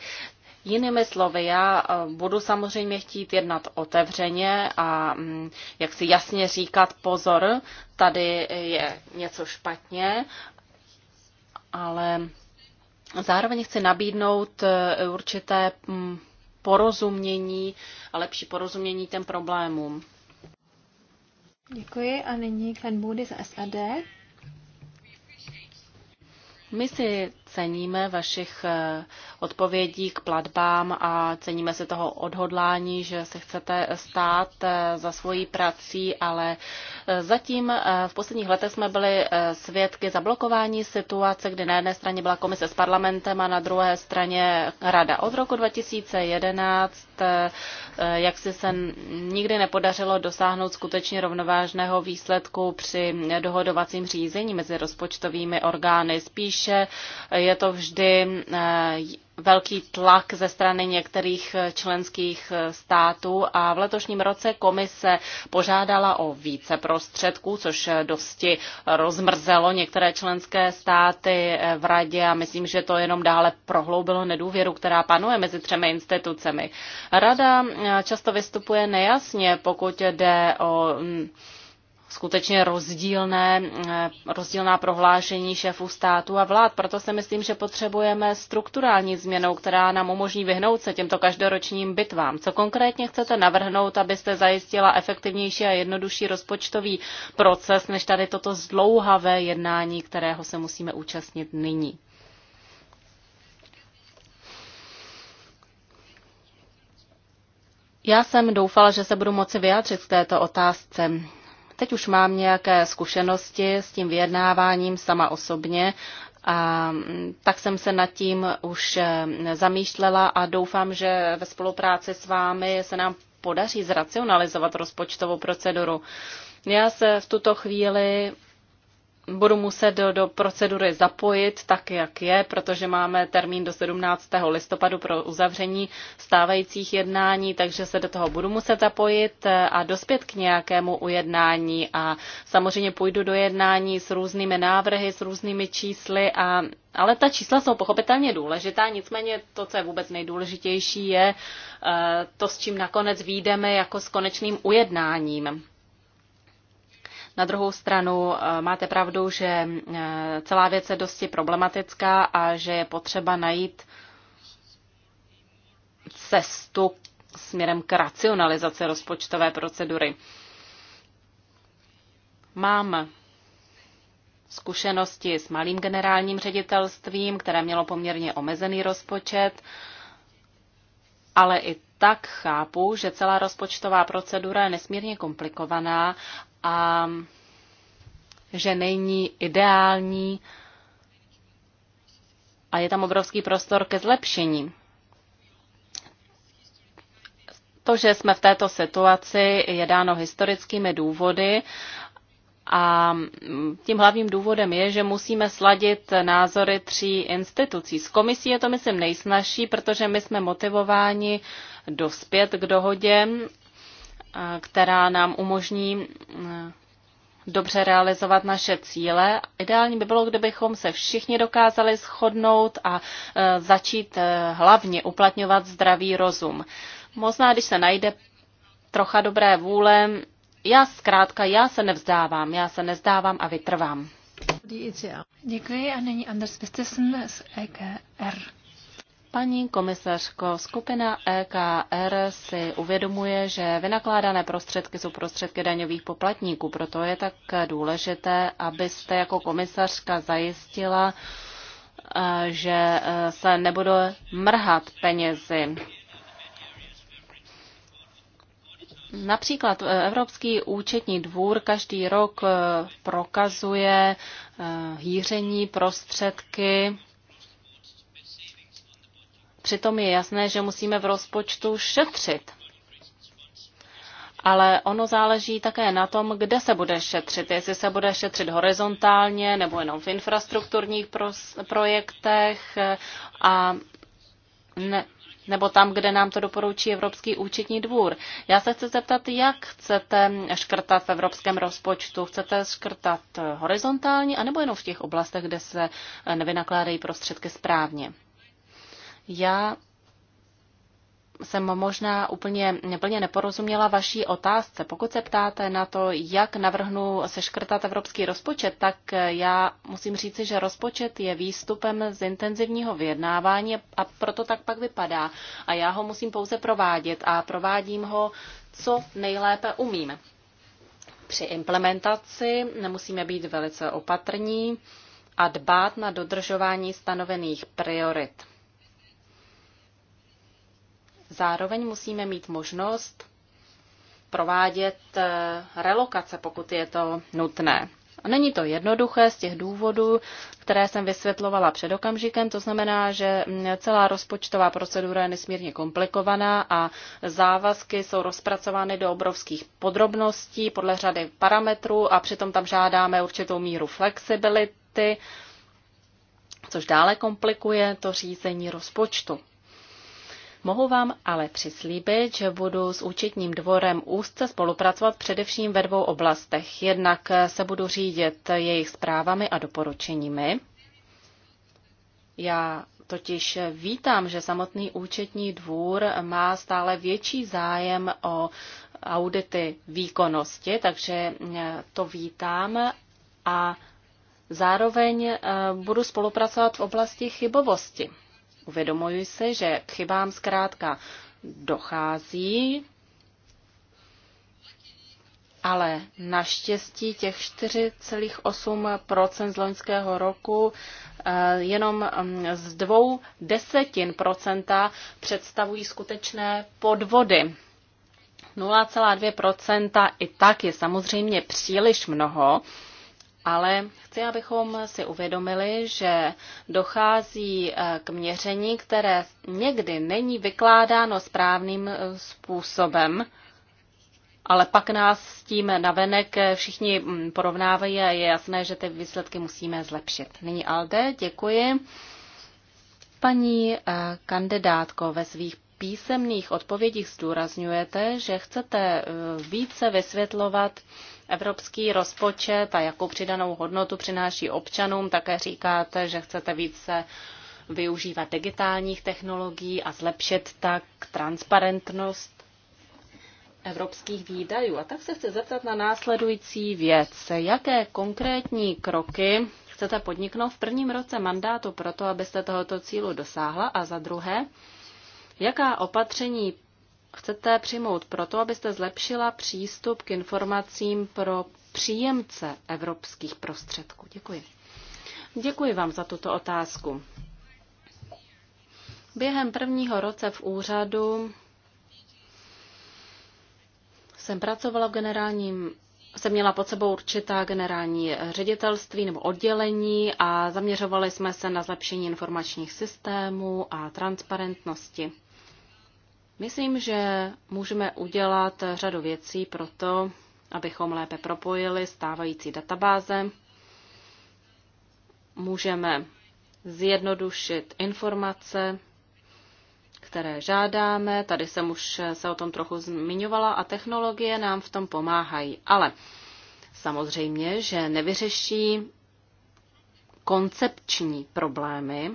Jinými slovy, já eh, budu samozřejmě chtít jednat otevřeně a mm, jak si jasně říkat pozor, tady je něco špatně ale zároveň chci nabídnout eh, určité mm, porozumění a lepší porozumění těm problémům. Děkuji a nyní Glenn Moody z SAD. My si ceníme vašich eh, odpovědí k platbám a ceníme se toho odhodlání, že se chcete stát eh, za svojí prací, ale eh, zatím v posledních letech jsme byli svědky zablokování situace, kdy na jedné straně byla komise s parlamentem a na druhé straně rada. Od roku 2011 jak si se nikdy nepodařilo dosáhnout skutečně rovnovážného výsledku při dohodovacím řízení mezi rozpočtovými orgány. Spíše je to vždy eh, velký tlak ze strany některých členských eh, států a v letošním roce komise požádala o více prostředků, což eh, dosti rozmrzelo některé členské státy v radě a myslím, že to jenom dále prohloubilo nedůvěru, která panuje mezi třemi institucemi. Rada často vystupuje nejasně, pokud jde o mm, skutečně rozdílné, eh, rozdílná prohlášení šéfů státu a vlád. Proto si myslím, že potřebujeme strukturální změnu, která nám umožní vyhnout se těmto každoročním bitvám. Co konkrétně chcete navrhnout, abyste zajistila efektivnější a jednodušší rozpočtový proces, než tady toto zdlouhavé jednání, kterého se musíme účastnit nyní? Já jsem doufala, že se budu moci vyjádřit k této otázce. Teď už mám nějaké zkušenosti s tím vyjednáváním sama osobně, a tak jsem se nad tím už eh, zamýšlela a doufám, že ve spolupráci s vámi se nám podaří zracionalizovat rozpočtovou proceduru. Já se v tuto chvíli budu muset do, do procedury zapojit tak, jak je, protože máme termín do 17. listopadu pro uzavření stávajících jednání, takže se do toho budu muset zapojit a dospět k nějakému ujednání. A samozřejmě půjdu do jednání s různými návrhy, s různými čísly, a, ale ta čísla jsou pochopitelně důležitá, nicméně to, co je vůbec nejdůležitější, je eh, to, s čím nakonec výjdeme jako s konečným ujednáním. Na druhou stranu eh, máte pravdu, že eh, celá věc je dosti problematická a že je potřeba najít cestu směrem k racionalizaci rozpočtové procedury. Mám zkušenosti s malým generálním ředitelstvím, které mělo poměrně omezený rozpočet, ale i tak chápu, že celá rozpočtová procedura je nesmírně komplikovaná a že není ideální a je tam obrovský prostor ke zlepšení. To, že jsme v této situaci, je dáno historickými důvody a tím hlavním důvodem je, že musíme sladit názory tří institucí. S komisí je to, myslím, nejsnažší, protože my jsme motivováni dospět k dohodě která nám umožní mm, dobře realizovat naše cíle. Ideální by bylo, kdybychom se všichni dokázali shodnout a e, začít e, hlavně uplatňovat zdravý rozum. Možná, když se najde trocha dobré vůle, já zkrátka, já se nevzdávám, já se nezdávám a vytrvám. Děkuji a nyní Anders Vistesen z EKR. Paní komisařko, skupina EKR si uvědomuje, že vynakládané prostředky jsou prostředky daňových poplatníků, proto je tak důležité, abyste jako komisařka zajistila, e, že e, se nebudou mrhat penězi. Například e, Evropský účetní dvůr každý rok prokazuje hýření prostředky Přitom je jasné, že musíme v rozpočtu šetřit. Ale ono záleží také na tom, kde se bude šetřit. Jestli se bude šetřit horizontálně nebo jenom v infrastrukturních projektech a ne, nebo tam, kde nám to doporučí Evropský účetní dvůr. Já se chci zeptat, jak chcete škrtat v evropském rozpočtu. Chcete škrtat horizontálně, anebo jenom v těch oblastech, kde se nevynakládají prostředky správně? Já jsem možná úplně úplně neporozuměla vaší otázce. Pokud se ptáte na to, jak navrhnu seškrtat evropský rozpočet, tak eh, já musím říci, že rozpočet je výstupem z intenzivního vyjednávání a proto tak pak vypadá. A já ho musím pouze provádět a provádím ho, co nejlépe umím. Při implementaci nemusíme být velice opatrní a dbát na dodržování stanovených priorit. Zároveň musíme mít možnost provádět eh, relokace, pokud je to nutné. A není to jednoduché z těch důvodů, které jsem vysvětlovala před okamžikem, to znamená, že mm, celá rozpočtová procedura je nesmírně komplikovaná a závazky jsou rozpracovány do obrovských podrobností podle řady parametrů a přitom tam žádáme určitou míru flexibility, což dále komplikuje to řízení rozpočtu. Mohu vám ale přislíbit, že budu s účetním dvorem úzce spolupracovat především ve dvou oblastech. Jednak se budu řídit jejich zprávami a doporučeními. Já totiž vítám, že samotný účetní dvůr má stále větší zájem o audity výkonnosti, takže to vítám a zároveň eh, budu spolupracovat v oblasti chybovosti. Uvědomuji se, že k chybám zkrátka dochází, ale naštěstí těch 4,8 z loňského roku eh, jenom mm, z dvou desetin procenta představují skutečné podvody. 0,2 i tak je samozřejmě příliš mnoho, ale chci, abychom si uvědomili, že dochází eh, k měření, které někdy není vykládáno správným eh, způsobem, ale pak nás s tím navenek eh, všichni mm, porovnávají a je jasné, že ty výsledky musíme zlepšit. Nyní Alde, děkuji. Paní kandidátko, ve svých písemných odpovědích zdůrazňujete, že chcete více vysvětlovat evropský rozpočet a jakou přidanou hodnotu přináší občanům. Také říkáte, že chcete více využívat digitálních technologií a zlepšit tak transparentnost evropských výdajů. A tak se chci zeptat na následující věc. Jaké konkrétní kroky chcete podniknout v prvním roce mandátu proto, abyste tohoto cílu dosáhla? A za druhé, jaká opatření chcete přijmout proto, abyste zlepšila přístup k informacím pro příjemce evropských prostředků? Děkuji. Děkuji vám za tuto otázku. Během prvního roce v úřadu jsem pracovala v generálním jsem měla pod sebou určitá generální ředitelství nebo oddělení a zaměřovali jsme se na zlepšení informačních systémů a transparentnosti. Myslím, že můžeme udělat řadu věcí pro to, abychom lépe propojili stávající databáze. Můžeme zjednodušit informace, které žádáme. Tady jsem už se o tom trochu zmiňovala a technologie nám v tom pomáhají. Ale samozřejmě, že nevyřeší koncepční problémy,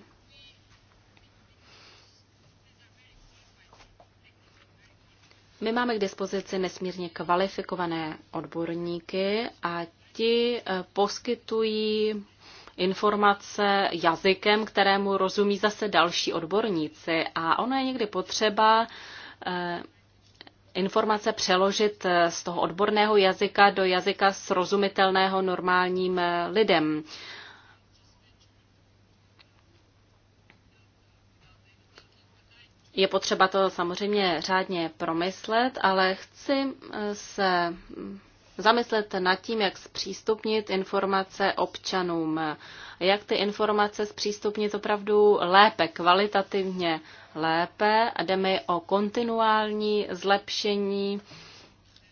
My máme k dispozici nesmírně kvalifikované odborníky a ti eh, poskytují informace jazykem, kterému rozumí zase další odborníci. A ono je někdy potřeba eh, informace přeložit eh, z toho odborného jazyka do jazyka srozumitelného normálním lidem. Je potřeba to samozřejmě řádně promyslet, ale chci eh, se zamyslet nad tím, jak zpřístupnit informace občanům, jak ty informace zpřístupnit opravdu lépe, kvalitativně lépe a jde mi o kontinuální zlepšení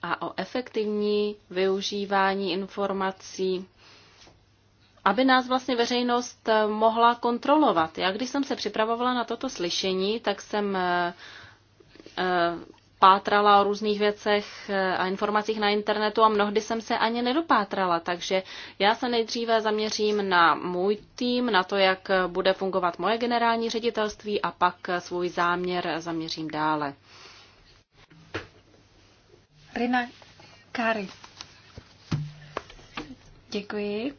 a o efektivní využívání informací aby nás vlastně veřejnost eh, mohla kontrolovat. Já když jsem se připravovala na toto slyšení, tak jsem eh, eh, pátrala o různých věcech a informacích na internetu a mnohdy jsem se ani nedopátrala, takže já se nejdříve zaměřím na můj tým, na to, jak bude fungovat moje generální ředitelství a pak svůj záměr zaměřím dále. Rina Kari. Děkuji.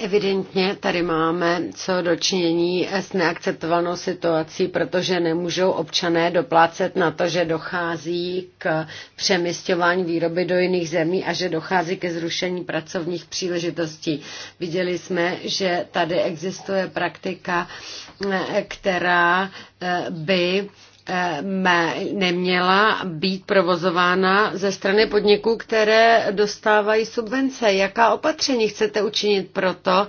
Evidentně tady máme co dočinění s neakceptovanou situací, protože nemůžou občané doplácet na to, že dochází k přemysťování výroby do jiných zemí a že dochází ke zrušení pracovních příležitostí. Viděli jsme, že tady existuje praktika, eh, která eh, by neměla být provozována ze strany podniků, které dostávají subvence. Jaká opatření chcete učinit proto,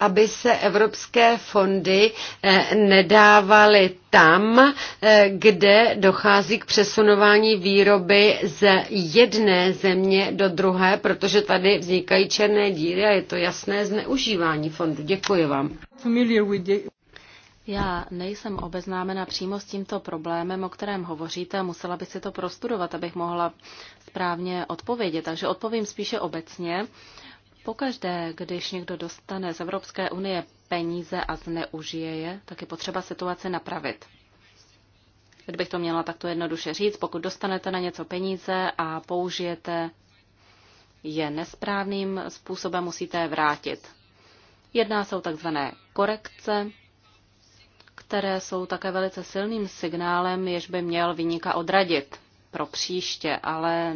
aby se evropské fondy eh, nedávaly tam, eh, kde dochází k přesunování výroby z jedné země do druhé, protože tady vznikají černé díry a je to jasné zneužívání fondu. Děkuji vám. Já nejsem obeznámena přímo s tímto problémem, o kterém hovoříte, musela bych si to prostudovat, abych mohla správně odpovědět. Takže odpovím spíše obecně. Pokaždé, když někdo dostane z Evropské unie peníze a zneužije je, tak je potřeba situaci napravit. Kdybych to měla takto jednoduše říct, pokud dostanete na něco peníze a použijete je nesprávným způsobem, musíte je vrátit. Jedná se o takzvané korekce, které jsou také velice silným signálem, jež by měl vyníka odradit pro příště, ale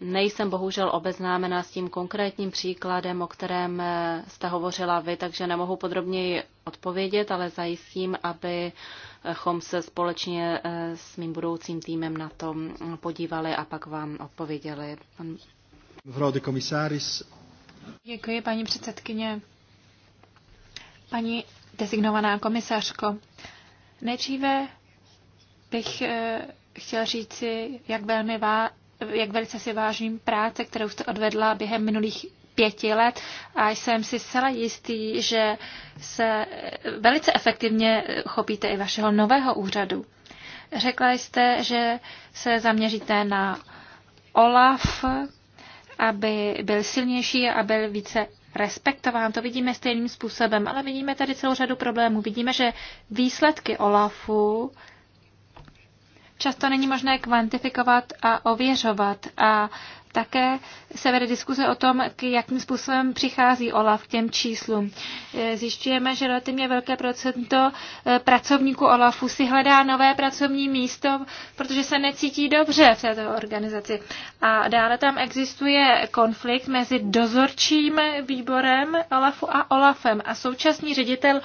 nejsem bohužel obeznámena s tím konkrétním příkladem, o kterém jste hovořila vy, takže nemohu podrobněji odpovědět, ale zajistím, abychom se společně eh, s mým budoucím týmem na to podívali a pak vám odpověděli. Vrody komisáris. Děkuji, paní předsedkyně. Paní designovaná komisařko. Nejdříve bych eh, chtěl říci, jak, velmi vá, jak velice si vážím práce, kterou jste odvedla během minulých pěti let a jsem si zcela jistý, že se velice efektivně chopíte i vašeho nového úřadu. Řekla jste, že se zaměříte na OLAF, aby byl silnější a byl více respektován. To vidíme stejným způsobem, ale vidíme tady celou řadu problémů. Vidíme, že výsledky OLAFu často není možné kvantifikovat a ověřovat a také se vede diskuze o tom, k jakým způsobem přichází OLAF k těm číslům. Eh, zjišťujeme, že relativně velké procento eh, pracovníků OLAFu si hledá nové pracovní místo, protože se necítí dobře v této organizaci. A dále tam existuje konflikt mezi dozorčím výborem OLAFu a OLAFem. A současný ředitel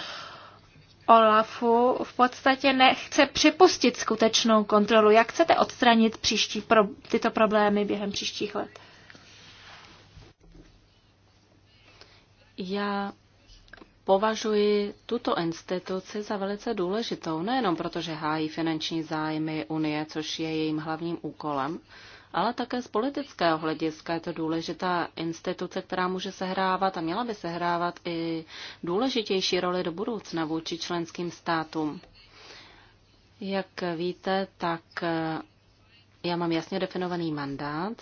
Olafu v podstatě nechce připustit skutečnou kontrolu. Jak chcete odstranit příští pro, tyto problémy během příštích let? Já považuji tuto instituci za velice důležitou, nejenom protože hájí finanční zájmy Unie, což je jejím hlavním úkolem, ale také z politického hlediska je to důležitá instituce, která může sehrávat a měla by sehrávat i důležitější roli do budoucna vůči členským státům. Jak víte, tak eh, já mám jasně definovaný mandát.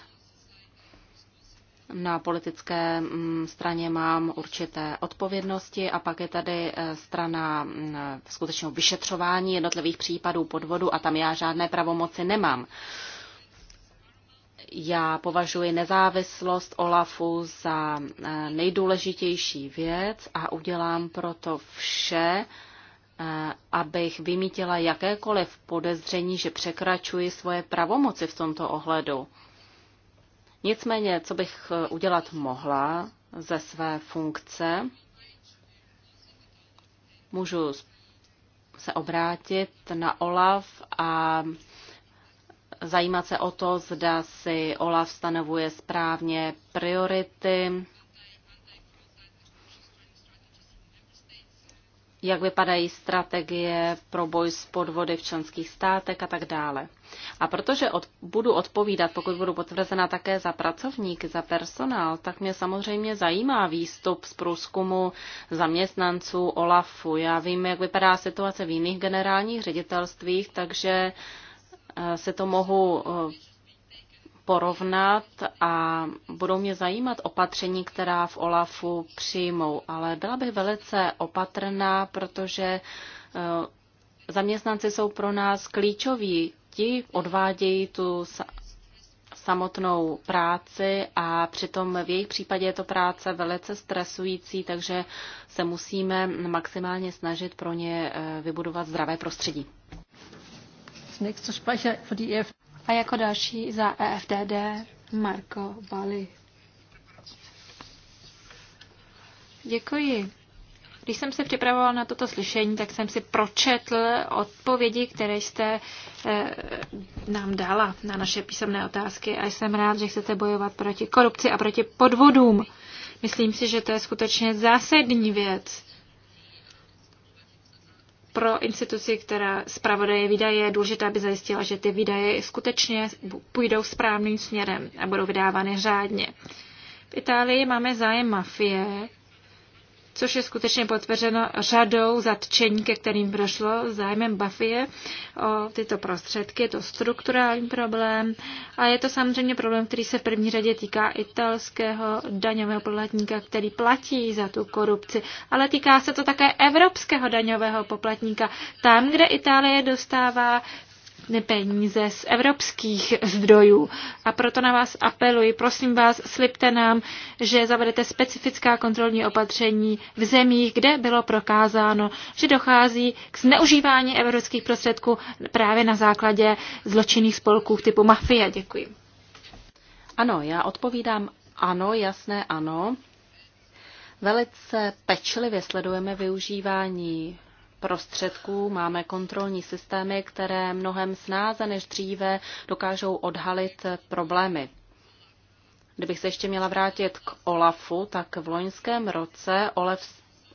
Na politické mm, straně mám určité odpovědnosti a pak je tady eh, strana mm, skutečného vyšetřování jednotlivých případů podvodu a tam já žádné pravomoci nemám. Já považuji nezávislost OLAFu za eh, nejdůležitější věc a udělám proto vše, eh, abych vymítila jakékoliv podezření, že překračuji svoje pravomoci v tomto ohledu. Nicméně, co bych eh, udělat mohla ze své funkce, můžu se obrátit na OLAF a zajímat se o to, zda si OLAF stanovuje správně priority, jak vypadají strategie pro boj s podvody v členských státech a tak dále. A protože od, budu odpovídat, pokud budu potvrzena také za pracovníky, za personál, tak mě samozřejmě zajímá výstup z průzkumu zaměstnanců OLAFu. Já vím, jak vypadá situace v jiných generálních ředitelstvích, takže uh, Eh, se to mohu eh, porovnat a budou mě zajímat opatření, která v OLAFu přijmou. Ale byla bych velice opatrná, protože eh, zaměstnanci jsou pro nás klíčoví. Ti odvádějí tu samotnou práci a přitom v jejich případě je to práce velice stresující, takže se musíme maximálně snažit pro ně vybudovat zdravé prostředí. E a jako další za EFDD Marko Bali. Děkuji. Když jsem se připravoval na toto slyšení, tak jsem si pročetl odpovědi, které jste eh, nám dala na naše písemné otázky a jsem rád, že chcete bojovat proti korupci a proti podvodům. Myslím si, že to je skutečně zásadní věc pro instituci, která zpravodaje výdaje, je důležité, aby zajistila, že ty výdaje skutečně půjdou správným směrem a budou vydávány řádně. V Itálii máme zájem mafie, což je skutečně potvrzeno řadou zatčení, ke kterým prošlo zájmem Bafie o tyto prostředky. Je to strukturální problém a je to samozřejmě problém, který se v první řadě týká italského daňového poplatníka, který platí za tu korupci, ale týká se to také evropského daňového poplatníka. Tam, kde Itálie dostává peníze z evropských zdrojů. A proto na vás apeluji, prosím vás, slibte nám, že zavedete specifická kontrolní opatření v zemích, kde bylo prokázáno, že dochází k zneužívání evropských prostředků právě na základě zločinných spolků typu mafie. Děkuji. Ano, já odpovídám ano, jasné ano. Velice pečlivě sledujeme využívání prostředků, máme kontrolní systémy, které mnohem snáze než dříve dokážou odhalit problémy. Kdybych se ještě měla vrátit k OLAFu, tak v loňském roce OLAF,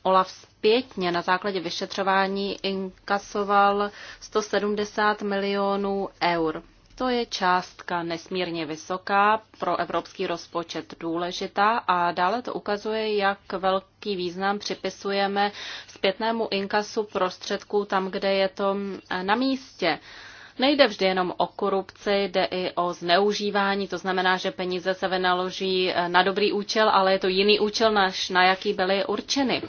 OLAF zpětně na základě vyšetřování inkasoval 170 milionů eur. To je částka nesmírně vysoká, pro evropský rozpočet důležitá a dále to ukazuje, jak velký význam připisujeme zpětnému inkasu prostředků tam, kde je to eh, na místě. Nejde vždy jenom o korupci, jde i o zneužívání, to znamená, že peníze se vynaloží eh, na dobrý účel, ale je to jiný účel, než na jaký byly určeny.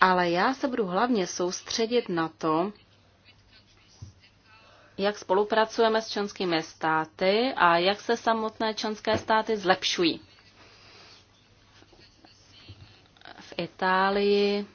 Ale já se budu hlavně soustředit na to, jak spolupracujeme s členskými státy a jak se samotné členské státy zlepšují. V Itálii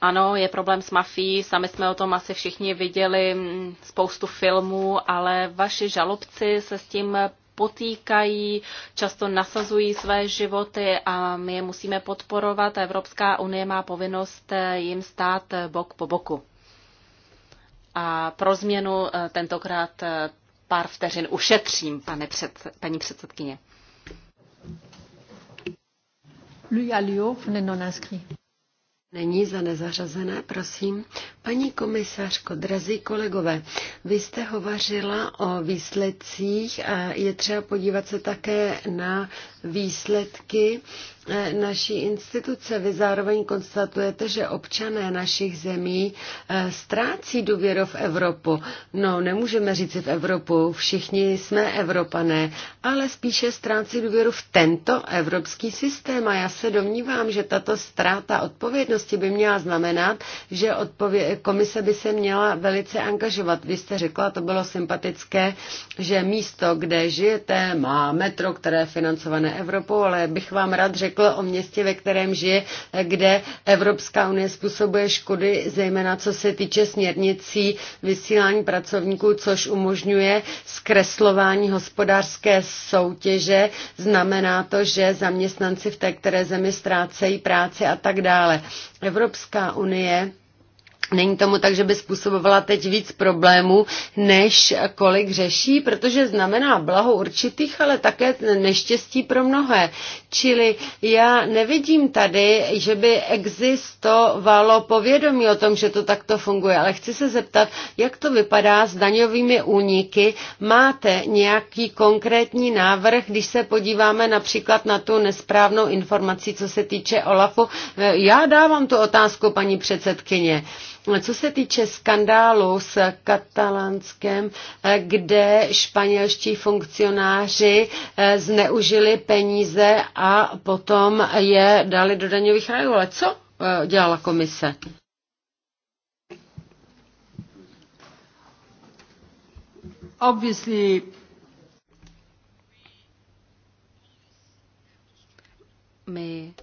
ano, je problém s mafií, sami jsme o tom asi všichni viděli mm, spoustu filmů, ale vaši žalobci se s tím potýkají, často nasazují své životy a my je musíme podporovat. Evropská unie má povinnost eh, jim stát eh, bok po boku a pro změnu eh, tentokrát eh, pár vteřin ušetřím, pane před, paní předsedkyně. Není za nezařazené, prosím. Paní komisařko, drazí kolegové, vy jste hovařila o výsledcích a je třeba podívat se také na výsledky E, naší instituce. Vy zároveň konstatujete, že občané našich zemí e, ztrácí důvěru v Evropu. No, nemůžeme říct v Evropu, všichni jsme Evropané, ale spíše ztrácí důvěru v tento evropský systém. A já se domnívám, že tato ztráta odpovědnosti by měla znamenat, že odpově- komise by se měla velice angažovat. Vy jste řekla, to bylo sympatické, že místo, kde žijete, má metro, které je financované Evropou, ale bych vám rád řekl, řekl o městě, ve kterém žije, kde Evropská unie způsobuje škody, zejména co se týče směrnicí vysílání pracovníků, což umožňuje zkreslování hospodářské soutěže. Znamená to, že zaměstnanci v té které zemi ztrácejí práci a tak dále. Evropská unie Není tomu tak, že by způsobovala teď víc problémů, než kolik řeší, protože znamená blaho určitých, ale také neštěstí pro mnohé. Čili já nevidím tady, že by existovalo povědomí o tom, že to takto funguje, ale chci se zeptat, jak to vypadá s daňovými úniky. Máte nějaký konkrétní návrh, když se podíváme například na tu nesprávnou informaci, co se týče OLAFu? Já dávám tu otázku, paní předsedkyně. Co se týče skandálu s katalánskem, kde španělští funkcionáři eh, zneužili peníze a potom je dali do daňových rájů, ale co eh, dělala komise? Obviously, my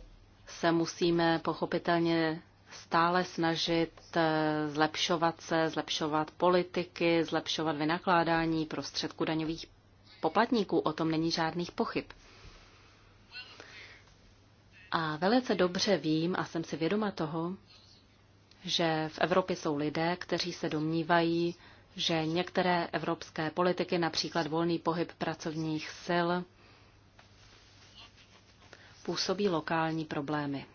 se musíme pochopitelně stále snažit eh, zlepšovat se, zlepšovat politiky, zlepšovat vynakládání prostředků daňových poplatníků. O tom není žádných pochyb. A velice dobře vím a jsem si vědoma toho, že v Evropě jsou lidé, kteří se domnívají, že některé evropské politiky, například volný pohyb pracovních sil, působí lokální problémy.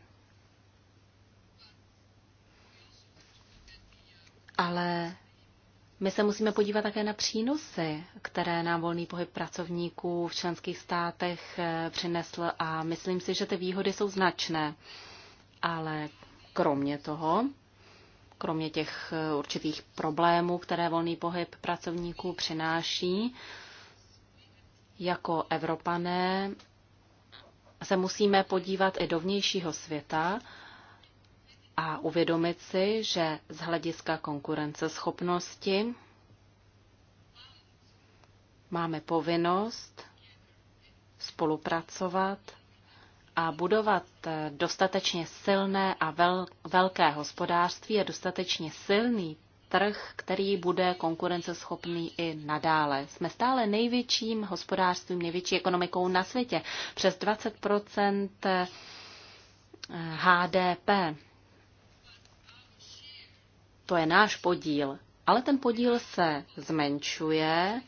ale my se musíme podívat také na přínosy, které nám volný pohyb pracovníků v členských státech eh, přinesl a myslím si, že ty výhody jsou značné. Ale kromě toho, kromě těch eh, určitých problémů, které volný pohyb pracovníků přináší, jako Evropané se musíme podívat i do vnějšího světa a uvědomit si, že z hlediska konkurenceschopnosti máme povinnost spolupracovat a budovat dostatečně silné a vel, velké hospodářství a dostatečně silný trh, který bude konkurenceschopný i nadále. Jsme stále největším hospodářstvím, největší ekonomikou na světě. Přes 20 eh, HDP to je náš podíl, ale ten podíl se zmenšuje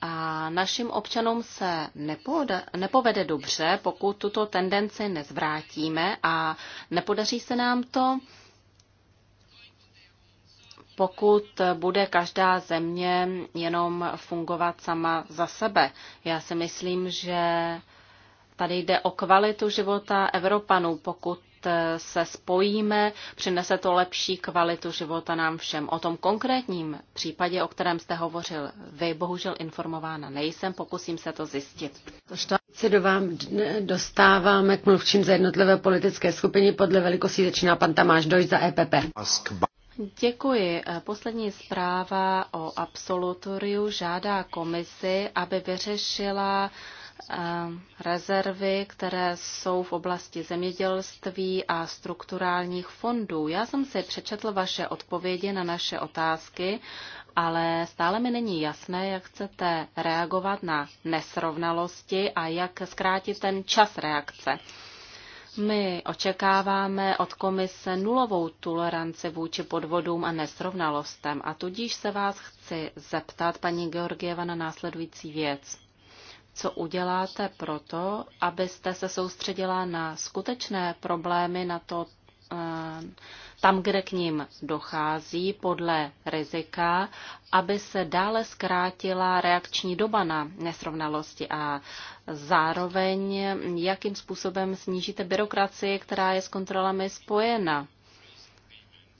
a našim občanům se nepoda, nepovede dobře, pokud tuto tendenci nezvrátíme a nepodaří se nám to, pokud bude každá země jenom fungovat sama za sebe. Já si myslím, že tady jde o kvalitu života Evropanů, pokud Eh, se spojíme, přinese to lepší kvalitu života nám všem. O tom konkrétním případě, o kterém jste hovořil vy, bohužel informována nejsem, pokusím se to zjistit. Se do vám dostáváme k mluvčím za jednotlivé politické skupiny. Podle velikosti začíná pan Tamáš Dojč za EPP. Děkuji. Eh, poslední zpráva o absolutoriu žádá komisi, aby vyřešila uh, rezervy, které jsou v oblasti zemědělství a strukturálních fondů. Já jsem si přečetl vaše odpovědi na naše otázky, ale stále mi není jasné, jak chcete reagovat na nesrovnalosti a jak zkrátit ten čas reakce. My očekáváme od komise nulovou toleranci vůči podvodům a nesrovnalostem a tudíž se vás chci zeptat, paní Georgieva, na následující věc co uděláte proto, abyste se soustředila na skutečné problémy, na to, eh, tam, kde k ním dochází podle rizika, aby se dále zkrátila reakční doba na nesrovnalosti a zároveň jakým způsobem snížíte byrokracii, která je s kontrolami spojena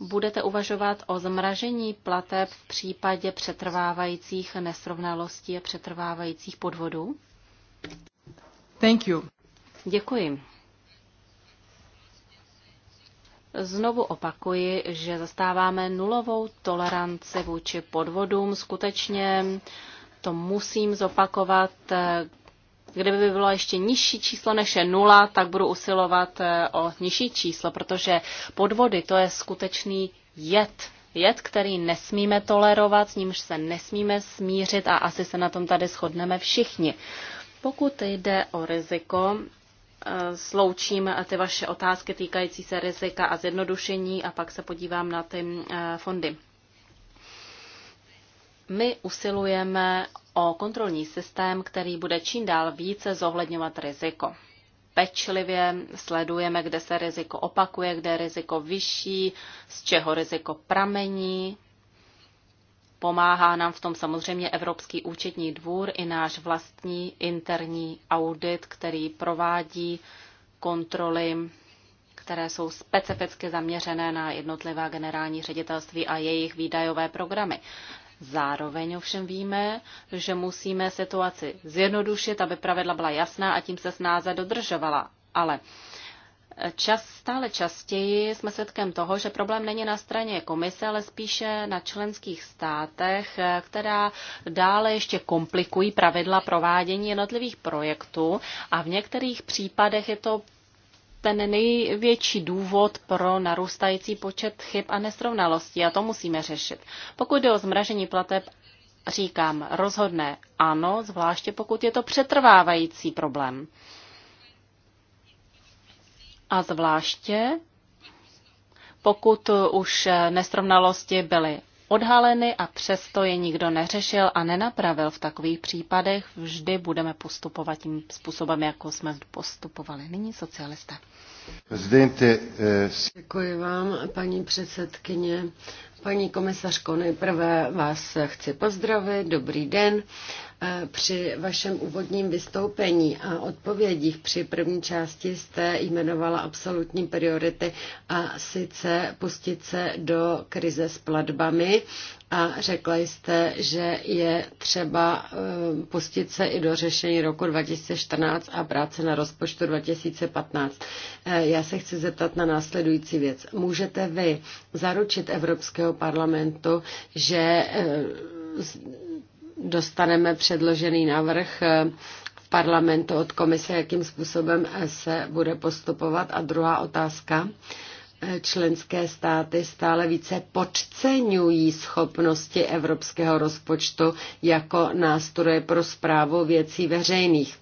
budete uvažovat o zmražení plateb v případě přetrvávajících nesrovnalostí a přetrvávajících podvodů? Thank you. Děkuji. Znovu opakuji, že zastáváme nulovou toleranci vůči podvodům. Skutečně to musím zopakovat, Kdyby by bylo ještě nižší číslo než je nula, tak budu usilovat eh, o nižší číslo, protože podvody to je skutečný jed. Jed, který nesmíme tolerovat, s nímž se nesmíme smířit a asi se na tom tady shodneme všichni. Pokud jde o riziko, eh, sloučím eh, ty vaše otázky týkající se rizika a zjednodušení a pak se podívám na ty fondy. My usilujeme o kontrolní systém, který bude čím dál více zohledňovat riziko. Pečlivě sledujeme, kde se riziko opakuje, kde je riziko vyšší, z čeho riziko pramení. Pomáhá nám v tom samozřejmě Evropský účetní dvůr i náš vlastní interní audit, který provádí kontroly, které jsou specificky zaměřené na jednotlivá generální ředitelství a jejich výdajové programy. Zároveň ovšem víme, že musíme situaci zjednodušit, aby pravidla byla jasná a tím se snáze dodržovala. Ale čas, stále častěji jsme svědkem toho, že problém není na straně komise, ale spíše na členských státech, která dále ještě komplikují pravidla provádění jednotlivých projektů a v některých případech je to ten největší důvod pro narůstající počet chyb a nesrovnalostí a to musíme řešit. Pokud jde o zmražení plateb, říkám rozhodné ano, zvláště pokud je to přetrvávající problém. A zvláště pokud už nesrovnalosti byly odhaleny a přesto je nikdo neřešil a nenapravil v takových případech, vždy budeme postupovat tím způsobem, jako jsme postupovali nyní socialisté. Eh, Děkuji vám, paní předsedkyně. Paní komisařko, nejprve vás chci pozdravit, dobrý den. Eh, při vašem úvodním vystoupení a odpovědích při první části jste jmenovala absolutní priority a sice pustit se do krize s platbami a řekla jste, že je třeba eh, pustit se i do řešení roku 2014 a práce na rozpočtu 2015. Eh, já se chci zeptat na následující věc. Můžete vy zaručit Evropského parlamentu, že eh, dostaneme předložený návrh eh, v parlamentu od komise, jakým způsobem eh, se bude postupovat. A druhá otázka členské státy stále více podceňují schopnosti evropského rozpočtu jako nástroje pro zprávu věcí veřejných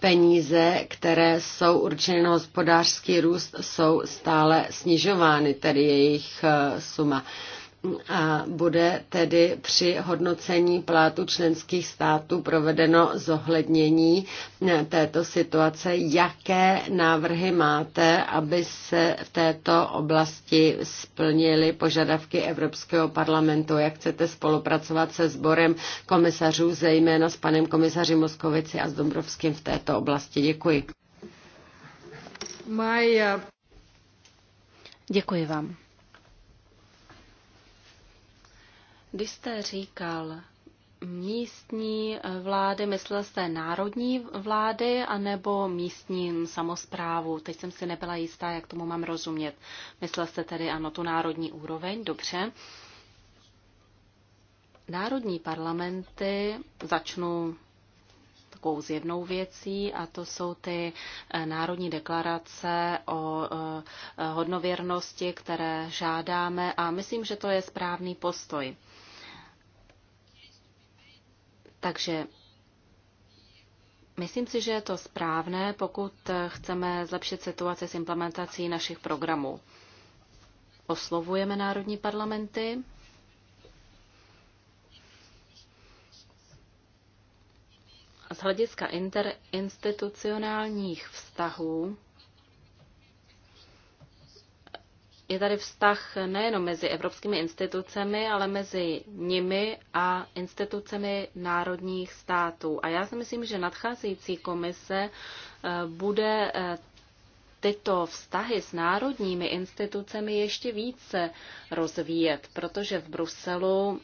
peníze, které jsou určeny na hospodářský růst, jsou stále snižovány, tedy jejich eh, suma a bude tedy při hodnocení plátu členských států provedeno zohlednění eh, této situace. Jaké návrhy máte, aby se v této oblasti splnily požadavky Evropského parlamentu? Jak chcete spolupracovat se sborem komisařů, zejména s panem komisaři Moskovici a s Dombrovským v této oblasti? Děkuji. My, uh... Děkuji vám. Když jste říkal místní vlády, myslel jste národní vlády anebo místní samozprávu? Teď jsem si nebyla jistá, jak tomu mám rozumět. Myslel jste tedy ano, tu národní úroveň, dobře. Národní parlamenty začnou takovou zjevnou věcí a to jsou ty eh, národní deklarace o eh, eh, hodnověrnosti, které žádáme a myslím, že to je správný postoj. Takže myslím si, že je to správné, pokud chceme zlepšit situaci s implementací našich programů. Oslovujeme národní parlamenty, z hlediska interinstitucionálních vztahů je tady vztah nejenom mezi evropskými institucemi, ale mezi nimi a institucemi národních států. A já si myslím, že nadcházející komise eh, bude eh, tyto vztahy s národními institucemi ještě více rozvíjet, protože v Bruselu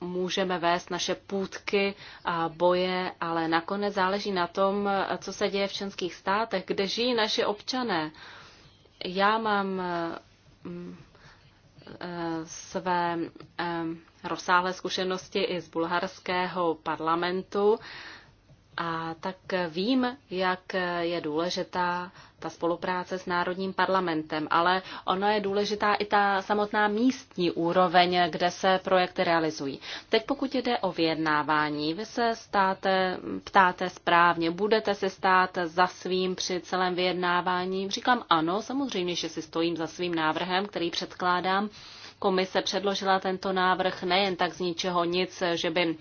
můžeme vést naše půdky a boje, ale nakonec záleží na tom, eh, co se děje v členských státech, kde žijí naši občané. Já mám své rozsáhlé zkušenosti i z bulharského parlamentu a tak vím, jak je důležitá ta spolupráce s Národním parlamentem, ale ono je důležitá i ta samotná místní úroveň, kde se projekty realizují. Teď pokud jde o vyjednávání, vy se státe, ptáte správně, budete se stát za svým při celém vyjednávání? Říkám ano, samozřejmě, že si stojím za svým návrhem, který předkládám. Komise předložila tento návrh nejen tak z ničeho nic, že by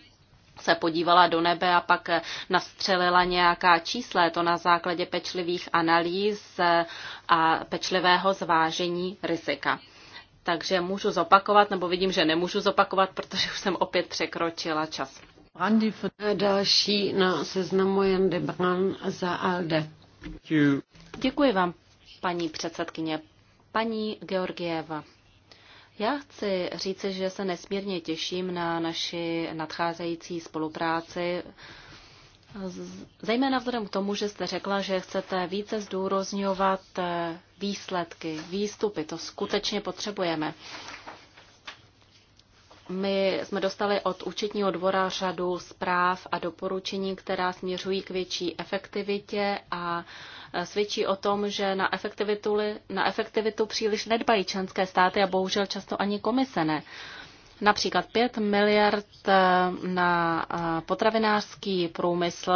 se podívala do nebe a pak nastřelila nějaká čísla. Je to na základě pečlivých analýz a pečlivého zvážení rizika. Takže můžu zopakovat, nebo vidím, že nemůžu zopakovat, protože už jsem opět překročila čas. další na seznamu Jan Debran za ALDE. Děkuji vám, paní předsedkyně. Paní Georgieva. Já chci říci, že se nesmírně těším na naši nadcházející spolupráci, zejména vzhledem k tomu, že jste řekla, že chcete více zdůrozňovat eh, výsledky, výstupy. To skutečně potřebujeme. My jsme dostali od účetního dvora řadu zpráv a doporučení, která směřují k větší efektivitě a svědčí o tom, že na efektivitu, na efektivitu příliš nedbají členské státy a bohužel často ani komise ne. Například 5 miliard eh, na eh, potravinářský průmysl.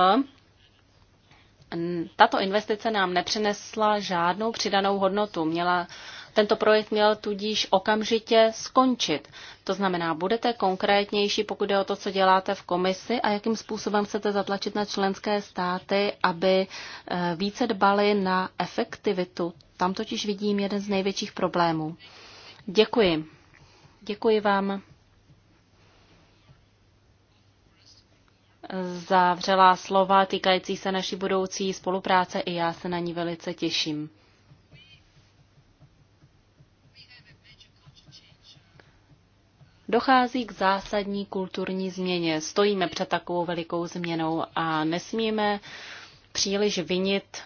Tato investice nám nepřinesla žádnou přidanou hodnotu. Měla tento projekt měl tudíž okamžitě skončit. To znamená, budete konkrétnější, pokud je o to, co děláte v komisi a jakým způsobem chcete zatlačit na členské státy, aby eh, více dbali na efektivitu. Tam totiž vidím jeden z největších problémů. Děkuji. Děkuji vám. za slova týkající se naší budoucí spolupráce i já se na ní velice těším. Dochází k zásadní kulturní změně. Stojíme před takovou velikou změnou a nesmíme příliš vinit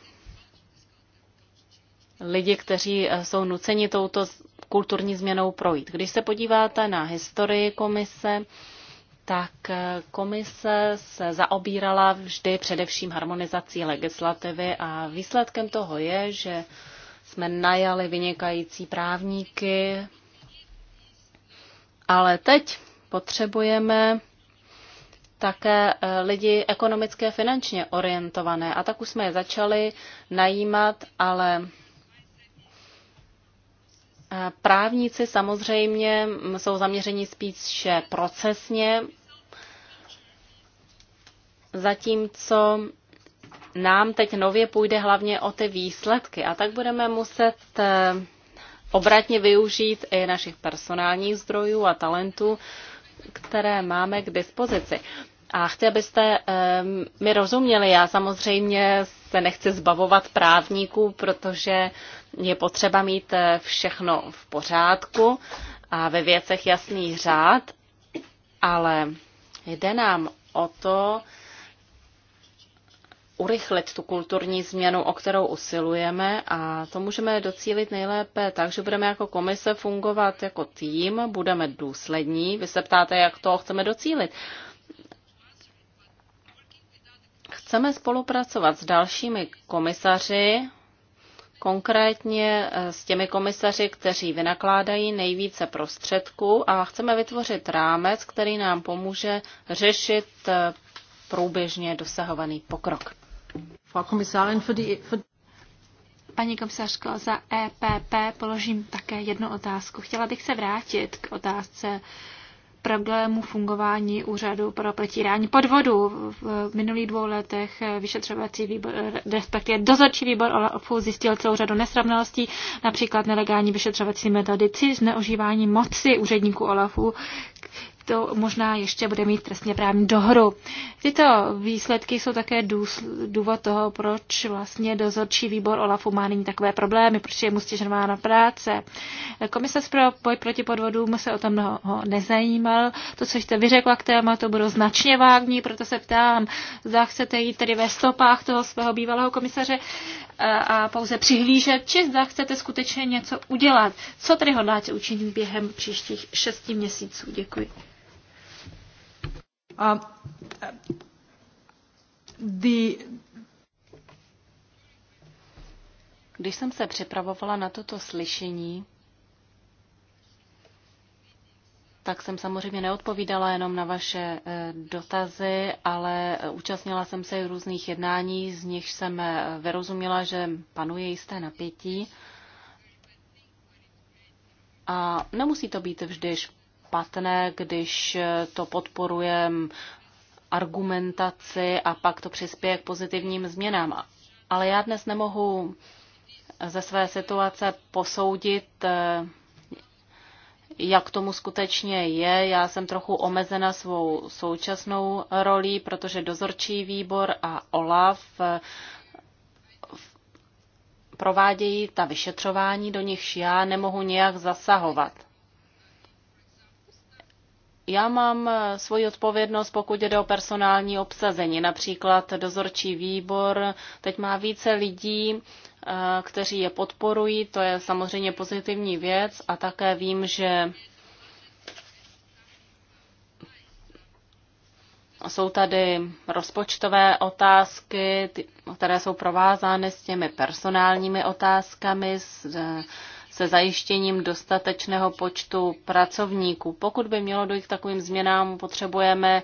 lidi, kteří eh, jsou nuceni touto kulturní změnou projít. Když se podíváte na historii komise, tak eh, komise se zaobírala vždy především harmonizací legislativy a výsledkem toho je, že jsme najali vynikající právníky, ale teď potřebujeme také eh, lidi ekonomicky a finančně orientované. A tak už jsme je začali najímat, ale eh, právníci samozřejmě mm, jsou zaměřeni spíše procesně, zatímco nám teď nově půjde hlavně o ty výsledky. A tak budeme muset eh, obratně využít i našich personálních zdrojů a talentů, které máme k dispozici. A chci, abyste um, mi rozuměli, já samozřejmě se nechci zbavovat právníků, protože je potřeba mít eh, všechno v pořádku a ve věcech jasný řád, ale jde nám o to, urychlit tu kulturní změnu, o kterou usilujeme a to můžeme docílit nejlépe tak, že budeme jako komise fungovat jako tým, budeme důslední. Vy se ptáte, jak to chceme docílit. Chceme spolupracovat s dalšími komisaři, konkrétně eh, s těmi komisaři, kteří vynakládají nejvíce prostředků a chceme vytvořit rámec, který nám pomůže řešit eh, průběžně dosahovaný pokrok. Paní komisařko, za EPP položím také jednu otázku. Chtěla bych se vrátit k otázce problému fungování úřadu pro protírání podvodů. V minulých dvou letech vyšetřovací výbor, respektive dozorčí výbor OLAFu zjistil celou řadu nesrovnalostí, například nelegální vyšetřovací metody, zneužívání moci úředníků OLAFu, to možná ještě bude mít trestně právní dohru. Tyto výsledky jsou také důvod toho, proč vlastně dozorčí výbor OLAFu má nyní takové problémy, proč je mu stěžována práce. Komise pro boj proti podvodům se o tom mnoho nezajímal. To, co jste vyřekla k tématu, bylo značně vágní, proto se ptám, zda chcete jít tedy ve stopách toho svého bývalého komisaře eh, a pouze přihlížet, či zda chcete skutečně něco udělat. Co tedy hodláte učinit během příštích šesti měsíců? Děkuji. Děkuji. Um, the... Když jsem se připravovala na toto slyšení, tak jsem samozřejmě neodpovídala jenom na vaše e, dotazy, ale účastnila jsem se i různých jednání, z nich jsem e, vyrozuměla, že panuje jisté napětí. A nemusí to být vždy špatné špatné, když to podporuje argumentaci a pak to přispěje k pozitivním změnám. Ale já dnes nemohu ze své situace posoudit, eh, jak tomu skutečně je. Já jsem trochu omezena svou současnou rolí, protože dozorčí výbor a OLAF eh, provádějí ta vyšetřování, do nichž já nemohu nějak zasahovat. Já mám eh, svoji odpovědnost, pokud jde o personální obsazení. Například dozorčí výbor teď má více lidí, eh, kteří je podporují, to je samozřejmě pozitivní věc a také vím, že jsou tady rozpočtové otázky, které jsou provázány s těmi personálními otázkami, s eh, se zajištěním dostatečného počtu pracovníků. Pokud by mělo dojít k takovým změnám, potřebujeme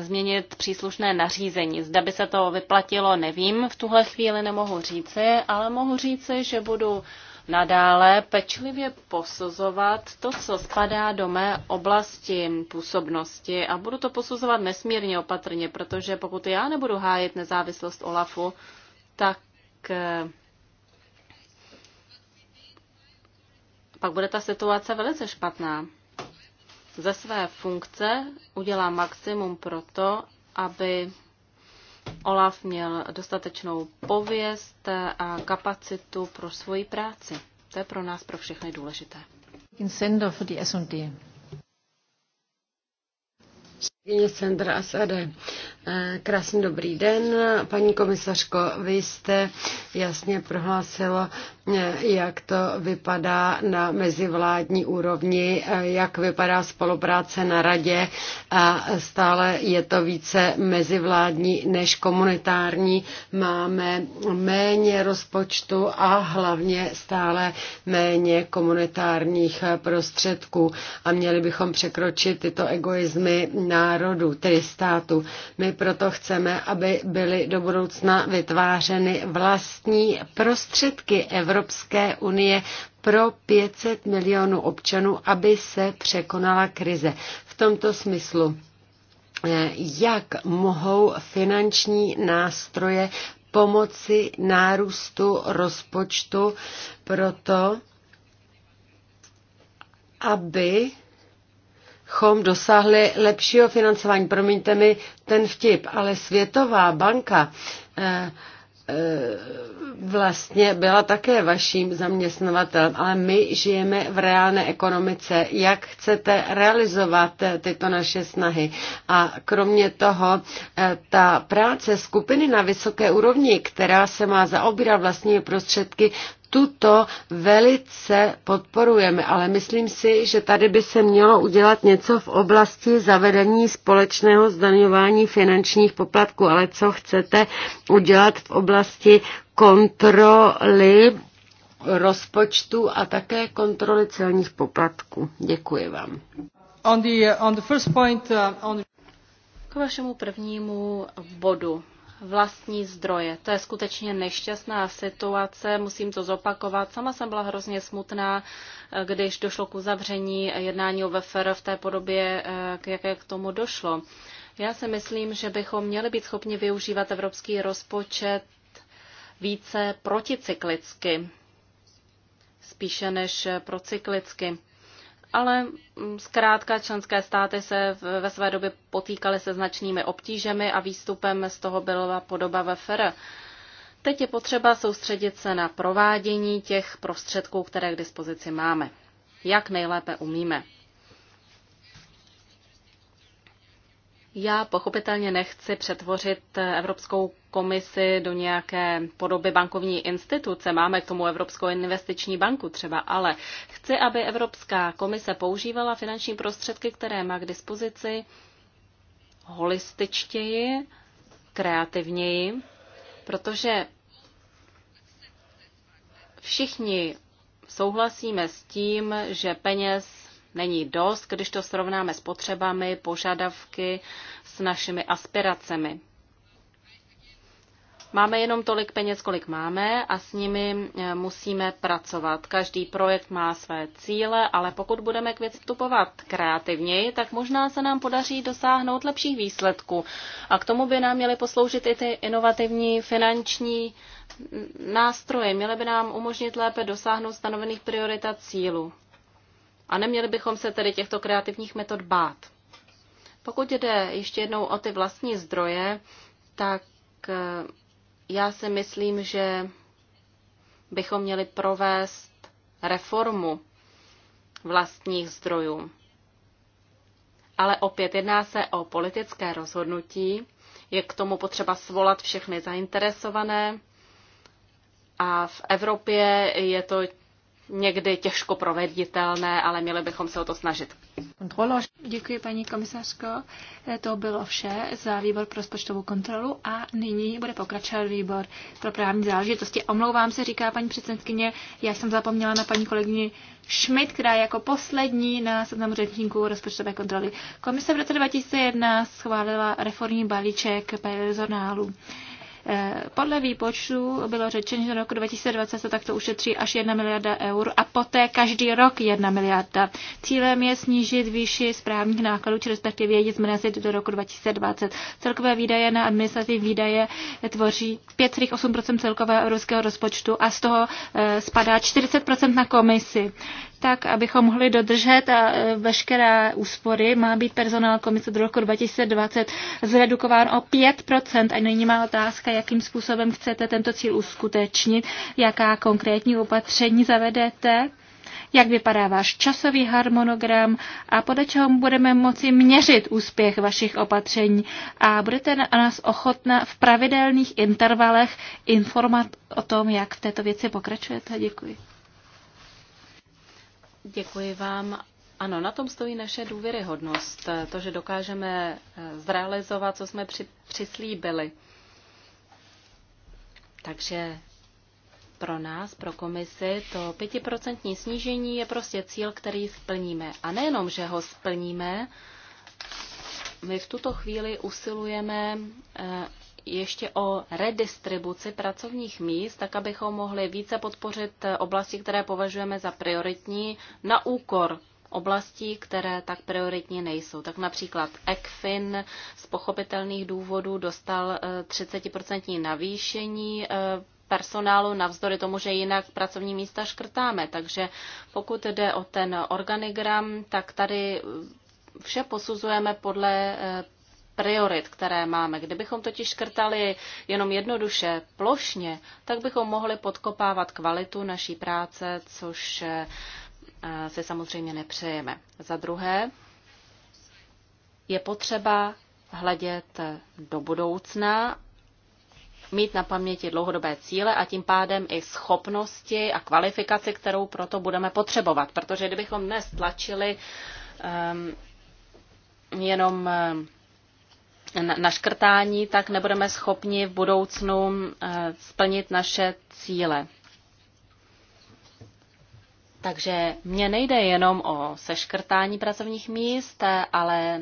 změnit příslušné nařízení. Zda by se to vyplatilo, nevím, v tuhle chvíli nemohu říci, ale mohu říci, že budu nadále pečlivě posuzovat to, co spadá do mé oblasti působnosti a budu to posuzovat nesmírně opatrně, protože pokud já nebudu hájit nezávislost Olafu, tak eh, pak bude ta situace velice špatná. Ze své funkce udělá maximum pro to, aby Olaf měl dostatečnou pověst a kapacitu pro svoji práci. To je pro nás pro všechny důležité. Sandra SAD. Eh, krásný dobrý den, paní komisařko. Vy jste jasně prohlásila, eh, jak to vypadá na mezivládní úrovni, eh, jak vypadá spolupráce na radě a stále je to více mezivládní než komunitární. Máme méně rozpočtu a hlavně stále méně komunitárních prostředků a měli bychom překročit tyto egoizmy na národů, tedy států. My proto chceme, aby byly do budoucna vytvářeny vlastní prostředky Evropské unie pro 500 milionů občanů, aby se překonala krize. V tomto smyslu eh, jak mohou finanční nástroje pomoci nárůstu rozpočtu proto, aby chom dosáhli lepšího financování. Promiňte mi ten vtip, ale Světová banka eh, eh, vlastně byla také vaším zaměstnavatelem, ale my žijeme v reálné ekonomice. Jak chcete realizovat eh, tyto naše snahy? A kromě toho, ta práce skupiny na vysoké úrovni, která se má zaobírat vlastními prostředky, tuto velice podporujeme, ale myslím si, že tady by se mělo udělat něco v oblasti zavedení společného zdaňování finančních poplatků, ale co chcete udělat v oblasti kontroly rozpočtu a také kontroly celních poplatků. Děkuji vám. On the, uh, on the first point, uh, on... K vašemu prvnímu bodu vlastní zdroje. To je skutečně nešťastná situace, musím to zopakovat. Sama jsem byla hrozně smutná, eh, když došlo k uzavření jednání o VFR v té podobě, eh, k jaké k tomu došlo. Já si myslím, že bychom měli být schopni využívat evropský rozpočet více proticyklicky, spíše než procyklicky ale mm, zkrátka členské státy se ve své době potýkaly se značnými obtížemi a výstupem z toho byla podoba VFR. Teď je potřeba soustředit se na provádění těch prostředků, které k dispozici máme. Jak nejlépe umíme. Já pochopitelně nechci přetvořit Evropskou komisi do nějaké podoby bankovní instituce. Máme k tomu Evropskou investiční banku třeba, ale chci, aby Evropská komise používala finanční prostředky, které má k dispozici holističtěji, kreativněji, protože všichni souhlasíme s tím, že peněz není dost, když to srovnáme s potřebami, požadavky, s našimi aspiracemi. Máme jenom tolik peněz, kolik máme a s nimi eh, musíme pracovat. Každý projekt má své cíle, ale pokud budeme k věci vstupovat kreativněji, tak možná se nám podaří dosáhnout lepších výsledků. A k tomu by nám měly posloužit i ty inovativní finanční nástroje. Měly by nám umožnit lépe dosáhnout stanovených priorit a cílů. A neměli bychom se tedy těchto kreativních metod bát. Pokud jde ještě jednou o ty vlastní zdroje, tak eh, já si myslím, že bychom měli provést reformu vlastních zdrojů. Ale opět jedná se o politické rozhodnutí, je k tomu potřeba svolat všechny zainteresované a v Evropě je to někdy těžko proveditelné, ale měli bychom se o to snažit. Děkuji, paní komisařko. To bylo vše za výbor pro rozpočtovou kontrolu a nyní bude pokračovat výbor pro právní záležitosti. Omlouvám se, říká paní předsedkyně, já jsem zapomněla na paní kolegyni Schmidt, která je jako poslední na seznamu řečníků rozpočtové kontroly. Komise v roce 2001 schválila reformní balíček personálu. Podle výpočtu bylo řečeno, že do roku 2020 se takto ušetří až 1 miliarda eur a poté každý rok 1 miliarda. Cílem je snížit výši správních nákladů, či respektive je zmrazit do roku 2020. Celkové výdaje na administrativní výdaje tvoří 5,8 celkového evropského rozpočtu a z toho eh, spadá 40 na komisi tak abychom mohli dodržet a e, veškeré úspory. Má být personál komise do roku 2020 zredukován o 5%. A nyní má otázka, jakým způsobem chcete tento cíl uskutečnit, jaká konkrétní opatření zavedete jak vypadá váš časový harmonogram a podle čeho budeme moci měřit úspěch vašich opatření a budete nás ochotna v pravidelných intervalech informovat o tom, jak v této věci pokračujete. Děkuji. Děkuji vám. Ano, na tom stojí naše důvěryhodnost, to, že dokážeme eh, zrealizovat, co jsme při, přislíbili. Takže pro nás, pro komisi, to pětiprocentní snížení je prostě cíl, který splníme. A nejenom, že ho splníme, my v tuto chvíli usilujeme eh, ještě o redistribuci pracovních míst, tak abychom mohli více podpořit oblasti, které považujeme za prioritní, na úkor oblastí, které tak prioritní nejsou. Tak například ECFIN z pochopitelných důvodů dostal 30% eh, navýšení eh, personálu navzdory tomu, že jinak pracovní místa škrtáme. Takže pokud jde o ten organigram, tak tady eh, vše posuzujeme podle priorit, které máme. Kdybychom totiž škrtali jenom jednoduše, plošně, tak bychom mohli podkopávat kvalitu naší práce, což eh, si samozřejmě nepřejeme. Za druhé, je potřeba hledět do budoucna, mít na paměti dlouhodobé cíle a tím pádem i schopnosti a kvalifikaci, kterou proto budeme potřebovat. Protože kdybychom dnes tlačili um, jenom um, na tak nebudeme schopni v budoucnu eh, splnit naše cíle. Takže mně nejde jenom o seškrtání pracovních míst, eh, ale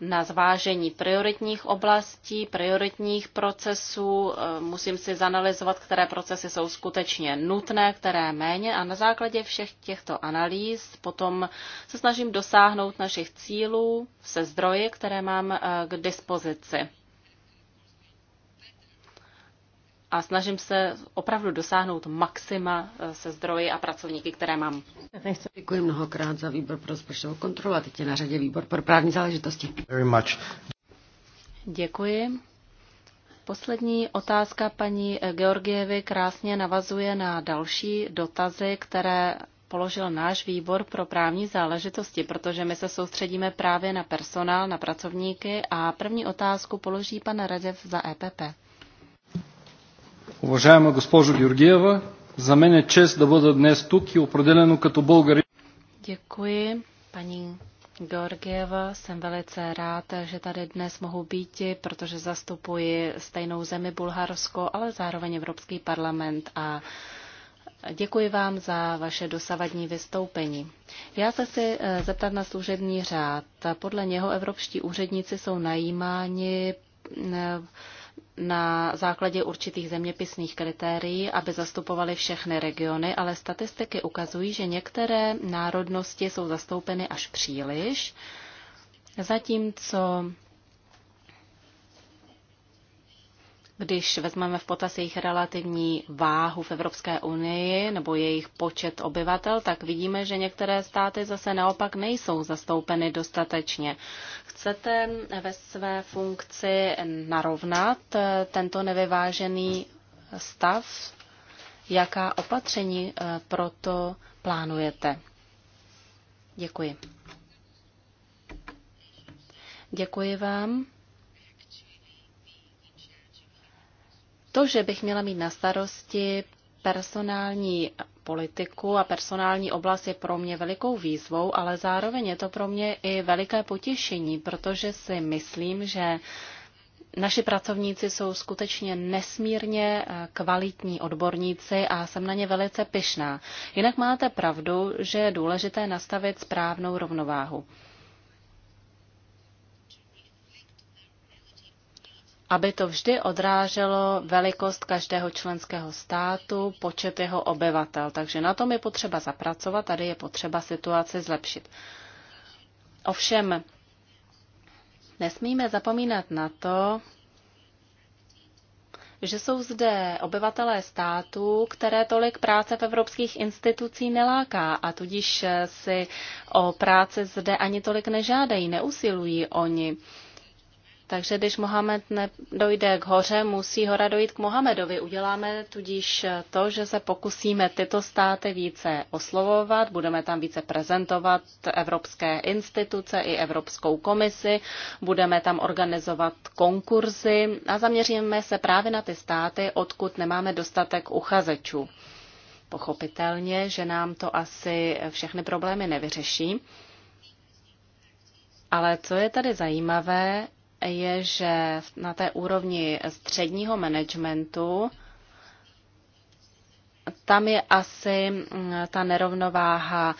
na zvážení prioritních oblastí, prioritních procesů. E, musím si zanalizovat, které procesy jsou skutečně nutné, které méně a na základě všech těchto analýz potom se snažím dosáhnout našich cílů se zdroji, které mám e, k dispozici. a snažím se opravdu dosáhnout maxima eh, se zdroji a pracovníky, které mám. Děkuji mnohokrát za výbor pro rozpočtovou kontrolu a teď je na řadě výbor pro právní záležitosti. Very much. Děkuji. Poslední otázka paní eh, Georgievy krásně navazuje na další dotazy, které položil náš výbor pro právní záležitosti, protože my se soustředíme právě na personál, na pracovníky a první otázku položí pan Radev za EPP. Уважаема госпожо Георгиева, за мен е чест да бъда днес тук и определено като българин. Děkuji, paní Georgieva. Jsem velice rád, že tady dnes mohu být, protože zastupuji stejnou zemi Bulharsko, ale zároveň Evropský parlament a Děkuji vám za vaše dosavadní vystoupení. Já se chci eh, zeptat na služební řád. Podle něho evropští úředníci jsou najímáni eh, na základě určitých zeměpisných kritérií, aby zastupovaly všechny regiony, ale statistiky ukazují, že některé národnosti jsou zastoupeny až příliš, zatímco Když vezmeme v potaz jejich relativní váhu v Evropské unii nebo jejich počet obyvatel, tak vidíme, že některé státy zase naopak nejsou zastoupeny dostatečně. Chcete ve své funkci narovnat eh, tento nevyvážený stav? Jaká opatření eh, proto plánujete? Děkuji. Děkuji vám. To, že bych měla mít na starosti personální politiku a personální oblast je pro mě velikou výzvou, ale zároveň je to pro mě i veliké potěšení, protože si myslím, že naši pracovníci jsou skutečně nesmírně eh, kvalitní odborníci a jsem na ně velice pyšná. Jinak máte pravdu, že je důležité nastavit správnou rovnováhu. aby to vždy odráželo velikost každého členského státu, počet jeho obyvatel. Takže na tom je potřeba zapracovat, tady je potřeba situaci zlepšit. Ovšem, nesmíme zapomínat na to, že jsou zde obyvatelé států, které tolik práce v evropských institucí neláká a tudíž si o práce zde ani tolik nežádají, neusilují oni. Takže když Mohamed dojde k hoře, musí hora dojít k Mohamedovi. Uděláme tudíž to, že se pokusíme tyto státy více oslovovat, budeme tam více prezentovat evropské instituce i Evropskou komisi, budeme tam organizovat konkurzy a zaměříme se právě na ty státy, odkud nemáme dostatek uchazečů. Pochopitelně, že nám to asi všechny problémy nevyřeší. Ale co je tady zajímavé, je, že na té úrovni středního managementu tam je asi mm, ta nerovnováha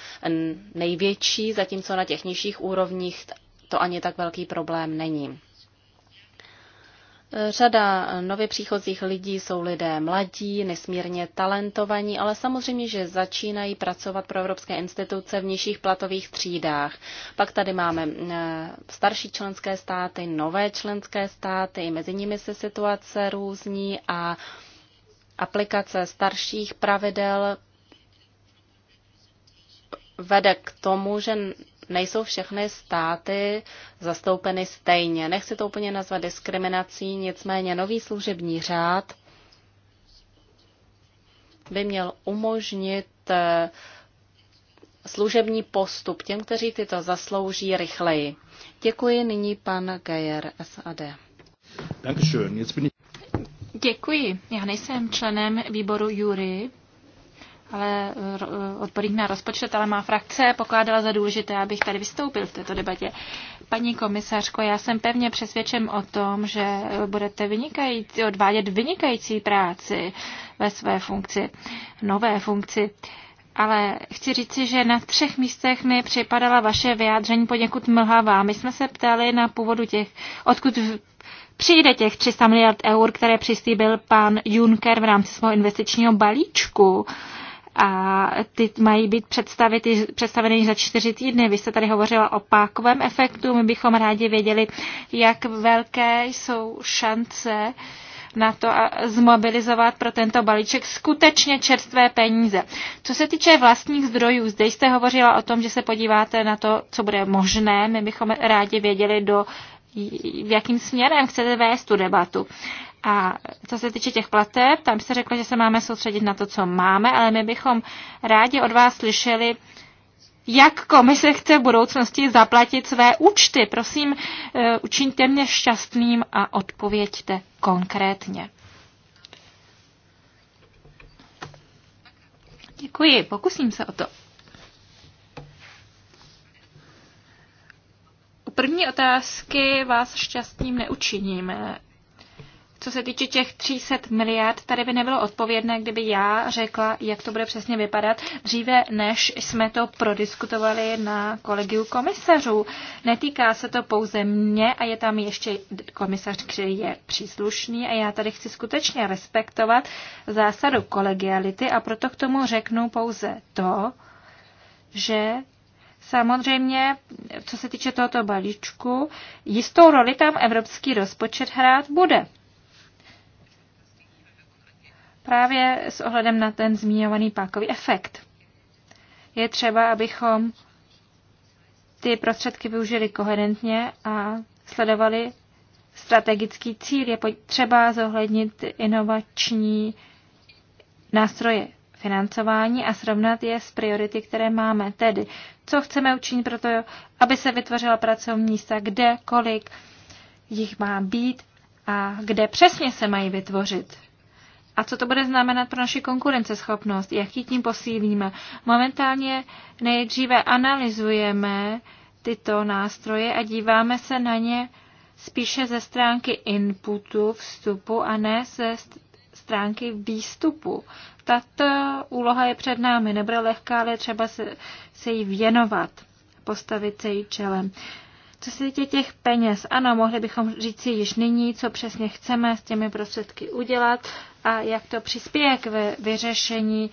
největší, zatímco na těch nižších úrovních to ani tak velký problém není. Řada nově příchozích lidí jsou lidé mladí, nesmírně talentovaní, ale samozřejmě, že začínají pracovat pro evropské instituce v nižších platových třídách. Pak tady máme eh, starší členské státy, nové členské státy, i mezi nimi se situace různí a aplikace starších pravidel vede k tomu, že nejsou všechny státy zastoupeny stejně. Nechci to úplně nazvat diskriminací, nicméně nový služební řád by měl umožnit eh, služební postup těm, kteří tyto zaslouží rychleji. Děkuji nyní pan Geyer SAD. Děkuji. Já nejsem členem výboru Jury, ale eh, odporník na rozpočet, ale má frakce pokládala za důležité, abych tady vystoupil v této debatě. Paní komisařko, já jsem pevně přesvědčen o tom, že budete vynikající, odvádět vynikající práci ve své funkci, nové funkci. Ale chci říci, že na třech místech mi připadala vaše vyjádření poněkud mlhavá. My jsme se ptali na původu těch, odkud přijde těch 300 miliard eur, které přistýbil pan Juncker v rámci svého investičního balíčku a ty mají být představeny za čtyři týdny. Vy jste tady hovořila o pákovém efektu, my bychom rádi věděli, jak velké jsou šance na to a zmobilizovat pro tento balíček skutečně čerstvé peníze. Co se týče vlastních zdrojů, zde jste hovořila o tom, že se podíváte na to, co bude možné. My bychom rádi věděli, do v jakým směrem chcete vést tu debatu. A co se týče těch plateb, tam se řekla, že se máme soustředit na to, co máme, ale my bychom rádi od vás slyšeli, jak komise chce v budoucnosti zaplatit své účty. Prosím, eh, učiňte mě šťastným a odpověďte konkrétně. Děkuji, pokusím se o to. U první otázky vás šťastným neučiníme co se týče těch 300 miliard, tady by nebylo odpovědné, kdyby já řekla, jak to bude přesně vypadat, dříve než jsme to prodiskutovali na kolegiu komisařů. Netýká se to pouze mě a je tam ještě komisař, který je příslušný a já tady chci skutečně respektovat zásadu kolegiality a proto k tomu řeknu pouze to, že Samozřejmě, co se týče tohoto balíčku, jistou roli tam evropský rozpočet hrát bude právě s ohledem na ten zmíněný pákový efekt. Je třeba, abychom ty prostředky využili koherentně a sledovali strategický cíl. Je třeba zohlednit inovační nástroje financování a srovnat je s priority, které máme. Tedy, co chceme učinit pro to, aby se vytvořila pracovní místa, kde, kolik jich má být a kde přesně se mají vytvořit. A co to bude znamenat pro naši konkurenceschopnost? Jak ji tím posílíme? Momentálně nejdříve analyzujeme tyto nástroje a díváme se na ně spíše ze stránky inputu, vstupu a ne ze stránky výstupu. Tato úloha je před námi, nebude lehká, ale třeba se, se jí věnovat, postavit se jí čelem. Co se týče těch peněz, ano, mohli bychom říct si již nyní, co přesně chceme s těmi prostředky udělat a jak to přispěje k vyřešení